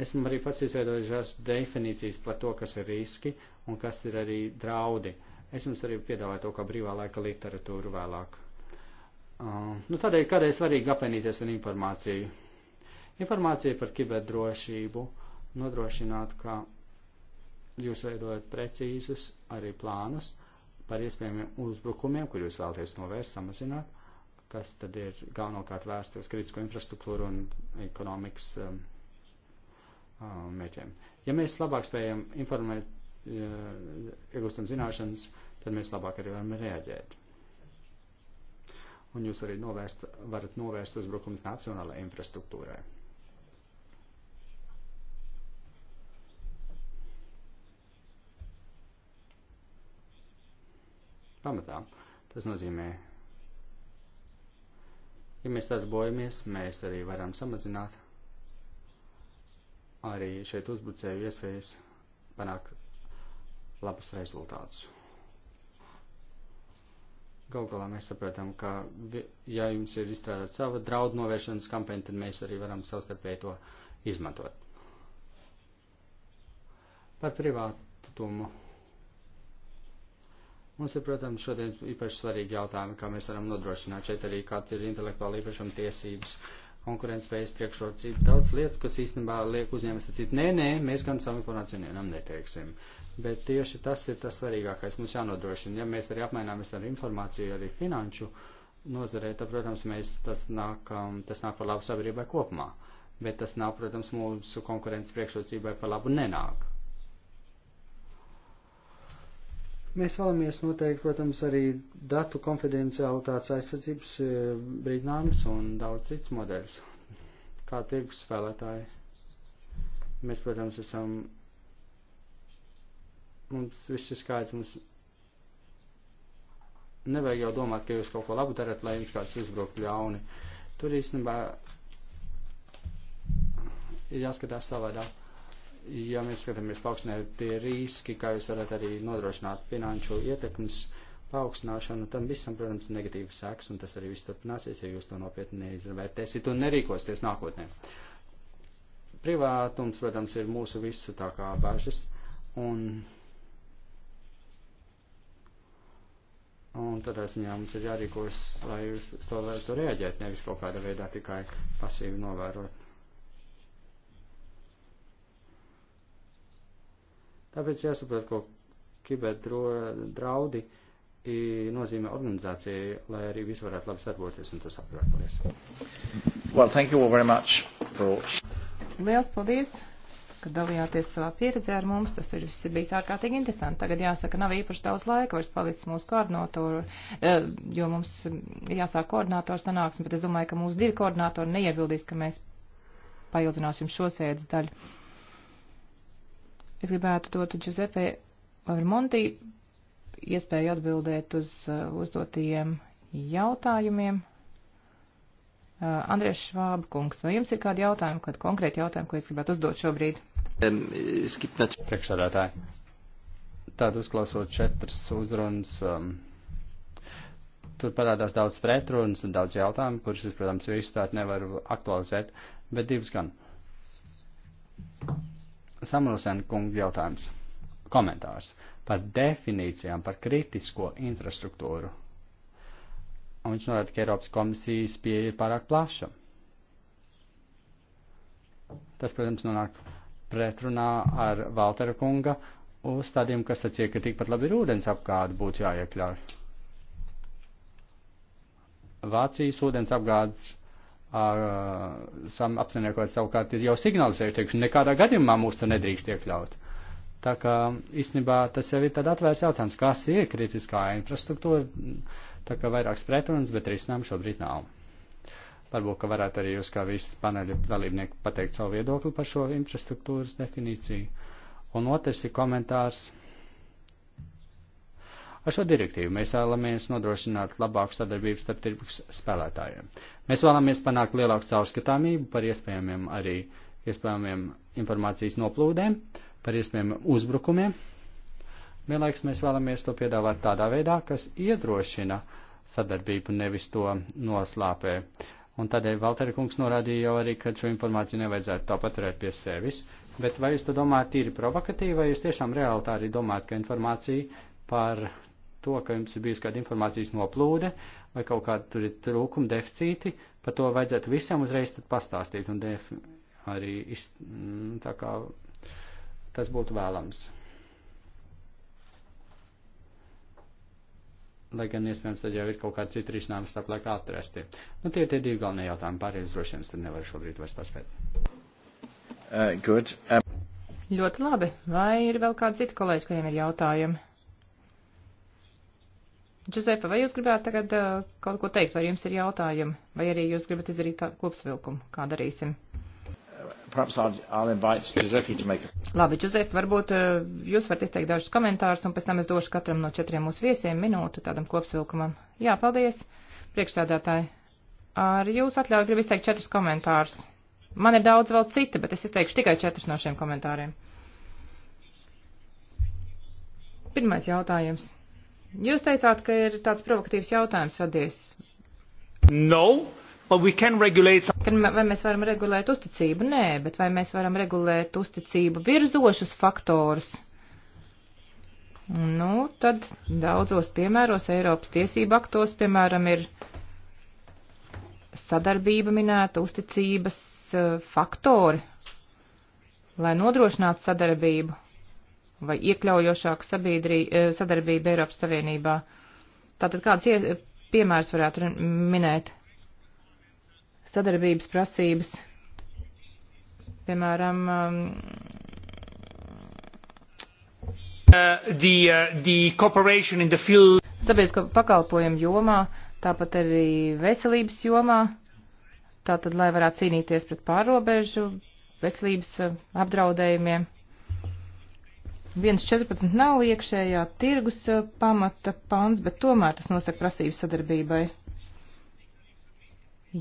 Esmu arī pats izveidojis žās definīcijas par to, kas ir riski un kas ir arī draudi. Es jums arī piedāvāju to kā brīvā laika literatūru vēlāk. Uh, nu, tādēļ kādēļ svarīgi apvienīties ar informāciju. Informācija par kiberdrošību nodrošināt, ka jūs veidojat precīzus arī plānus par iespējamiem uzbrukumiem, kur jūs vēlaties novērst, samazināt, kas tad ir galvenokārt vērsti uz kritisko infrastruktūru un ekonomikas um, um mērķiem. Ja mēs labāk spējam informēt, uh, iegūstam zināšanas, tad mēs labāk arī varam reaģēt. Un jūs arī novērst, varat novērst uzbrukums nacionālajai infrastruktūrai. pamatā. Tas nozīmē, ja mēs darbojamies, mēs arī varam samazināt arī šeit uzbrucēju iespējas panākt labus rezultātus. Galu galā mēs saprotam, ka, ja jums ir izstrādāta sava draudu novēršanas kampaņa, tad mēs arī varam savstarpēji to izmantot. Par privātumu Mums ir, protams, šodien īpaši svarīgi jautājumi, kā mēs varam nodrošināt šeit arī, kāds ir intelektuāla īpašuma tiesības, konkurētspējas priekšrocības, daudz lietas, kas īstenībā liek uzņēmums sacīt, nē, nē, mēs gan savu informāciju nevienam neteiksim. Bet tieši tas ir tas svarīgākais, mums jānodrošina. Ja mēs arī apmaināmies ar informāciju, arī finanšu nozarē, tad, protams, mēs, tas, nāk, um, tas nāk par labu sabiedrībai kopumā. Bet tas nav, protams, mūsu konkurences priekšrocībai par labu nenāk. Mēs vēlamies noteikt, protams, arī datu konfidenciālitātes aizsardzības e, brīdinājums un daudz cits modeļs. Kā tirgus spēlētāji, mēs, protams, esam, mums viss ir skaidrs, mums nevajag jau domāt, ka jūs kaut ko labu darat, lai jums kāds uzbruktu ļauni. Tur īstenībā ir jāskatās savādāk ja mēs skatāmies paaugstinājot tie riski, kā jūs varat arī nodrošināt finanšu ietekmes paaugstināšanu, tam visam, protams, negatīvas sekas, un tas arī viss turpināsies, ja jūs to nopietni neizvērtēsiet un nerīkosties nākotnē. Privātums, protams, ir mūsu visu tā kā bažas, un, un tādā ziņā mums ir jārīkos, lai jūs to varētu reaģēt, nevis kaut kādā veidā tikai pasīvi novērot. Tāpēc jāsaprot, ko kiberdraudi nozīmē organizācijai, lai arī visi varētu labi sadarboties un to saprot. Paldies. Well, thank you all very much for... Liels paldies, ka dalījāties savā pieredzē ar mums. Tas ir viss bijis ārkārtīgi interesanti. Tagad jāsaka, nav īpaši daudz laika vairs palicis mūsu koordinatoru, eh, jo mums jāsāk koordinatoru sanāksme, bet es domāju, ka mūsu divi koordinatori neiebildīs, ka mēs paildzināsim šo sēdes daļu. Es gribētu dot Giuseppe Vermonti iespēju atbildēt uz uh, uzdotajiem jautājumiem. Uh, Andrēs Švāba kungs, vai jums ir kādi jautājumi, kādi konkrēti jautājumi, ko es gribētu uzdot šobrīd? Skipnēt priekšsādātāji. Tātad uzklausot četras uzrunas, um, tur parādās daudz pretrunas un daudz jautājumu, kurus es, protams, visu tādu nevaru aktualizēt, bet divas gan. Thank you. Samuelsen kungu jautājums, komentārs par definīcijām par kritisko infrastruktūru. Un viņš norāda, ka Eiropas komisijas pieeja ir pārāk plaša. Tas, protams, nonāk pretrunā ar Valtera kunga uzstādījumu, kas sacīja, ka tikpat labi ir ūdens apgāde būtu jāiekļauj. Vācijas ūdens apgādes sam apsainiekot savukārt ir jau signalizējuši, teikšu, nekādā gadījumā mūs tur nedrīkst iekļaut. Tā kā īstenībā tas jau ir tad atvērts jautājums, kas ir kritiskā infrastruktūra, tā kā vairāks pretrunas, bet risinājumu šobrīd nav. Varbūt, ka varētu arī jūs kā visi paneļu dalībnieki pateikt savu viedokli par šo infrastruktūras definīciju. Un otrs ir komentārs. Ar šo direktīvu mēs vēlamies nodrošināt labāku sadarbību starp tirgus spēlētājiem. Mēs vēlamies panākt lielāku caurskatāmību par iespējamiem arī iespējamiem informācijas noplūdēm, par iespējamiem uzbrukumiem. Vienlaiks mēs vēlamies to piedāvāt tādā veidā, kas iedrošina sadarbību, nevis to noslāpē. Un tādēļ Valteri kungs norādīja jau arī, ka šo informāciju nevajadzētu tā paturēt pie sevis, bet vai jūs to domājat tīri provokatīvi, vai jūs tiešām reāli tā arī domājat, ka informācija par to, ka jums ir bijusi kāda informācijas noplūde vai kaut kāda tur ir trūkuma deficīti, par to vajadzētu visam uzreiz tad pastāstīt un def, arī iz, mm, tā kā tas būtu vēlams. Lai gan iespējams tad jau ir kaut kāda cita risinājuma starp laikā atrasti. Nu tie ir tie divi galvenie jautājumi, pārējais droši vien tad nevar šobrīd vairs paspēt. Uh, good. Um... Ļoti labi. Vai ir vēl kādi citi kolēģi, kuriem ir jautājumi? Džuzepa, vai jūs gribētu tagad uh, kaut ko teikt, vai jums ir jautājumi, vai arī jūs gribat izdarīt kopsvilkumu, kā darīsim? I'll, I'll a... Labi, Džuzepa, varbūt uh, jūs varat izteikt dažus komentārus, un pēc tam es došu katram no četriem mūsu viesiem minūtu tādam kopsvilkumam. Jā, paldies, priekšsēdētāji. Ar jūsu atļauju gribu izteikt četrus komentārus. Man ir daudz vēl citi, bet es izteikšu tikai četrus no šiem komentāriem. Pirmais jautājums Jūs teicāt, ka ir tāds provokatīvs jautājums radies. No, regulate... Vai mēs varam regulēt uzticību? Nē, bet vai mēs varam regulēt uzticību virzošus faktorus? Nu, tad daudzos piemēros Eiropas tiesību aktos, piemēram, ir sadarbība minēta, uzticības eh, faktori, lai nodrošinātu sadarbību vai iekļaujošāku e, sadarbību Eiropas Savienībā. Tātad kāds piemērs varētu minēt? Sadarbības prasības, piemēram, um, uh, the, uh, the cooperation in the field. Sabiedrisko pakalpojumu jomā, tāpat arī veselības jomā, tātad, lai varētu cīnīties pret pārobežu veselības uh, apdraudējumiem. 1.14 nav iekšējā tirgus eh, pamata pants, bet tomēr tas nosaka prasības sadarbībai.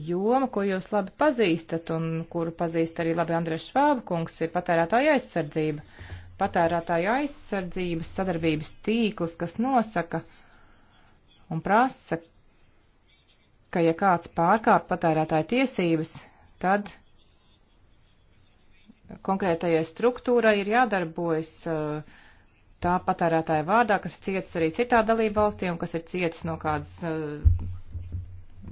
Joma, ko jūs labi pazīstat un kuru pazīst arī labi Andrēs Švāba kungs, ir patērētāja aizsardzība. Patērētāja aizsardzības sadarbības tīkls, kas nosaka un prasa, ka ja kāds pārkāp patērētāja tiesības, tad konkrētajai struktūrai ir jādarbojas eh, tā patērētāja vārdā, kas ir cietis arī citā dalība valstī un kas ir cietis no kādas eh,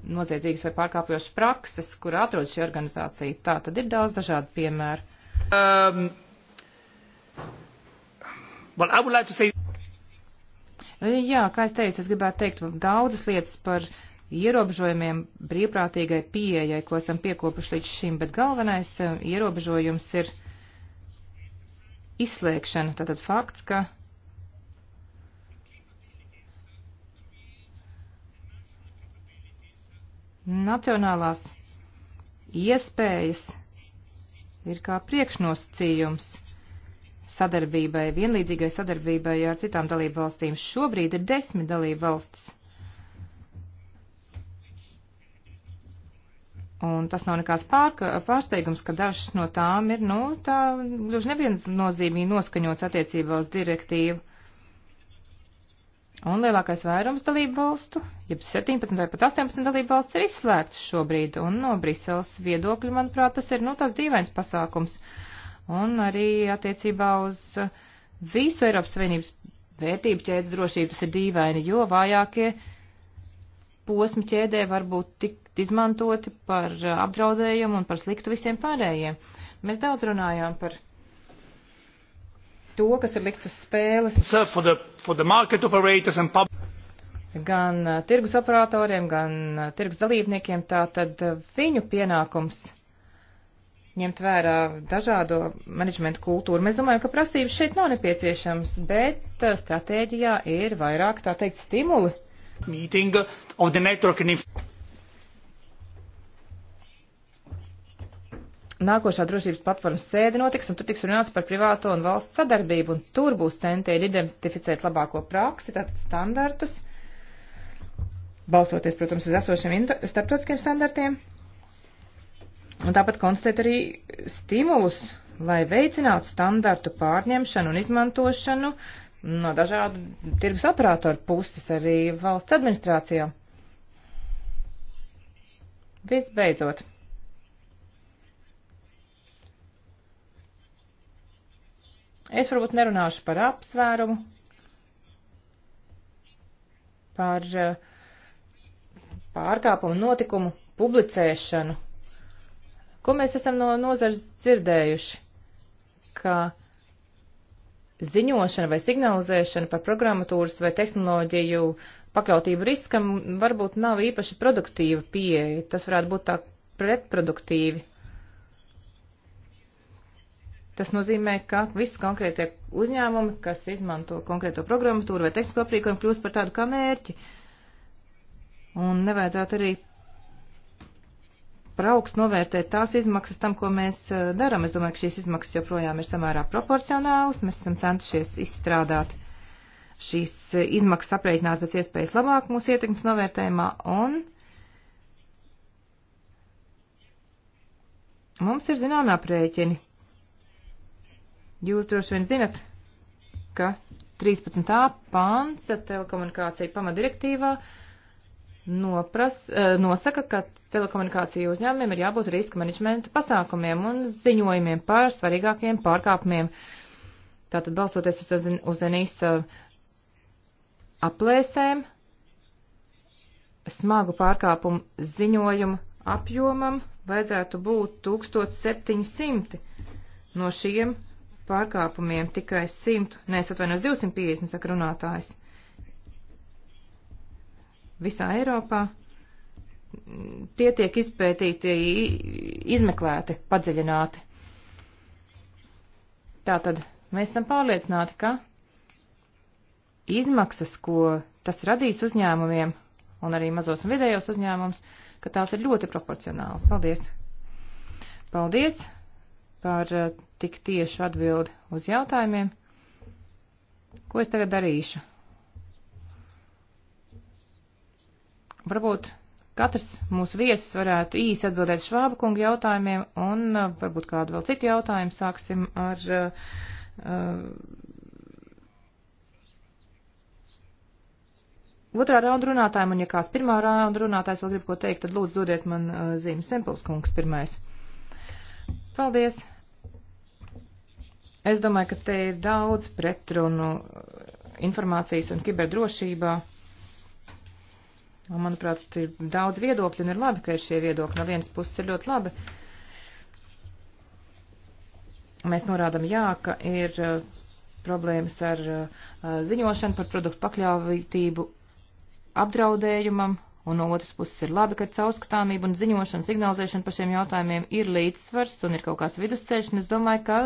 noziedzīgas vai pārkāpjošas prakses, kur atrodas šī organizācija. Tā tad ir daudz dažādu piemēru. Um, well, like say... Jā, kā es teicu, es gribētu teikt daudzas lietas par uh, ierobežojumiem brīvprātīgai pieejai, ko esam piekopuši līdz šim, bet galvenais eh, ierobežojums ir izslēgšana, tātad fakts, ka nacionālās iespējas ir kā priekšnosacījums sadarbībai, vienlīdzīgai sadarbībai ar citām dalību valstīm. Šobrīd ir desmit dalību valstis Un tas nav nekāds pārka, pārsteigums, ka dažas no tām ir, nu, tā gluži neviennozīmīgi noskaņots attiecībā uz direktīvu. Un lielākais vairums dalību valstu, jeb 17 vai pat 18 dalību valsts, ir izslēgts šobrīd. Un no Briseles viedokļa, manuprāt, tas ir, nu, tas dīvains pasākums. Un arī attiecībā uz visu Eiropas Savienības vērtību ķēdes drošību tas ir dīvaini, jo vājākie posmi ķēdē var būt tik tikt izmantoti par eh, apdraudējumu un par sliktu visiem pārējiem. Mēs daudz runājām par to, kas ir likts uz spēles. For the, for the gan eh, tirgus operatoriem, gan eh, tirgus dalībniekiem, tā tad viņu pienākums ņemt vērā dažādo menedžmentu kultūru. Mēs domājam, ka prasības šeit nav nepieciešams, bet stratēģijā ir vairāk, tā teikt, stimuli. Meeting of the network and nākošā drošības platformas sēde notiks, un tur tiks runāts par privāto un valsts sadarbību, un tur būs centieni identificēt labāko praksi, tātad standartus, balstoties, protams, uz esošiem starptautiskiem standartiem, un tāpat konstatēt arī stimulus, lai veicinātu standartu pārņemšanu un izmantošanu no dažādu tirgus operātoru puses arī valsts administrācijā. Visbeidzot. Es varbūt nerunāšu par apsvērumu, par eh, pārkāpumu notikumu publicēšanu. Ko mēs esam no nozares dzirdējuši? Ka ziņošana vai signalizēšana par programmatūras vai tehnoloģiju pakļautību riskam varbūt nav īpaši produktīva pieeja. Tas varētu būt tā pretproduktīvi. Tas nozīmē, ka visi konkrētie uzņēmumi, kas izmanto konkrēto programmatūru vai tehnisko aprīkojumu, kļūst par tādu kā mērķi. Un nevajadzētu arī prauks novērtēt tās izmaksas tam, ko mēs eh, darām. Es domāju, ka šīs izmaksas joprojām ir samērā proporcionālas. Mēs esam centušies izstrādāt šīs eh, izmaksas aprēķināt pēc iespējas labāk mūsu ietekmes novērtējumā un mums ir zināmi aprēķini Jūs droši vien zinat, ka 13. pāns telekomunikācija pamadirektīvā nopras, eh, nosaka, ka telekomunikāciju uzņēmumiem ir jābūt riska menedžmenta pasākumiem un ziņojumiem par svarīgākajiem pārkāpumiem. Tātad balstoties uz, uz NISA eh, aplēsēm, smagu pārkāpumu ziņojumu apjomam vajadzētu būt 1700 no šiem pārkāpumiem tikai 100, nē, es atvainos 250, saka runātājs. Visā Eiropā tie tiek izpētīti, izmeklēti, padziļināti. Tātad mēs esam pārliecināti, ka izmaksas, ko tas radīs uzņēmumiem un arī mazos un vidējos uzņēmums, ka tās ir ļoti proporcionālas. Paldies! Paldies! par eh, tik tiešu atbildi uz jautājumiem. Ko es tagad darīšu? Varbūt katrs mūsu viesis varētu īsi atbildēt švāba kunga jautājumiem, un eh, varbūt kādu vēl citu jautājumu sāksim ar. Uh, Otrā raunda runātājiem, un ja kāds pirmā raunda runātājs vēl grib ko teikt, tad lūdzu dodiet man uh, zīmi Sempels kungs pirmais. Paldies! Es domāju, ka te ir daudz pretrunu eh, informācijas un kiberdrošībā. Un, manuprāt, ir daudz viedokļu un ir labi, ka ir šie viedokļi. No vienas puses ir ļoti labi. Mēs norādam, jā, ka ir eh, problēmas ar eh, ziņošanu par produktu pakļāvītību apdraudējumam, un no otras puses ir labi, ka caurskatāmība un ziņošana, signalizēšana par šiem jautājumiem ir līdzsvars un ir kaut kāds vidusceļš, un es domāju, ka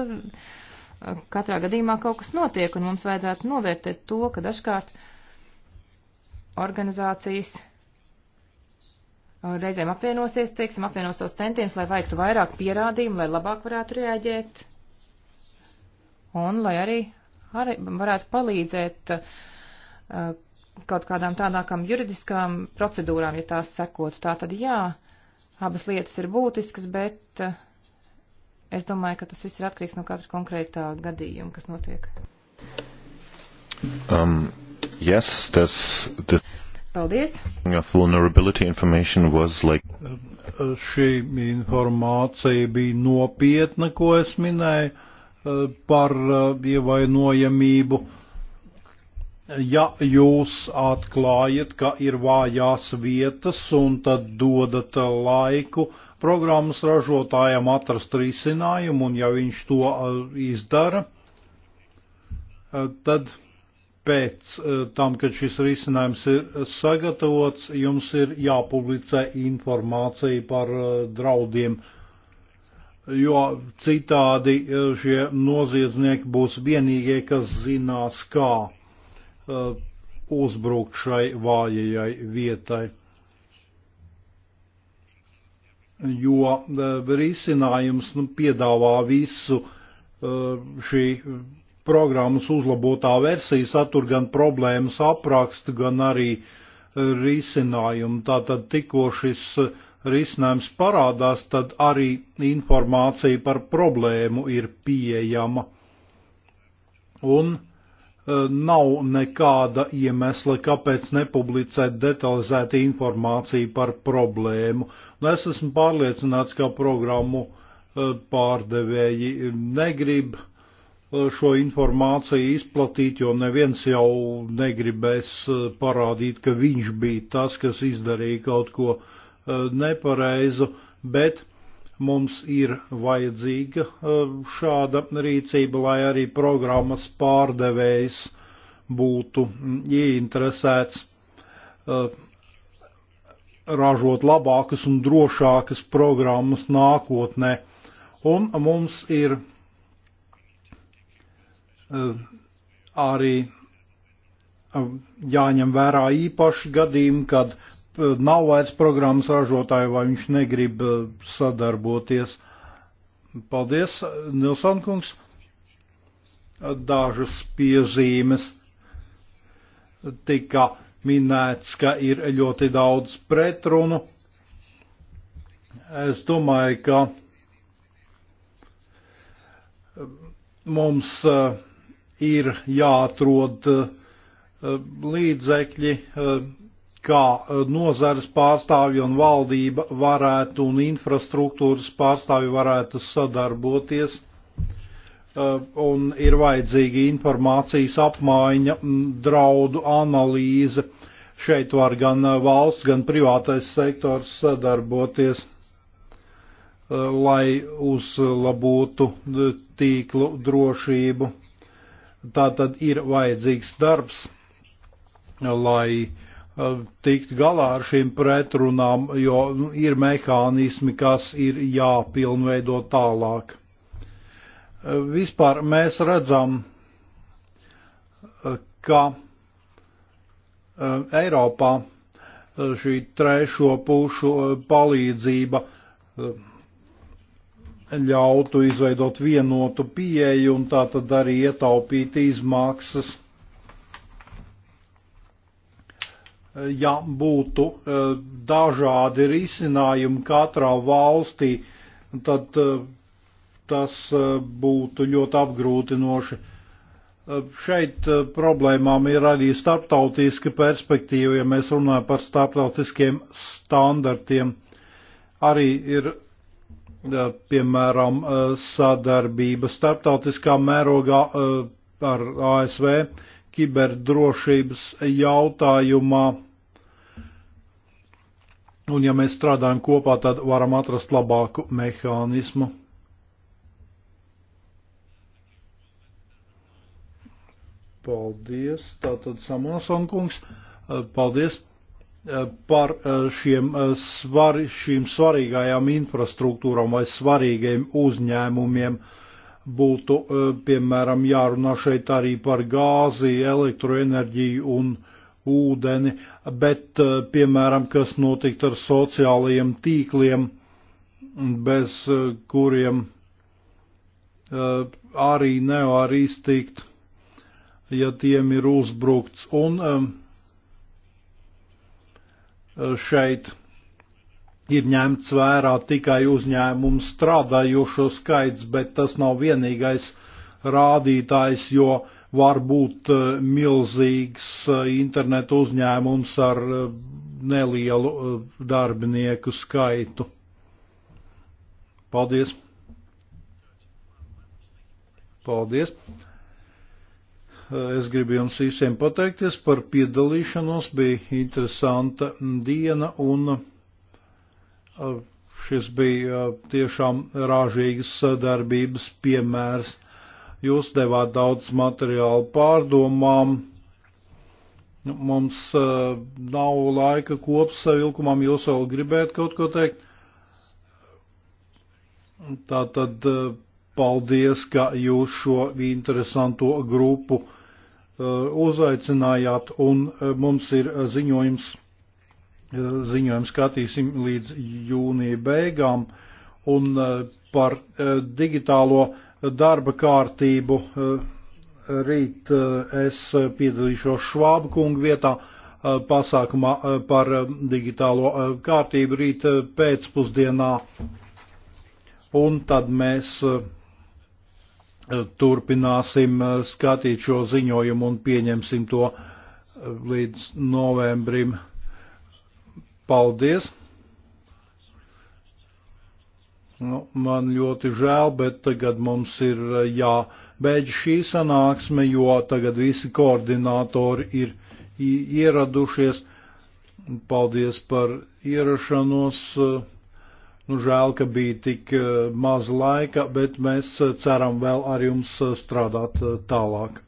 katrā gadījumā kaut kas notiek, un mums vajadzētu novērtēt to, ka dažkārt organizācijas uh, reizēm apvienosies, teiksim, apvienos savus centienus, lai vajagtu vairāk pierādījumu, lai labāk varētu reaģēt, un lai arī, arī varētu palīdzēt uh, kaut kādām tādākām juridiskām procedūrām, ja tās sekot. Tā tad jā, abas lietas ir būtiskas, bet uh, Es domāju, ka tas viss ir atkarīgs no katra konkrētā gadījuma, kas notiek. Um, yes, tas. tas... Paldies. Uh, vulnerability information was like. Uh, šī informācija bija nopietna, ko es minēju uh, par ievainojamību. Ja jūs atklājat, ka ir vājās vietas un tad dodat laiku programmas ražotājam atrast risinājumu, un ja viņš to uh, izdara, uh, tad pēc uh, tam, kad šis risinājums ir sagatavots, jums ir jāpublicē informācija par draudiem, jo citādi šie noziedznieki būs vienīgie, kas zinās, kā uzbrukt šai vājajai vietai jo eh, risinājums nu, piedāvā visu eh, šī programmas uzlabotā versija, satur gan problēmas aprakstu, gan arī eh, risinājumu. Tātad tikko šis risinājums parādās, tad arī informācija par problēmu ir pieejama. Un uh, nav nekāda iemesla, kāpēc nepublicēt detalizēti informāciju par problēmu. Un nu, es esmu pārliecināts, ka programmu e, pārdevēji negrib e, šo informāciju izplatīt, jo neviens jau negribēs e, parādīt, ka viņš bija tas, kas izdarīja kaut ko nepareizu, bet mums ir vajadzīga e, šāda rīcība, lai arī programmas pārdevējs būtu ieinteresēts e, ražot labākas un drošākas programmas nākotnē. Un mums ir e, arī jāņem vērā īpaši gadījumi, kad nav vairs programmas ražotāja vai viņš negrib eh, sadarboties. Paldies, Nilsankungs. Dažas piezīmes tika minēts, ka ir ļoti daudz pretrunu. Es domāju, ka eh, mums eh, ir jāatrod līdzekļi kā eh, nozares pārstāvji un valdība varētu un infrastruktūras pārstāvji varētu sadarboties. Eh, un ir vajadzīga informācijas apmaiņa, draudu analīze. Šeit var gan eh, valsts, gan privātais sektors sadarboties, lai uzlabotu tīklu drošību. Tā tad ir vajadzīgs darbs, lai uh, Eh, tikt galā ar šīm pretrunām, jo nu, ir mehānismi, kas ir jāpilnveido tālāk. Eh, vispār mēs redzam, eh, ka Eiropā šī trešo pušu palīdzība ļautu izveidot vienotu pieeju un tā tad arī ietaupīt izmaksas Eh, ja būtu eh, dažādi risinājumi katrā valstī, tad eh, tas būtu ļoti apgrūtinoši. Šeit problēmām ir arī starptautiska perspektīva, ja mēs runājam par starptautiskiem standartiem. Arī ir, piemēram, sadarbība starptautiskā mērogā ar ASV kiberdrošības jautājumā Un ja mēs strādājam kopā, tad varam atrast labāku mehānismu. Paldies, tātad Samuelson kungs, eh, paldies eh, par eh, šiem svar, šīm svarīgajām infrastruktūram vai svarīgiem uzņēmumiem. Būtu, piemēram, jārunā šeit arī par gāzi, elektroenerģiju un uh, ūdeni, bet, eh, piemēram, kas notikt ar sociālajiem tīkliem, bez eh, kuriem eh, arī nevar iztikt, ja tiem ir uzbrukts. Un šeit ir ņemts vērā tikai uzņēmumu strādājošo skaits, bet tas nav vienīgais rādītājs, jo var būt eh, milzīgs eh, internetu uzņēmums ar eh, nelielu darbinieku skaitu. Paldies! Paldies! Es gribu jums visiem pateikties par piedalīšanos. Bija interesanta diena un šis bija tiešām rāžīgas sadarbības piemērs. Jūs devāt daudz materiālu pārdomām. Nu, mums uh, nav laika kopsavilkumam, jūs vēl gribētu kaut ko teikt. Tā tad uh, paldies, ka jūs šo interesanto grupu uh, uzaicinājāt, un uh, mums ir uh, ziņojums, uh, ziņojums skatīsim līdz jūnija beigām, un par digitālo darba kārtību. Eh, rīt eh, es piedalīšos Švābu kungu vietā eh, pasākumā par digitālo kārtību rīt pēcpusdienā. Un tad mēs turpināsim skatīt šo ziņojumu un pieņemsim to līdz novembrim. Paldies! Nu, man ļoti žēl, bet tagad mums ir eh, jābeidz šī sanāksme, jo tagad visi koordinātori ir ieradušies. Paldies par ierašanos. Nu, žēl, ka bija tik eh, maz laika, bet mēs eh, ceram vēl ar jums strādāt tālāk.